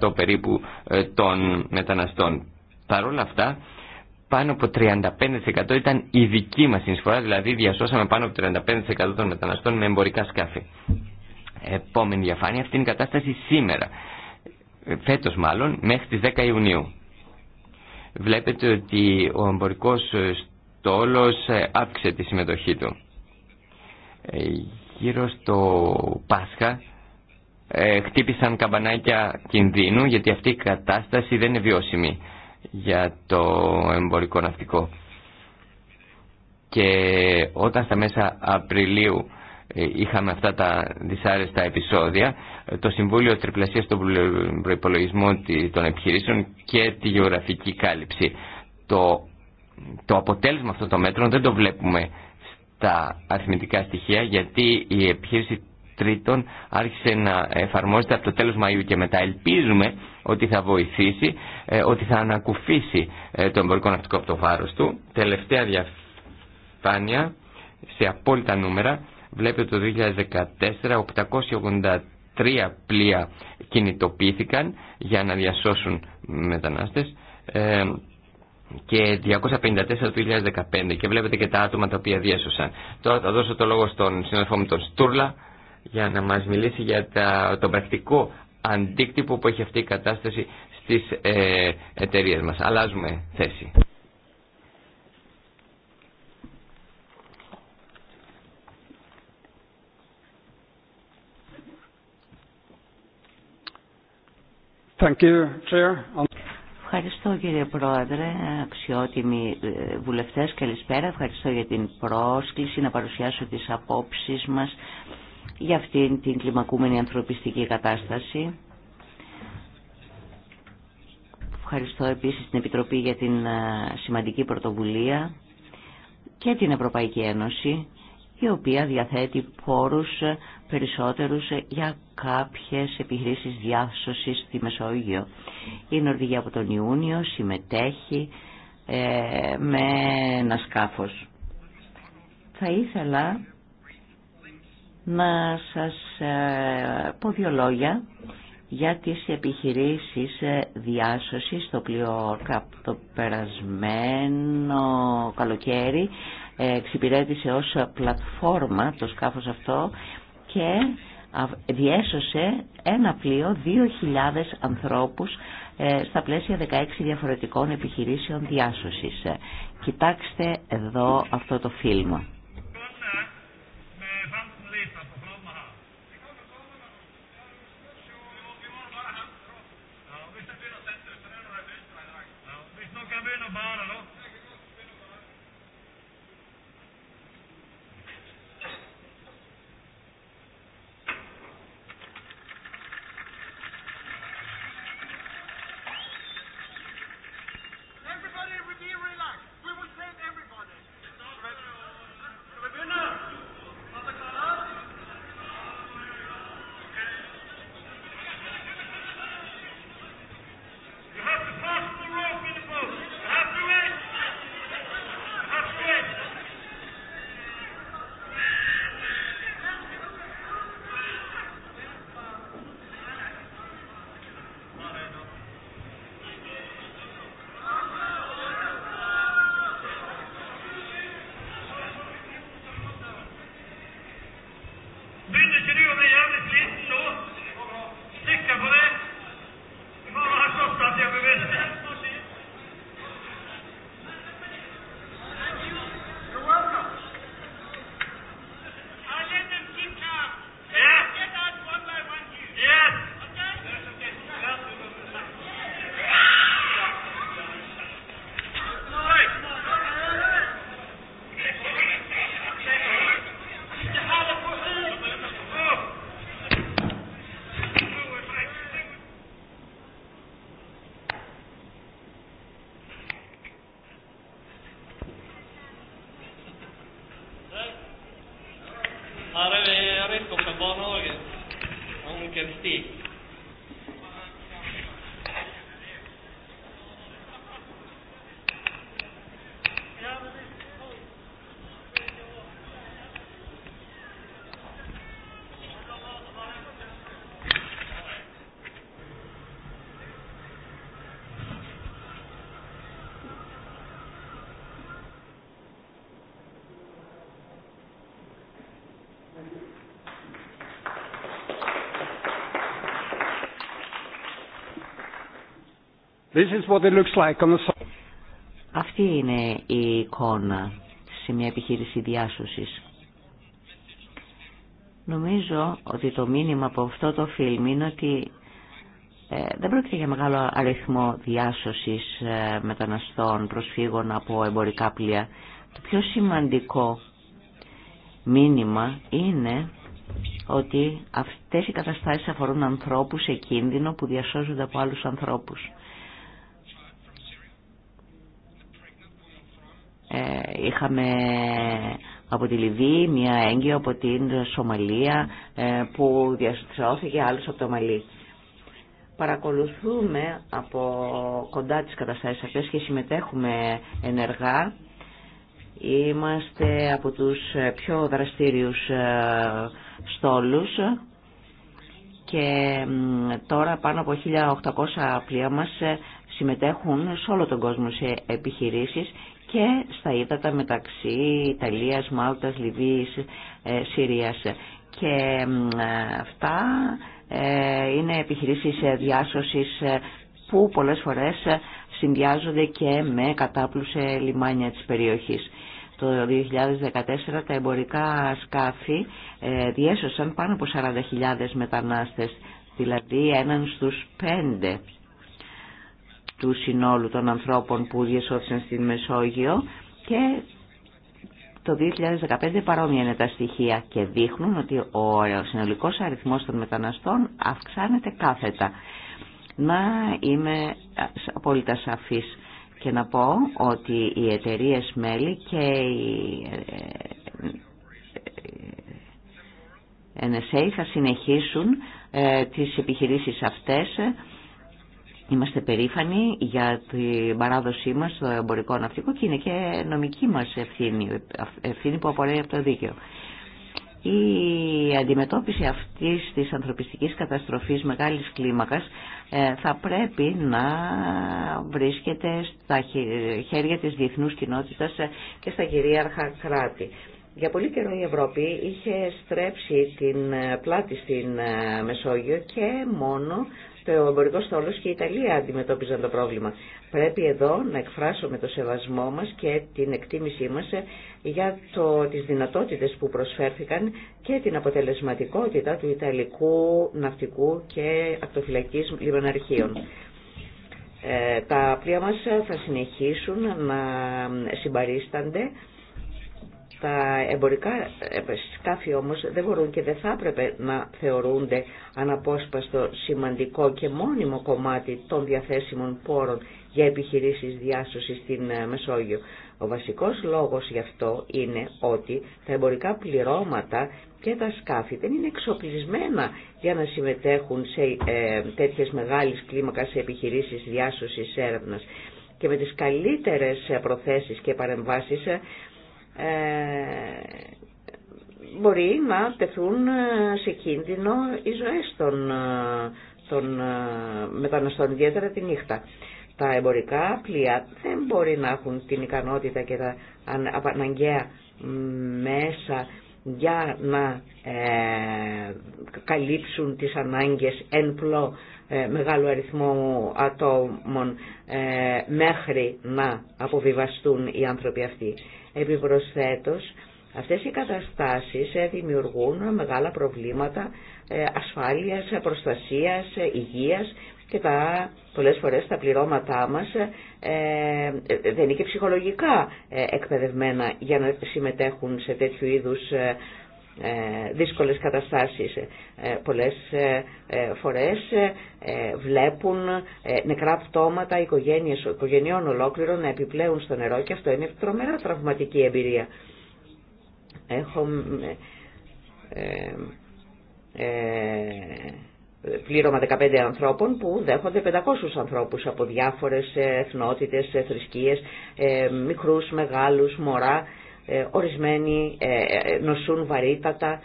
50% περίπου ε, των μεταναστών. Παρ' όλα αυτά πάνω από 35% ήταν η δική μας συνεισφορά, δηλαδή διασώσαμε πάνω από 35% των μεταναστών με εμπορικά σκάφη. Επόμενη διαφάνεια, αυτή είναι η κατάσταση σήμερα, φέτος μάλλον, μέχρι τις 10 Ιουνίου. Βλέπετε ότι ο εμπορικός στόλος ε, αύξησε τη συμμετοχή του. Ε, γύρω στο Πάσχα ε, χτύπησαν καμπανάκια κινδύνου γιατί αυτή η κατάσταση δεν είναι βιώσιμη για το εμπορικό ναυτικό. Και όταν στα μέσα Απριλίου ε, είχαμε αυτά τα δυσάρεστα επεισόδια, ε, το Συμβούλιο Τριπλασίας τον προπολογισμό των επιχειρήσεων και τη γεωγραφική κάλυψη. Το, το αποτέλεσμα αυτών το μέτρων δεν το βλέπουμε στα αριθμητικά στοιχεία γιατί η επιχείρηση τρίτον άρχισε να εφαρμόζεται από το τέλος Μαΐου και μετά. Ελπίζουμε ότι θα βοηθήσει, ε, ότι θα ανακουφίσει ε, το εμπορικό ναυτικό από το βάρος του. Τελευταία διαφάνεια, σε απόλυτα νούμερα, βλέπετε το 2014 883 πλοία κινητοποιήθηκαν για να διασώσουν μετανάστες ε, και 254 το 2015 και βλέπετε και τα άτομα τα οποία διασωσάν. Τώρα θα δώσω το λόγο στον συνάδελφό μου τον Στούρλα για να μας μιλήσει για το πρακτικό αντίκτυπο που έχει αυτή η κατάσταση στις ε, εταιρείε μας. Αλλάζουμε θέση. Ευχαριστώ κύριε Πρόεδρε, αξιότιμοι ε, βουλευτές, καλησπέρα. Ευχαριστώ για την πρόσκληση να παρουσιάσω τις απόψεις μας για αυτήν την κλιμακούμενη ανθρωπιστική κατάσταση. Ευχαριστώ επίσης την Επιτροπή για την ε, σημαντική πρωτοβουλία και την Ευρωπαϊκή Ένωση, η οποία διαθέτει πόρους ε, περισσότερους ε, για κάποιες επιχειρήσεις διάσωσης στη Μεσόγειο. Η Νορβηγία από τον Ιούνιο συμμετέχει με ένα σκάφος. Θα ήθελα να σας ε, πω δύο λόγια για τις επιχειρήσεις ε, διάσωσης Το πλοίο το περασμένο καλοκαίρι ε, εξυπηρέτησε ως πλατφόρμα το σκάφος αυτό και διέσωσε ένα πλοίο 2.000 ανθρώπους στα πλαίσια 16 διαφορετικών επιχειρήσεων διάσωσης. Κοιτάξτε εδώ αυτό το φίλμα. This is what it Αυτή είναι η εικόνα σε μια επιχείρηση διάσωσης. Νομίζω ότι το μήνυμα από αυτό το φιλμ είναι ότι ε, δεν πρόκειται για μεγάλο αριθμό διάσωσης ε, μεταναστών, προσφύγων από εμπορικά πλοία. Το πιο σημαντικό μήνυμα είναι ότι αυτές οι καταστάσεις αφορούν ανθρώπους σε κίνδυνο που διασώζονται από άλλους ανθρώπους. Είχαμε από τη Λιβύη, μία έγκυο από την Σομαλία ε, που διασωθήκε άλλους από το Μαλί. Παρακολουθούμε από κοντά τις καταστάσεις αυτές και συμμετέχουμε ενεργά. Είμαστε από τους πιο δραστήριους ε, στόλους και τώρα πάνω από 1.800 πλοία μας ε, συμμετέχουν σε όλο τον κόσμο σε επιχειρήσεις και στα ύδατα μεταξύ Ιταλίας, Μάλτας, Λιβύης, ε, Συρίας. Και αυτά ε, είναι επιχειρήσεις ε, διάσωσης που πολλές φορές συνδυάζονται και με κατάπλουσε λιμάνια της περιοχής. Το 2014 τα εμπορικά σκάφη διέσωσαν πάνω από 40.000 μετανάστες, δηλαδή έναν στους πέντε του συνόλου των ανθρώπων που διασώθησαν στην Μεσόγειο και το 2015 παρόμοια είναι τα στοιχεία και δείχνουν ότι ο συνολικός αριθμός των μεταναστών αυξάνεται κάθετα. Να είμαι απόλυτα σαφής και να πω ότι οι εταιρείε μέλη και οι NSA θα συνεχίσουν τις επιχειρήσεις αυτές Είμαστε περήφανοι για την παράδοσή μας στο εμπορικό ναυτικό και είναι και νομική μας ευθύνη, ευθύνη που απορρέει από το δίκαιο. Η αντιμετώπιση αυτής της ανθρωπιστικής καταστροφής μεγάλης κλίμακας ε, θα πρέπει να βρίσκεται στα χέρια της διεθνούς κοινότητας ε, και στα κυρίαρχα κράτη. Για πολύ καιρό η Ευρώπη είχε στρέψει την ε, πλάτη στην Μεσόγειο και μόνο στο εμπορικό στόλο και η Ιταλία αντιμετώπιζαν το πρόβλημα. Πρέπει εδώ να εκφράσουμε το σεβασμό μας και την εκτίμησή μας για τι τις δυνατότητες που προσφέρθηκαν και την αποτελεσματικότητα του Ιταλικού ναυτικού και ακτοφυλακή λιμεναρχείων. Ε, τα πλοία μας θα συνεχίσουν να συμπαρίστανται τα εμπορικά ε, σκάφη όμως δεν μπορούν και δεν θα έπρεπε να θεωρούνται αναπόσπαστο σημαντικό και μόνιμο κομμάτι των διαθέσιμων πόρων για επιχειρήσεις διάσωσης στην ε, Μεσόγειο. Ο βασικός λόγος γι' αυτό είναι ότι τα εμπορικά πληρώματα και τα σκάφη δεν είναι εξοπλισμένα για να συμμετέχουν σε ε, τέτοιες μεγάλες κλίμακες επιχειρήσεις διάσωσης έρευνας. Και με τις καλύτερες ε, προθέσεις και παρεμβάσεις ε, μπορεί να τεθούν σε κίνδυνο οι ζωές των, των μεταναστών, ιδιαίτερα τη νύχτα. Τα εμπορικά πλοία δεν μπορεί να έχουν την ικανότητα και τα αναγκαία μέσα για να ε, καλύψουν τις ανάγκες εν πλώ ε, μεγάλου αριθμού ατόμων ε, μέχρι να αποβιβαστούν οι άνθρωποι αυτοί. Επιπροσθέτως, αυτές οι καταστάσεις ε, δημιουργούν μεγάλα προβλήματα ε, ασφάλειας, ε, προστασίας, υγείας και τα, πολλές φορές τα πληρώματά μας δεν είναι και ψυχολογικά εκπαιδευμένα για να συμμετέχουν σε τέτοιου είδους ε, δύσκολες καταστάσεις. Ε, πολλές ε, φορές βλέπουν νεκρά πτώματα οικογένειες, οικογενειών ολόκληρων να επιπλέουν στο νερό και αυτό είναι τρομερά τραυματική εμπειρία. Έχω πλήρωμα 15 ανθρώπων που δέχονται 500 ανθρώπους από διάφορες εθνότητες, θρησκείες, μικρούς, μεγάλους, μωρά ε, ορισμένοι ε, ε, νοσούν βαρύτατα,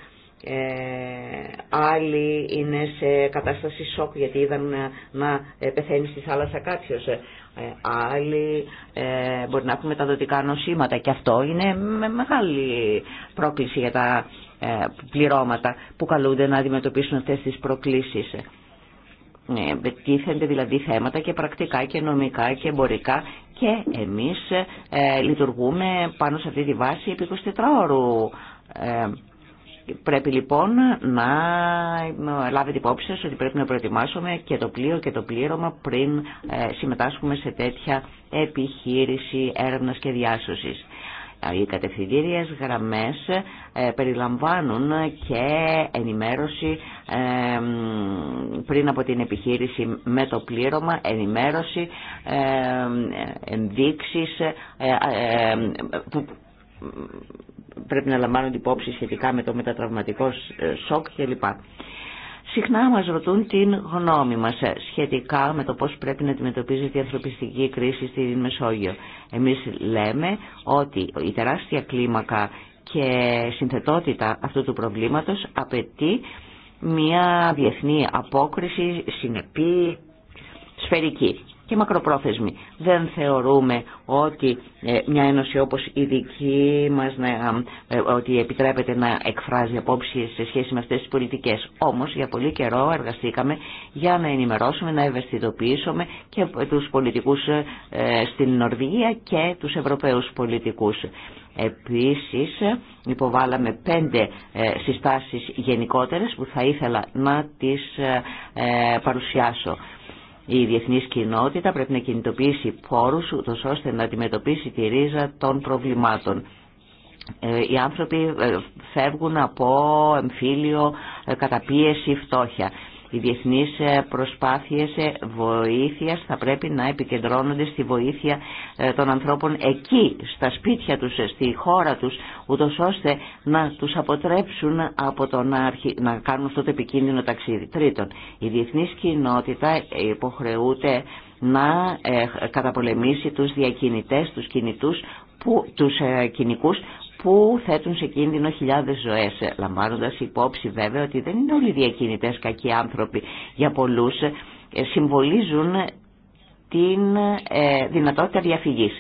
άλλοι είναι σε κατάσταση σοκ γιατί είδαν να πεθαίνει στη θάλασσα κάποιος. Άλλοι μπορεί να έχουν μεταδοτικά νοσήματα και αυτό είναι μεγάλη πρόκληση για τα πληρώματα που καλούνται να αντιμετωπίσουν αυτές τις προκλήσεις. Ναι, τίθενται δηλαδή θέματα και πρακτικά και νομικά και εμπορικά και εμείς ε, λειτουργούμε πάνω σε αυτή τη βάση επί 24 ώρου. Ε, πρέπει λοιπόν να λάβετε υπόψη σας ότι πρέπει να προετοιμάσουμε και το πλοίο και το πλήρωμα πριν ε, συμμετάσχουμε σε τέτοια επιχείρηση έρευνας και διάσωσης. Οι κατευθυντήριες γραμμές ε, περιλαμβάνουν και ενημέρωση ε, πριν από την επιχείρηση με το πλήρωμα, ενημέρωση, ε, ενδείξεις που πρέπει να λαμβάνονται υπόψη σχετικά με το μετατραυματικό σοκ κλπ συχνά μας ρωτούν την γνώμη μας ε, σχετικά με το πώς πρέπει να αντιμετωπίζεται η ανθρωπιστική κρίση στη Μεσόγειο. Εμείς λέμε ότι η τεράστια κλίμακα και συνθετότητα αυτού του προβλήματος απαιτεί μια διεθνή απόκριση συνεπή σφαιρική και μακροπρόθεσμη. Δεν θεωρούμε ότι ε, μια ένωση όπως η δική μας να, ε, ε, ότι επιτρέπεται να εκφράζει απόψεις σε σχέση με αυτές τις πολιτικές. Όμως για πολύ καιρό εργαστήκαμε για να ενημερώσουμε, να ευαισθητοποιήσουμε και τους πολιτικούς στην Νορβηγία και τους Ευρωπαίους πολιτικούς. Επίσης υποβάλαμε πέντε συστάσεις γενικότερες που θα ήθελα να τις παρουσιάσω. Η διεθνή κοινότητα πρέπει να κινητοποιήσει πόρου ούτως ώστε να αντιμετωπίσει τη ρίζα των προβλημάτων. Ε, οι άνθρωποι ε, φεύγουν από εμφύλιο, ε, καταπίεση, φτώχεια. Οι διεθνείς ε, προσπάθειες ε, βοήθειας θα πρέπει να επικεντρώνονται στη βοήθεια ε, των ανθρώπων εκεί, στα σπίτια τους, στη χώρα τους, ούτω ώστε να τους αποτρέψουν από το να, να κάνουν αυτό το επικίνδυνο ταξίδι. Τρίτον, η διεθνής κοινότητα υποχρεούται να καταπολεμήσει τους διακινητές, τους κινητούς, που, τους ε, που θέτουν σε κίνδυνο χιλιάδες ζωές, ε, λαμβάνοντας υπόψη βέβαια ότι δεν είναι όλοι οι διακινητές κακοί άνθρωποι για πολλούς, ε, συμβολίζουν την ε, δυνατότητα διαφυγής.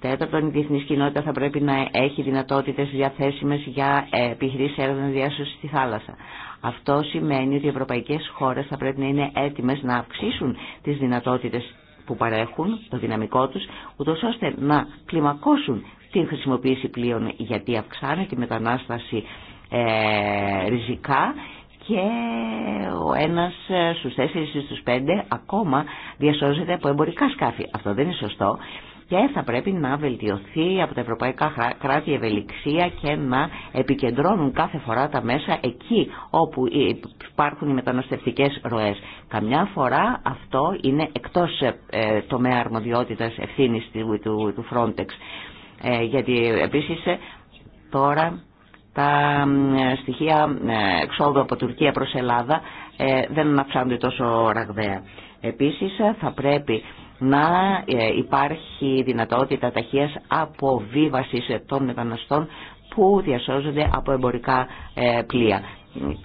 Τέταρτον, η διεθνή κοινότητα θα πρέπει να έχει δυνατότητε διαθέσιμε για επιχειρήσει έρευνα διάσωση στη θάλασσα. Αυτό σημαίνει ότι οι ευρωπαϊκέ χώρε θα πρέπει να είναι έτοιμε να αυξήσουν τι δυνατότητε που παρέχουν, το δυναμικό του, ούτω ώστε να κλιμακώσουν την χρησιμοποίηση πλοίων γιατί αυξάνεται η μετανάσταση ε, ριζικά και ο ένας ε, στους τέσσερις ή στους πέντε ακόμα διασώζεται από εμπορικά σκάφη. Αυτό δεν είναι σωστό και θα πρέπει να βελτιωθεί από τα ευρωπαϊκά κράτη ευελιξία και να επικεντρώνουν κάθε φορά τα μέσα εκεί όπου υπάρχουν οι μεταναστευτικές ροές. Καμιά φορά αυτό είναι εκτός ε, τομέα αρμοδιότητας ευθύνης του Frontex. Ε, γιατί επίσης ε, τώρα τα στοιχεία ε, εξόδου από Τουρκία προς Ελλάδα δεν αυξάνονται τόσο ραγδαία. Επίσης θα πρέπει να υπάρχει δυνατότητα ταχείας αποβίβασης των μεταναστών που διασώζονται από εμπορικά πλοία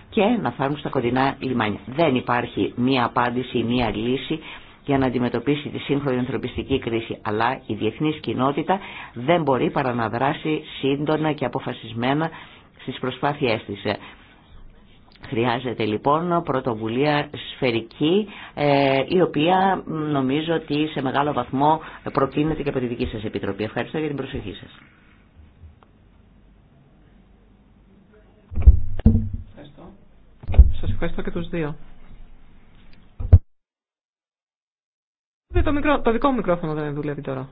και να φάρουν στα κοντινά λιμάνια. Δεν υπάρχει μία απάντηση, μία λύση για να αντιμετωπίσει τη σύγχρονη ανθρωπιστική κρίση. Αλλά η διεθνής κοινότητα δεν μπορεί παρά να δράσει σύντονα και αποφασισμένα στις προσπάθειές της. Χρειάζεται λοιπόν πρωτοβουλία σφαιρική, ε, η οποία νομίζω ότι σε μεγάλο βαθμό προτείνεται και από τη δική σας Επιτροπή. Ευχαριστώ για την προσοχή σας. Ευχαριστώ. ευχαριστώ και του δύο. Το, μικρό, το δικό μου μικρόφωνο δεν δουλεύει τώρα.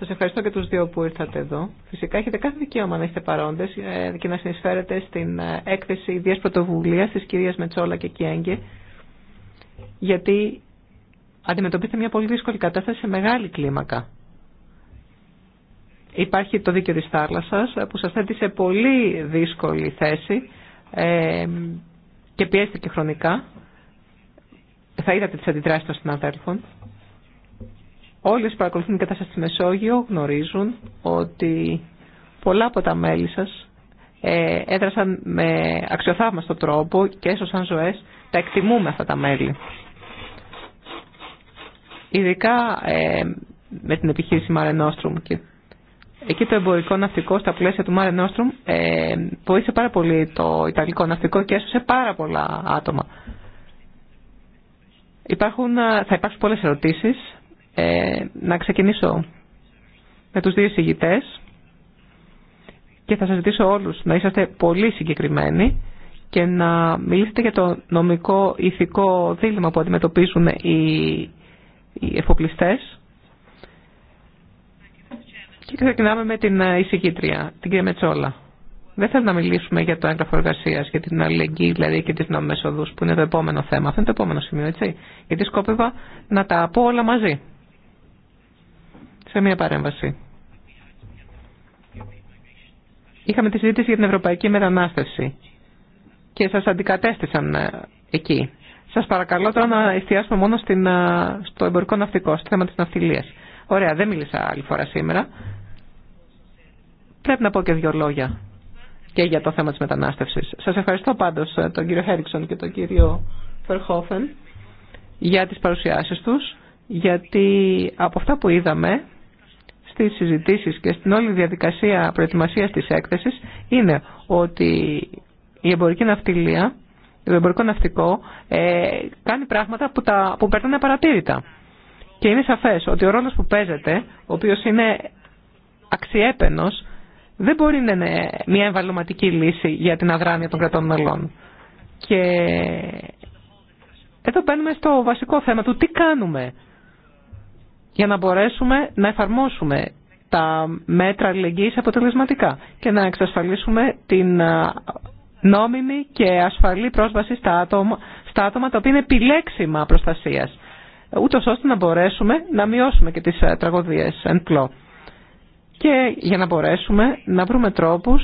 Σα ευχαριστώ και του δύο που ήρθατε εδώ. Φυσικά έχετε κάθε δικαίωμα να είστε παρόντες ε, και να συνεισφέρετε στην ε, έκθεση ιδιαίτερη πρωτοβουλία, τη κυρία Μετσόλα και Κιέγγε, γιατί αντιμετωπίσετε μια πολύ δύσκολη κατάσταση σε μεγάλη κλίμακα. Υπάρχει το δίκαιο της θάλασσα ε, που σας θέτει σε πολύ δύσκολη θέση και πιέστηκε χρονικά. Θα είδατε τις αντιδράσεις των συναδέλφων. Όλοι που παρακολουθούν την κατάσταση στη Μεσόγειο γνωρίζουν ότι πολλά από τα μέλη σας ε, έδρασαν με αξιοθαύμαστο τρόπο και έσωσαν ζωές. Τα εκτιμούμε αυτά τα μέλη. Ειδικά ε, με την επιχείρηση Mare Και, εκεί το εμπορικό ναυτικό στα πλαίσια του Mare Nostrum ε, βοήθησε πάρα πολύ το Ιταλικό ναυτικό και έσωσε πάρα πολλά άτομα. Ε, θα υπάρξουν πολλές ερωτήσεις ε, να ξεκινήσω με τους δύο συγητές και θα σας ζητήσω όλους να είσαστε πολύ συγκεκριμένοι και να μιλήσετε για το νομικό ηθικό δίλημα που αντιμετωπίζουν οι, οι εφοπλιστές. Και ξεκινάμε με την εισηγήτρια, την κυρία Μετσόλα. Δεν θέλω να μιλήσουμε για το έγγραφο εργασία, και την αλληλεγγύη δηλαδή και τι νόμιμε οδού, που είναι το επόμενο θέμα. Αυτό είναι το επόμενο σημείο, έτσι. Γιατί σκόπευα να τα πω όλα μαζί σε μια παρέμβαση. Είχαμε τη συζήτηση για την ευρωπαϊκή μετανάστευση και σας αντικατέστησαν ε, εκεί. Σας παρακαλώ τώρα να εστιάσουμε μόνο στην, ε, στο εμπορικό ναυτικό, στο θέμα της ναυτιλίας. Ωραία, δεν μίλησα άλλη φορά σήμερα. Πρέπει να πω και δύο λόγια και για το θέμα της μετανάστευσης. Σας ευχαριστώ πάντως ε, τον κύριο Χέριξον και τον κύριο Φερχόφεν για τις παρουσιάσεις τους, γιατί από αυτά που είδαμε στις συζητήσεις και στην όλη διαδικασία προετοιμασίας της έκθεσης είναι ότι η εμπορική ναυτιλία, το εμπορικό ναυτικό ε, κάνει πράγματα που, τα, που περνάνε Και είναι σαφές ότι ο ρόλος που παίζεται, ο οποίος είναι αξιέπαινος, δεν μπορεί να είναι μια εμβαλωματική λύση για την αδράνεια των κρατών μελών. Και εδώ μπαίνουμε στο βασικό θέμα του τι κάνουμε για να μπορέσουμε να εφαρμόσουμε τα μέτρα αλληλεγγύης αποτελεσματικά και να εξασφαλίσουμε την νόμιμη και ασφαλή πρόσβαση στα άτομα, στα τα οποία είναι επιλέξιμα προστασίας, ούτως ώστε να μπορέσουμε να μειώσουμε και τις ε, τραγωδίες εν πλώ. Και για να μπορέσουμε να βρούμε τρόπους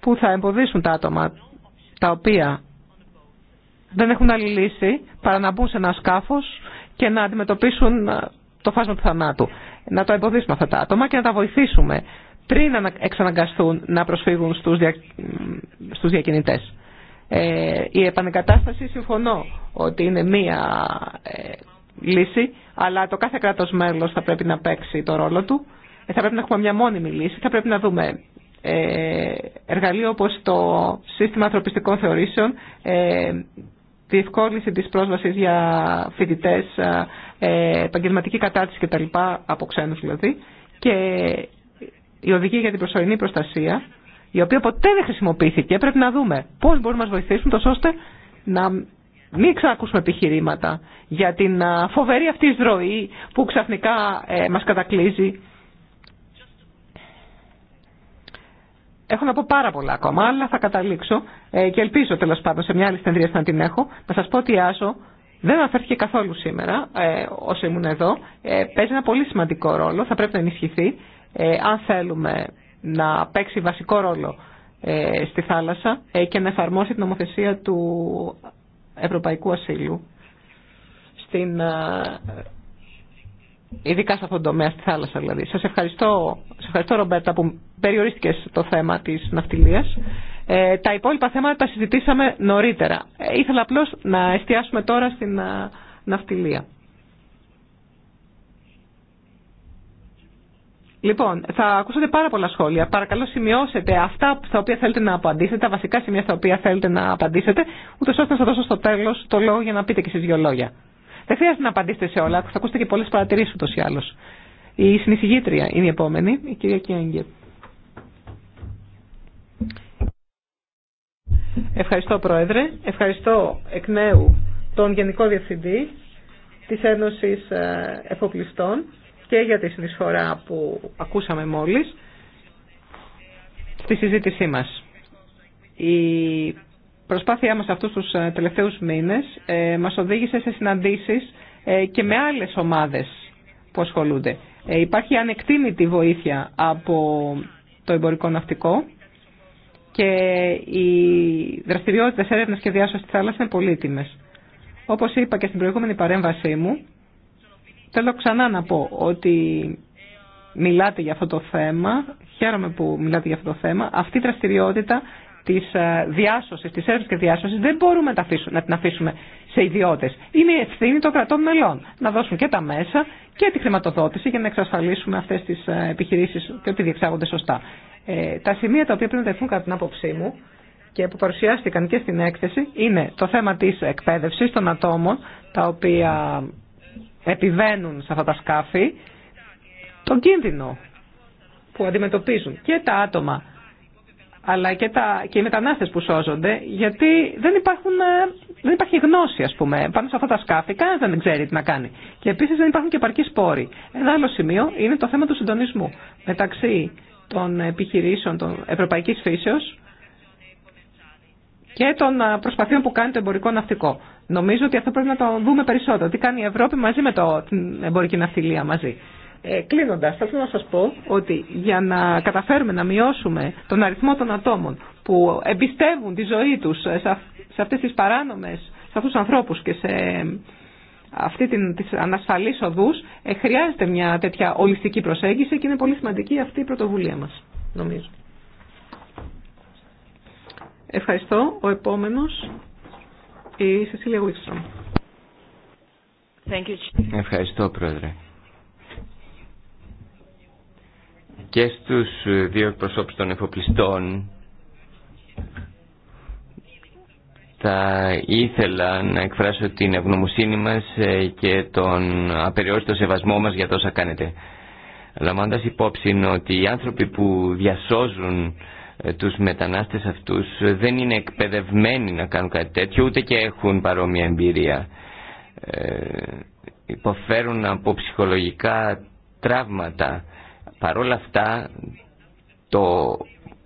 που θα εμποδίσουν τα άτομα τα οποία δεν έχουν άλλη λύση παρά να μπουν σε ένα σκάφος και να αντιμετωπίσουν ε, το φάσμα του θανάτου. Να το εμποδίσουμε αυτά τα άτομα και να τα βοηθήσουμε πριν να εξαναγκαστούν να προσφύγουν στους, δια... διακινητές. Ε, η επανεκατάσταση συμφωνώ ότι είναι μία ε, λύση, αλλά το κάθε κράτος μέλος θα πρέπει να παίξει το ρόλο του. θα πρέπει να έχουμε μια μόνιμη λύση. Θα πρέπει να δούμε εργαλείο όπως το σύστημα ανθρωπιστικών θεωρήσεων, διευκόλυνση της πρόσβασης για φοιτητές, ε, ε, επαγγελματική κατάρτιση κτλ. από ξένους δηλαδή και η οδηγία για την προσωρινή προστασία η οποία ποτέ δεν χρησιμοποιήθηκε. Πρέπει να δούμε πώς μπορούμε να μας βοηθήσουν τόσο ώστε να μην ξανακούσουμε επιχειρήματα για την ε, φοβερή αυτή εισδροή που ξαφνικά μας κατακλείζει Έχω να πω πάρα πολλά ακόμα, αλλά θα καταλήξω ε, και ελπίζω τέλο πάντων σε μια άλλη στενδρία να την έχω. Να σα πω ότι η Άσο δεν αναφέρθηκε καθόλου σήμερα ε, όσο ήμουν εδώ. Ε, παίζει ένα πολύ σημαντικό ρόλο, θα πρέπει να ενισχυθεί αν θέλουμε να παίξει βασικό ρόλο στη θάλασσα και να εφαρμόσει την νομοθεσία του Ευρωπαϊκού Ασύλου στην ειδικά σε αυτόν τον τομέα, στη θάλασσα δηλαδή. Σας ευχαριστώ, ευχαριστώ Ρομπέρτα που περιορίστηκε το θέμα της ναυτιλίας. Ε, τα υπόλοιπα θέματα τα συζητήσαμε νωρίτερα. Ε, ήθελα απλώς να εστιάσουμε τώρα στην α, ναυτιλία. Λοιπόν, θα ακούσατε πάρα πολλά σχόλια. Παρακαλώ σημειώσετε αυτά στα οποία θέλετε να απαντήσετε, τα βασικά σημεία στα οποία θέλετε να απαντήσετε, ούτως ώστε να σας δώσω στο τέλος το λόγο για να πείτε και εσείς δυο λόγια. Δεν χρειάζεται να απαντήσετε σε όλα. Θα ακούσετε και πολλέ παρατηρήσει ούτω ή άλλω. Η συνεισηγήτρια είναι η επόμενη, η κυρία Κιάνγκε. Ευχαριστώ, Πρόεδρε. Ευχαριστώ εκ νέου τον Γενικό Διευθυντή της Ένωσης ε, Εφοπλιστών και για τη συνεισφορά που ακούσαμε μόλις στη συζήτησή μας. Η προσπάθειά μας αυτούς τους ε, τελευταίους μήνες ε, μας οδήγησε σε συναντήσεις ε, και με άλλες ομάδες που ασχολούνται. Υπάρχει ανεκτήμητη βοήθεια από το εμπορικό ναυτικό και οι δραστηριότητες έρευνας και διάσωσης στη θάλασσα είναι πολύτιμες. Όπως είπα και στην προηγούμενη παρέμβασή μου, θέλω ξανά να πω ότι μιλάτε για αυτό το θέμα, χαίρομαι που μιλάτε για αυτό το θέμα, αυτή η δραστηριότητα Τη ε, διάσωση, τη έρευνας και διάσωση δεν μπορούμε να την αφήσουμε σε ιδιώτε. Είναι η ευθύνη των κρατών μελών να δώσουν και τα μέσα και τη χρηματοδότηση για να εξασφαλίσουμε αυτέ τι ε, επιχειρήσει και ότι διεξάγονται σωστά. Ε, τα σημεία τα οποία πρέπει να τεθούν κατά την άποψή μου και που παρουσιάστηκαν και στην έκθεση είναι το θέμα τη εκπαίδευση των ατόμων τα οποία επιβαίνουν σε αυτά τα σκάφη, τον κίνδυνο που αντιμετωπίζουν και τα άτομα αλλά και, τα, και οι μετανάστες που σώζονται, γιατί δεν, υπάρχουν, ε, δεν υπάρχει γνώση, ας πούμε, πάνω σε αυτά τα σκάφη, κανένα δεν ξέρει τι να κάνει. Και επίσης δεν υπάρχουν και επαρκή σπόροι Ένα άλλο σημείο είναι το θέμα του συντονισμού μεταξύ των επιχειρήσεων των ευρωπαϊκής φύσεως και των ε, προσπαθειών που κάνει το εμπορικό ναυτικό. Νομίζω ότι αυτό πρέπει να το δούμε περισσότερο. Τι κάνει η Ευρώπη μαζί με το, την εμπορική ναυτιλία μαζί. Ε, Κλείνοντα, θα να σα πω ότι για να καταφέρουμε να μειώσουμε τον αριθμό των ατόμων που εμπιστεύουν τη ζωή του σε αυτέ τι παράνομε, σε αυτού του ανθρώπου και σε αυτή την της οδού, οδούς ε, χρειάζεται μια τέτοια ολιστική προσέγγιση και είναι πολύ σημαντική αυτή η πρωτοβουλία μας, νομίζω. Ευχαριστώ. Ο επόμενος, η Σεσίλια Βίξτρομ. Ευχαριστώ, Πρόεδρε. και στους ε, δύο εκπροσώπους των εφοπλιστών θα ήθελα να εκφράσω την ευγνωμοσύνη μας ε, και τον απεριόριστο σεβασμό μας για τόσα κάνετε. Λαμβάνοντα υπόψη ότι οι άνθρωποι που διασώζουν ε, τους μετανάστες αυτούς δεν είναι εκπαιδευμένοι να κάνουν κάτι τέτοιο ούτε και έχουν παρόμοια εμπειρία. Ε, υποφέρουν από ψυχολογικά τραύματα Παρόλα αυτά, το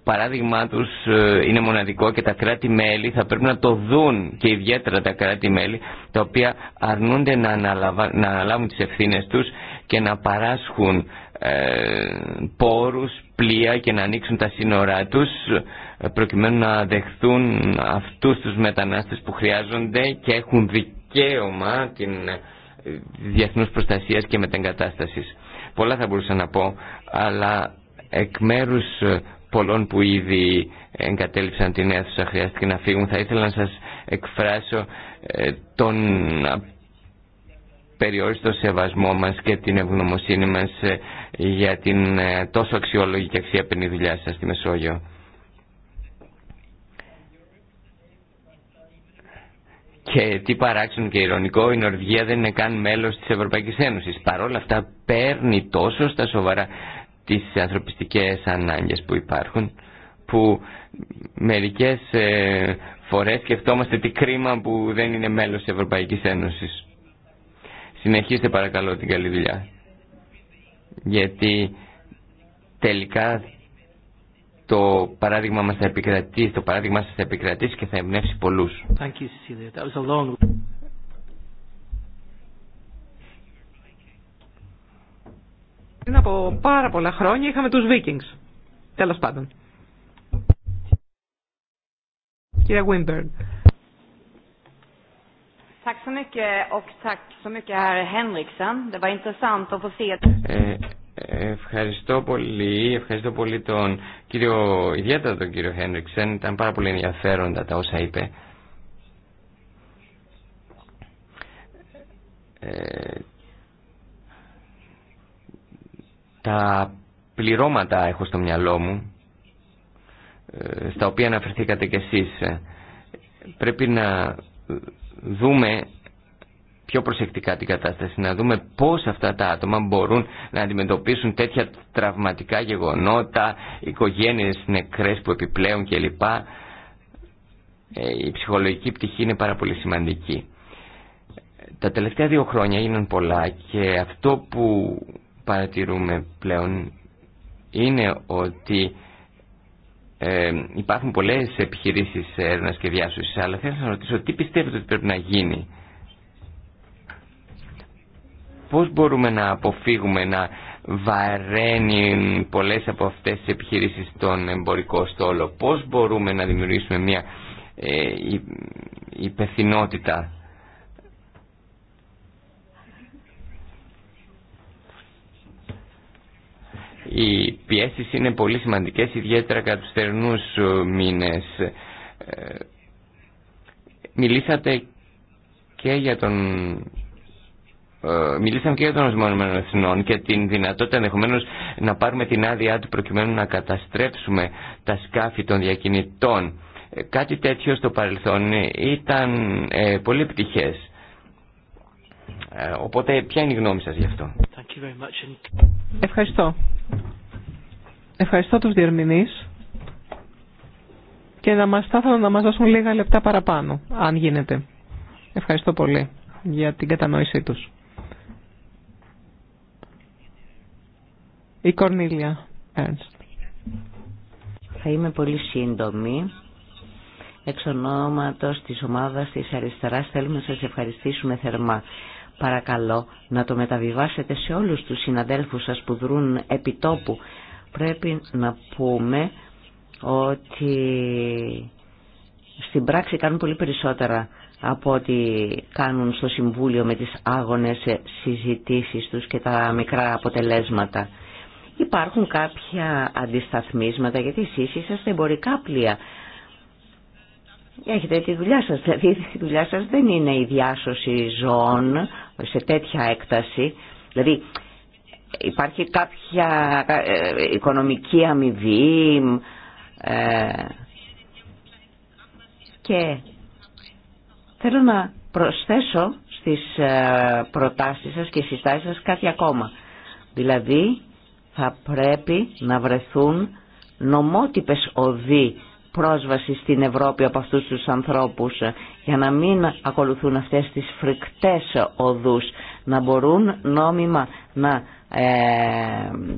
παράδειγμα τους ε, είναι μοναδικό και τα κράτη-μέλη θα πρέπει να το δουν και ιδιαίτερα τα κράτη-μέλη τα οποία αρνούνται να, να αναλάβουν τις ευθύνες τους και να παράσχουν ε, πόρους, πλοία και να ανοίξουν τα σύνορά τους ε, προκειμένου να δεχθούν αυτούς τους μετανάστες που χρειάζονται και έχουν δικαίωμα την διεθνούς προστασίας και μετεγκατάστασης. Πολλά θα μπορούσα να πω, αλλά εκ μέρου ε, πολλών που ήδη εγκατέλειψαν την αίθουσα χρειάστηκε να φύγουν, θα ήθελα να σας εκφράσω ε, τον περιόριστο σεβασμό μας και την ευγνωμοσύνη μας ε, για την τόσο αξιόλογη και αξιέπαινη δουλειά σας στη Μεσόγειο. Και τι παράξενο και ηρωνικό, η Νορβηγία δεν είναι καν μέλος της Ευρωπαϊκής Ένωσης. Παρ' όλα αυτά παίρνει τόσο στα σοβαρά τις ανθρωπιστικές ανάγκες που υπάρχουν, που μερικές ε, φορές σκεφτόμαστε τι κρίμα που δεν είναι μέλος της Ευρωπαϊκής Ένωσης. Συνεχίστε παρακαλώ την καλή δουλειά. Γιατί τελικά το παράδειγμα μας θα επικρατήσει, το παράδειγμα σας θα επικρατήσει και θα εμπνεύσει πολλούς. Thank you, Cecilia. That was a long... Πριν από πάρα πολλά χρόνια είχαμε τους Vikings. Τέλος πάντων. Κύριε Γουίμπερν. Tack så mycket och tack så mycket herr Henriksen. Det var intressant att få se. Ε, Ευχαριστώ πολύ, ευχαριστώ πολύ τον κύριο, ιδιαίτερα τον κύριο Χένριξεν, ήταν πάρα πολύ ενδιαφέροντα τα όσα είπε. Ε, τα πληρώματα έχω στο μυαλό μου, ε, στα οποία αναφερθήκατε κι εσείς. Ε, πρέπει να δούμε πιο προσεκτικά την κατάσταση, να δούμε πώς αυτά τα άτομα μπορούν να αντιμετωπίσουν τέτοια τραυματικά γεγονότα, οικογένειες νεκρές που επιπλέουν κλπ. Ε, η ψυχολογική πτυχή είναι πάρα πολύ σημαντική. Τα τελευταία δύο χρόνια έγιναν πολλά και αυτό που παρατηρούμε πλέον είναι ότι ε, υπάρχουν πολλές επιχειρήσεις έρευνα και διάσωσης, αλλά θέλω να ρωτήσω τι πιστεύετε ότι πρέπει να γίνει Πώς μπορούμε να αποφύγουμε να βαραίνει πολλές από αυτές τις επιχειρήσεις στον εμπορικό στόλο. Πώς μπορούμε να δημιουργήσουμε μια ε, υπευθυνότητα. Οι πιέσεις είναι πολύ σημαντικές, ιδιαίτερα κατά τους θερινούς ε, μήνες. Ε, μιλήσατε και για τον ε, μιλήσαμε και για τον Ορισμό Εθνών και την δυνατότητα ενδεχομένω να πάρουμε την άδειά του προκειμένου να καταστρέψουμε τα σκάφη των διακινητών. Ε, κάτι τέτοιο στο παρελθόν ήταν ε, πολύ επιτυχές. οπότε ποια είναι η γνώμη σα γι' αυτό. Ευχαριστώ. Ευχαριστώ τους διερμηνείς και να μας, θα ήθελα να μας δώσουν λίγα λεπτά παραπάνω, αν γίνεται. Ευχαριστώ πολύ για την κατανόησή τους. Η Κορνίλια Ernst. Θα είμαι πολύ σύντομη. Εξ ονόματος της ομάδας της Αριστεράς θέλουμε να σας ευχαριστήσουμε θερμά. Παρακαλώ να το μεταβιβάσετε σε όλους τους συναδέλφους σας που δρούν τόπου. Πρέπει να πούμε ότι στην πράξη κάνουν πολύ περισσότερα από ό,τι κάνουν στο Συμβούλιο με τις άγονες συζητήσεις τους και τα μικρά αποτελέσματα. Υπάρχουν κάποια αντισταθμίσματα γιατί εσείς είσαστε εμπορικά πλοία. Έχετε τη δουλειά σας, δηλαδή η δουλειά σας δεν είναι η διάσωση ζώων σε τέτοια έκταση. Δηλαδή υπάρχει κάποια ε, οικονομική αμοιβή ε, και θέλω να προσθέσω στις ε, προτάσεις σας και συστάσεις σας κάτι ακόμα. Δηλαδή θα πρέπει να βρεθούν νομότυπες οδοί πρόσβαση στην Ευρώπη από αυτούς τους ανθρώπους ε, για να μην ακολουθούν αυτές τις φρικτές οδούς να μπορούν νόμιμα να ε,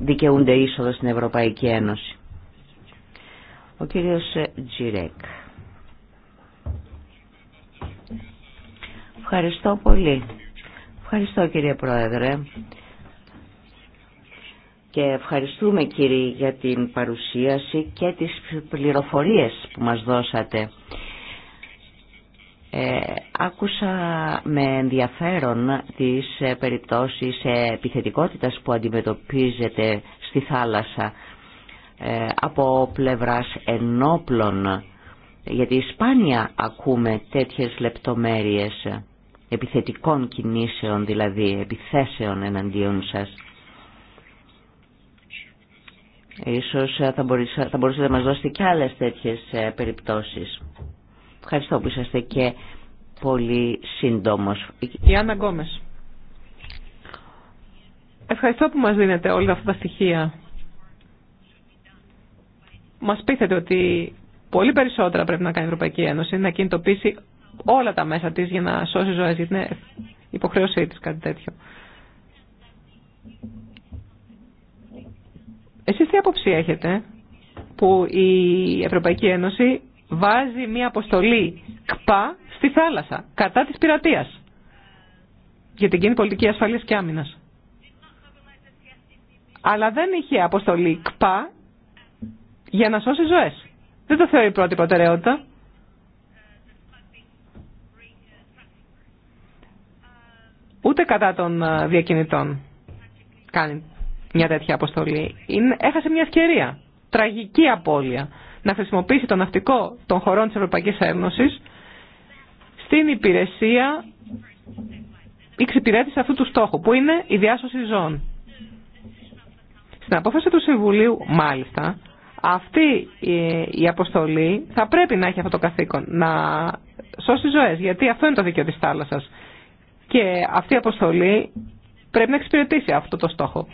δικαιούνται είσοδο στην Ευρωπαϊκή Ένωση. Ο κύριος ε, Τζιρέκ. Ευχαριστώ πολύ. Ευχαριστώ κύριε Πρόεδρε και ευχαριστούμε κύριοι για την παρουσίαση και τις πληροφορίες που μας δώσατε. Ε, άκουσα με ενδιαφέρον τις ε, περιπτώσεις ε, επιθετικότητας που αντιμετωπίζετε στη θάλασσα από πλευράς ενόπλων, γιατί σπάνια ακούμε τέτοιες λεπτομέρειες επιθετικών κινήσεων, δηλαδή επιθέσεων εναντίον σας. Ίσως ε, θα, ε, θα μπορούσατε να μας δώσετε και άλλες τέτοιες ε, περιπτώσεις. Ευχαριστώ που είσαστε και πολύ σύντομος. Η Άννα Γκόμες. Ευχαριστώ που μας δίνετε όλα αυτά τα στοιχεία. Μας πείθετε ότι πολύ περισσότερα πρέπει να κάνει η Ευρωπαϊκή Ένωση, να κινητοποιήσει όλα τα μέσα της για να σώσει ζωές, γιατί είναι υποχρέωσή της κάτι τέτοιο. Εσείς τι άποψη έχετε που η Ευρωπαϊκή Ένωση βάζει μια αποστολή ΚΠΑ στη θάλασσα κατά της πειρατείας για την κοινή πολιτική ασφαλείας και άμυνας. Αλλά δεν είχε αποστολή ΚΠΑ για να σώσει ζωές. Δεν το θεωρεί πρώτη προτεραιότητα. Ούτε κατά των ε, διακινητών κάνει μια τέτοια αποστολή. Είναι, έχασε μια ευκαιρία, τραγική απώλεια, να χρησιμοποιήσει το ναυτικό των χωρών της ευρωπαϊκή Ένωσης στην υπηρεσία η εξυπηρέτηση αυτού του στόχου, που είναι η διάσωση ζώων. Στην απόφαση του Συμβουλίου, μάλιστα, αυτή η αποστολή θα πρέπει να έχει αυτό το καθήκον, να σώσει ζωές, γιατί αυτό είναι το δίκαιο της θάλασσας. Και αυτή η αποστολή πρέπει να εξυπηρετήσει αυτό το στόχο.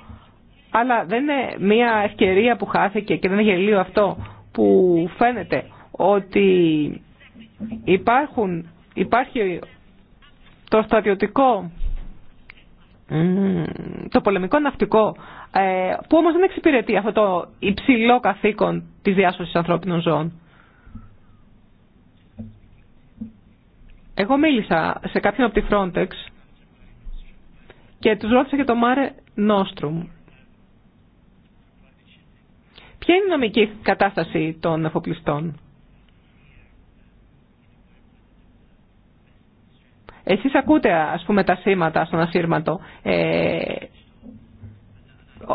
Αλλά δεν είναι μια ευκαιρία που χάθηκε και δεν είναι γελίο αυτό που φαίνεται ότι υπάρχουν, υπάρχει το στρατιωτικό, το πολεμικό ναυτικό, ε, που όμως δεν εξυπηρετεί αυτό το υψηλό καθήκον της διάσωσης ανθρώπινων ζώων. Εγώ μίλησα σε κάποιον από τη Frontex και τους ρώτησα για το Μάρε Nostrum. Ποια είναι η νομική κατάσταση των εφοπλιστών. Εσείς ακούτε ας πούμε τα σήματα στον ασύρματο ε,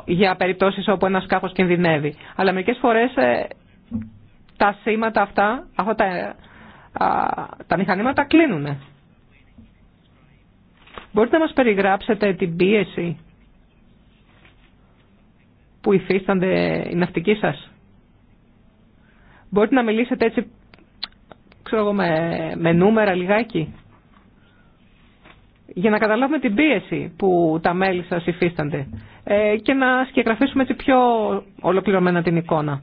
για περιπτώσεις όπου ένα σκάφος κινδυνεύει. Αλλά μερικές φορές ε, τα σήματα αυτά, αυτά τα, τα μηχανήματα κλείνουν. Μπορείτε να μας περιγράψετε την πίεση που υφίστανται οι ναυτικοί σας. Μπορείτε να μιλήσετε έτσι, ξέρω εγώ, με, νούμερα λιγάκι. Για να καταλάβουμε την πίεση που τα μέλη σας υφίστανται. Ε, και να σκεγγραφίσουμε έτσι πιο ολοκληρωμένα την εικόνα.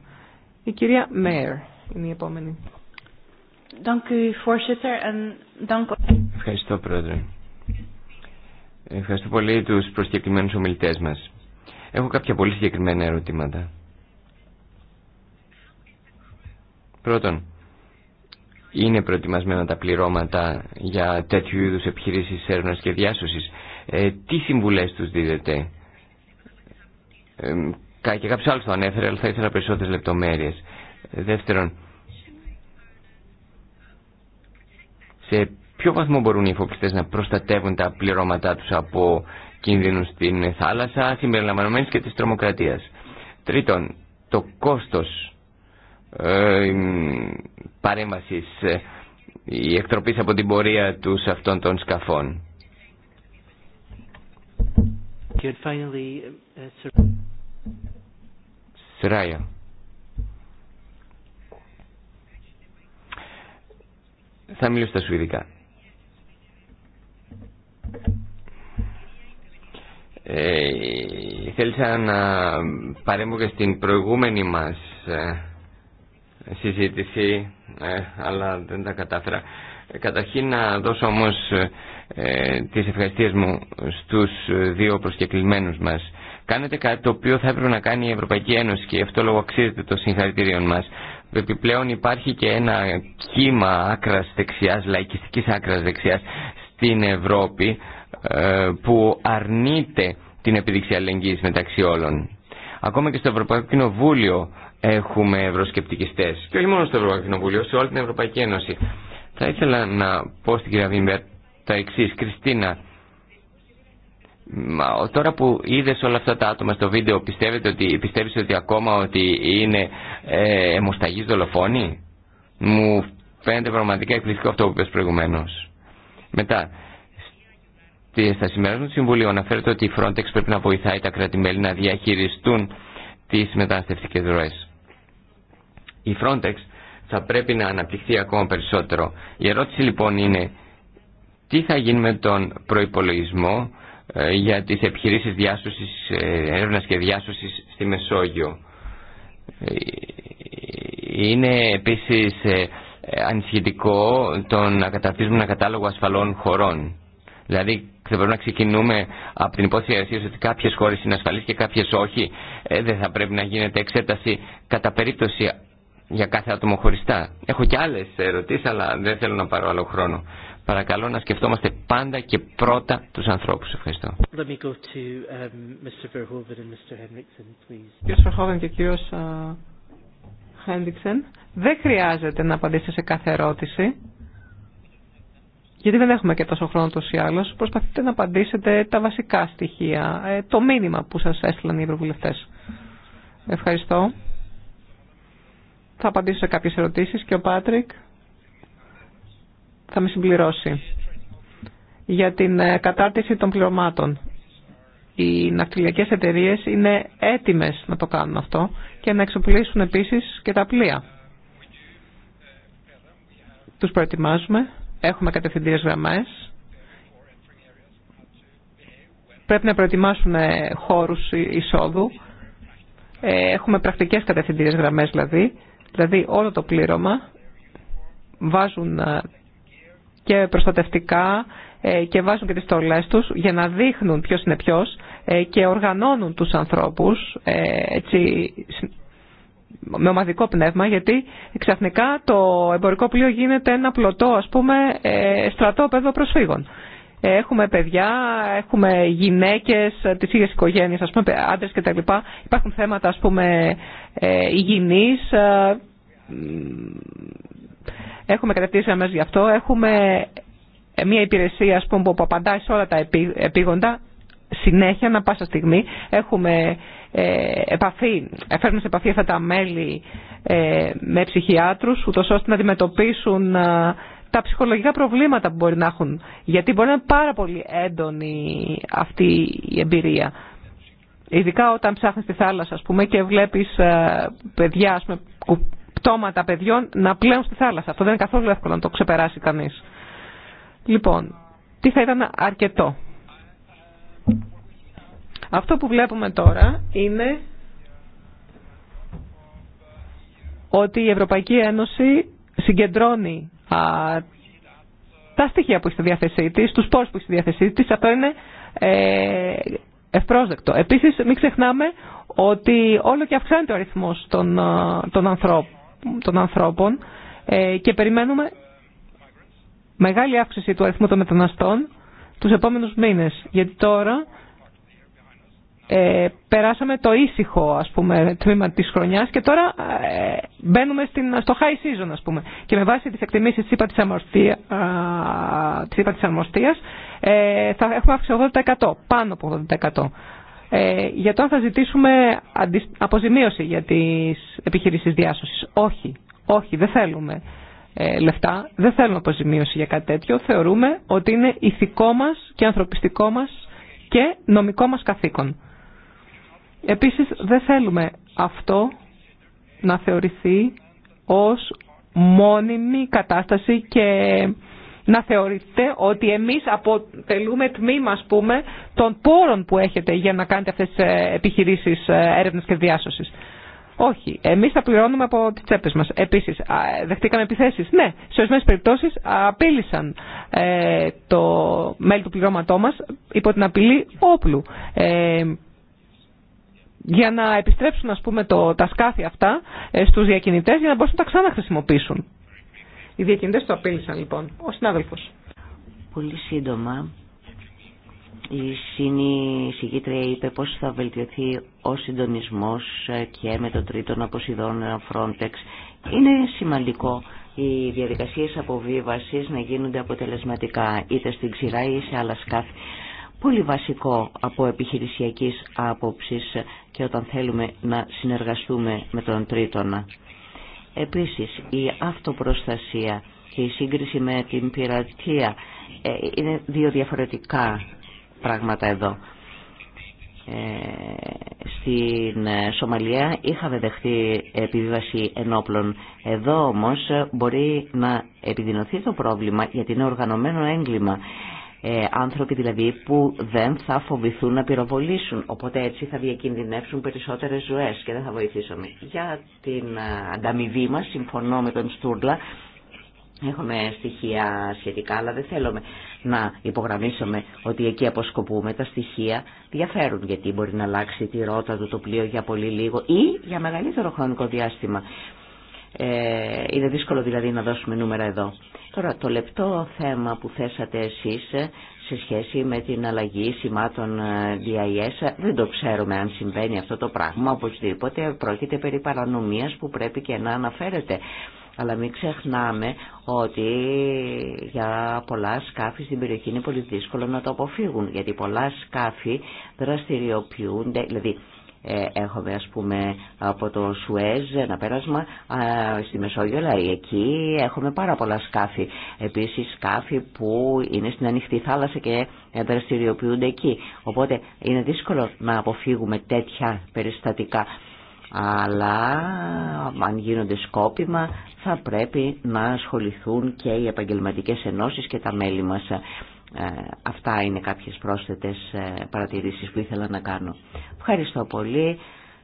Η κυρία Μέρ είναι η επόμενη. Ευχαριστώ, Πρόεδρε. Ευχαριστώ πολύ τους προσκεκλημένους ομιλητές μας. Έχω κάποια πολύ συγκεκριμένα ερωτήματα. Πρώτον, είναι προετοιμασμένα τα πληρώματα για τέτοιου είδους επιχειρήσεις έρευνα και διάσωσης. Ε, τι συμβουλές τους δίδεται. Ε, και κάποιος άλλος το ανέφερε, αλλά θα ήθελα περισσότερες λεπτομέρειες. Δεύτερον, σε ποιο βαθμό μπορούν οι εφοπλιστές να προστατεύουν τα πληρώματά τους από κίνδυνου στην θάλασσα, συμπεριλαμβανομένης και της τρομοκρατίας. Τρίτον, το κόστος ε, παρέμβασης, ε, η εκτροπής από την πορεία τους αυτών των σκαφών. finally, ε, ε, Σράια. Θα μιλήσω στα σουηδικά. Ε, θέλησα να παρέμβω και στην προηγούμενη μας ε, συζήτηση, ε, αλλά δεν τα κατάφερα. Ε, καταρχήν να δώσω όμως ε, τις ευχαριστίες μου στους δύο προσκεκλημένους μας. Κάνετε κάτι το οποίο θα έπρεπε να κάνει η Ευρωπαϊκή Ένωση και αυτό λόγω αξίζεται το συγχαρητήριο μας. Επιπλέον υπάρχει και ένα κύμα άκρας δεξιάς, λαϊκιστικής άκρας δεξιάς στην Ευρώπη ε, που αρνείται την επιδείξη αλληλεγγύης μεταξύ όλων. Ακόμα και στο Ευρωπαϊκό Κοινοβούλιο έχουμε ευρωσκεπτικιστές. Και όχι μόνο στο Ευρωπαϊκό Κοινοβούλιο, σε όλη την Ευρωπαϊκή Ένωση. Θα ήθελα να πω στην κυρία Βίμπερ τα εξή. Κριστίνα, τώρα που είδες όλα αυτά τα άτομα στο βίντεο, πιστεύετε ότι, πιστεύεις ότι ακόμα ότι είναι ε, δολοφόνη. Μου φαίνεται πραγματικά εκπληκτικό αυτό που είπε προηγουμένως. Μετά, στα συμπεράσματα του Συμβουλίου αναφέρεται ότι η Frontex πρέπει να βοηθάει τα κράτη-μέλη να διαχειριστούν τις μεταναστευτικέ ροέ. Η Frontex θα πρέπει να αναπτυχθεί ακόμα περισσότερο. Η ερώτηση λοιπόν είναι τι θα γίνει με τον προπολογισμό ε, για τις επιχειρήσει, διάσωσης, ε, έρευνας και διάσωση στη Μεσόγειο. Ε, είναι επίσης ανησυχητικό το να καταρτίζουμε ένα κατάλογο ασφαλών χωρών. Δηλαδή θα πρέπει να ξεκινούμε από την υπόθεση ότι κάποιες χώρες είναι ασφαλείς και κάποιες όχι. Ε, δεν θα πρέπει να γίνεται εξέταση κατά περίπτωση για κάθε άτομο χωριστά. Έχω και άλλες ερωτήσεις αλλά δεν θέλω να πάρω άλλο χρόνο. Παρακαλώ να σκεφτόμαστε πάντα και πρώτα τους ανθρώπους. Ευχαριστώ. Κύριος Φερχόβεν και κύριος Χένριξεν, δεν χρειάζεται να απαντήσετε σε κάθε ερώτηση γιατί δεν έχουμε και τόσο χρόνο τόσο ή άλλως, προσπαθείτε να απαντήσετε τα βασικά στοιχεία, ε, το μήνυμα που σας έστειλαν οι ευρωβουλευτές. Ευχαριστώ. Θα απαντήσω σε κάποιες ερωτήσεις και ο Πάτρικ θα με συμπληρώσει. Για την ε, κατάρτιση των πληρωμάτων. Οι ναυτιλιακές εταιρείε είναι έτοιμες να το κάνουν αυτό και να εξοπλίσουν επίσης και τα πλοία. Τους προετοιμάζουμε έχουμε κατευθυντήρες γραμμές. Πρέπει να προετοιμάσουμε χώρους εισόδου. Ε, έχουμε πρακτικές κατευθυντήρες γραμμές δηλαδή. Δηλαδή όλο το πλήρωμα βάζουν ε, και προστατευτικά ε, και βάζουν και τις στόλες τους για να δείχνουν ποιος είναι ποιος και οργανώνουν τους ανθρώπους έτσι, με ομαδικό πνεύμα, γιατί ξαφνικά το εμπορικό πλοίο γίνεται ένα πλωτό, ας πούμε, ε, στρατόπεδο προσφύγων. Ε, έχουμε παιδιά, έχουμε γυναίκες της ίδιας οικογένειας, ας πούμε, άντρες κτλ. Υπάρχουν θέματα, ας πούμε, ε, υγιεινής, έχουμε κατευθύνσει αμέσως γι' αυτό, έχουμε μια υπηρεσία, ας πούμε, που απαντάει σε όλα τα επίγοντα, συνέχεια, να πάσα στιγμή. Έχουμε ε, επαφή, φέρνουν σε επαφή αυτά τα μέλη ε, με ψυχιάτρους, ούτως ώστε να αντιμετωπίσουν ε, τα ψυχολογικά προβλήματα που μπορεί να έχουν. Γιατί μπορεί να είναι πάρα πολύ έντονη αυτή η εμπειρία. Ειδικά όταν ψάχνεις τη θάλασσα, ας και βλέπεις παιδιά, ας πούμε, πτώματα παιδιών να πλέουν στη θάλασσα. Αυτό δεν είναι καθόλου εύκολο να το ξεπεράσει κανείς. Λοιπόν, τι θα ήταν αρκετό. Αυτό που βλέπουμε τώρα είναι ότι η Ευρωπαϊκή Ένωση συγκεντρώνει α, τα στοιχεία που έχει στη διάθεσή τη, του πόρου που έχει στη διάθεσή τη. Αυτό είναι ε, ευπρόσδεκτο. Επίση, μην ξεχνάμε ότι όλο και αυξάνεται ο αριθμό των, των, ανθρώπων ε, και περιμένουμε μεγάλη αύξηση του αριθμού των μεταναστών τους επόμενους μήνες. Γιατί τώρα ε, περάσαμε το ήσυχο ας πούμε, τμήμα της χρονιάς και τώρα ε, μπαίνουμε στην, στο high season ας πούμε. Και με βάση τις εκτιμήσεις της ΥΠΑ της, ε, θα έχουμε αύξηση 80% πάνω από 80%. Ε, για το αν θα ζητήσουμε αποζημίωση για τις επιχειρήσεις διάσωσης. Όχι, όχι, δεν θέλουμε ε, λεφτά, δεν θέλουμε αποζημίωση για κάτι τέτοιο. Θεωρούμε ότι είναι ηθικό μας και ανθρωπιστικό μας και νομικό μας καθήκον. Επίσης δεν θέλουμε αυτό να θεωρηθεί ως μόνιμη κατάσταση και να θεωρείτε ότι εμείς αποτελούμε τμήμα, ας πούμε, των πόρων που έχετε για να κάνετε αυτές τις ε, επιχειρήσεις ε, έρευνας και διάσωσης. Όχι, εμείς θα πληρώνουμε από τις τσέπες μας. Επίσης, δεχτήκαμε επιθέσεις. Ναι, σε ορισμένες περιπτώσεις απείλησαν ε, το μέλη του πληρώματό μας υπό την απειλή όπλου για να επιστρέψουν ας πούμε, το, τα σκάφη αυτά ε, στους διακινητές για να μπορούν να τα ξαναχρησιμοποιήσουν. Οι διακινητές το απείλησαν λοιπόν, ο συνάδελφος. Πολύ σύντομα, η συνεισηγήτρια είπε πώς θα βελτιωθεί ο συντονισμός ε, και με τον τρίτον αποσυδόν ε, Frontex. Είναι σημαντικό οι διαδικασίες αποβίβασης να γίνονται αποτελεσματικά είτε στην ξηρά ή σε άλλα σκάφη πολύ βασικό από επιχειρησιακής άποψης και όταν θέλουμε να συνεργαστούμε με τον τρίτονα. Επίσης, η αυτοπροστασία και η σύγκριση με την πειρατεία ε, είναι δύο διαφορετικά πράγματα εδώ. Ε, στην ε, Σομαλία είχαμε δεχτεί επιβίβαση ενόπλων. Εδώ όμως μπορεί να επιδεινωθεί το πρόβλημα γιατί είναι οργανωμένο έγκλημα. Ε, άνθρωποι δηλαδή που δεν θα φοβηθούν να πυροβολήσουν. Οπότε έτσι θα διακινδυνεύσουν περισσότερες ζωές και δεν θα βοηθήσουμε. Για την ε, ανταμοιβή μας, συμφωνώ με τον Στούρλα, Έχουμε στοιχεία σχετικά, αλλά δεν θέλουμε να υπογραμμίσουμε ότι εκεί αποσκοπούμε τα στοιχεία διαφέρουν, γιατί μπορεί να αλλάξει τη ρότα του το πλοίο για πολύ λίγο ή για μεγαλύτερο χρονικό διάστημα. Ε, είναι δύσκολο δηλαδή να δώσουμε νούμερα εδώ. Τώρα το λεπτό θέμα που θέσατε εσείς ε, σε σχέση με την αλλαγή σημάτων ε, DIS ε, δεν το ξέρουμε αν συμβαίνει αυτό το πράγμα οπωσδήποτε πρόκειται περί παρανομίας που πρέπει και να αναφέρεται αλλά μην ξεχνάμε ότι για πολλά σκάφη στην περιοχή είναι πολύ δύσκολο να το αποφύγουν γιατί πολλά σκάφη δραστηριοποιούνται δηλαδή ε, έχουμε ας πούμε από το Σουέζ ένα πέρασμα στη Μεσόγειο αλλά εκεί έχουμε πάρα πολλά σκάφη επίσης σκάφη που είναι στην ανοιχτή θάλασσα και δραστηριοποιούνται εκεί οπότε είναι δύσκολο να αποφύγουμε τέτοια περιστατικά αλλά αν γίνονται σκόπιμα θα πρέπει να ασχοληθούν και οι επαγγελματικές ενώσεις και τα μέλη μας ε, αυτά είναι κάποιες πρόσθετες ε, παρατηρήσεις που ήθελα να κάνω. Ευχαριστώ πολύ.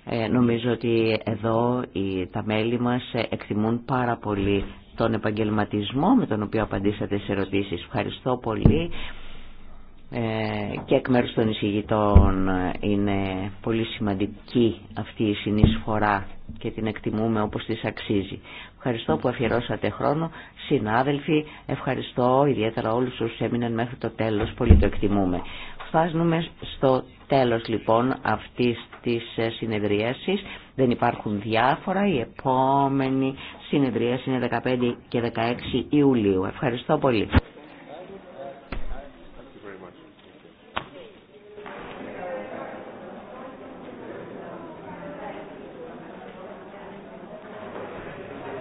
Ε, νομίζω ότι εδώ τα μέλη μας εκτιμούν πάρα πολύ τον επαγγελματισμό με τον οποίο απαντήσατε σε ερωτήσεις. Ευχαριστώ πολύ και εκ μέρους των εισηγητών είναι πολύ σημαντική αυτή η συνεισφορά και την εκτιμούμε όπως της αξίζει. Ευχαριστώ που αφιερώσατε χρόνο. Συνάδελφοι, ευχαριστώ ιδιαίτερα όλους όσους έμειναν μέχρι το τέλος. Πολύ το εκτιμούμε. Φτάζουμε στο τέλος λοιπόν αυτής της ε, συνεδρίασης. Δεν υπάρχουν διάφορα. Η επόμενη συνεδρίαση είναι 15 και 16 Ιουλίου. Ευχαριστώ πολύ.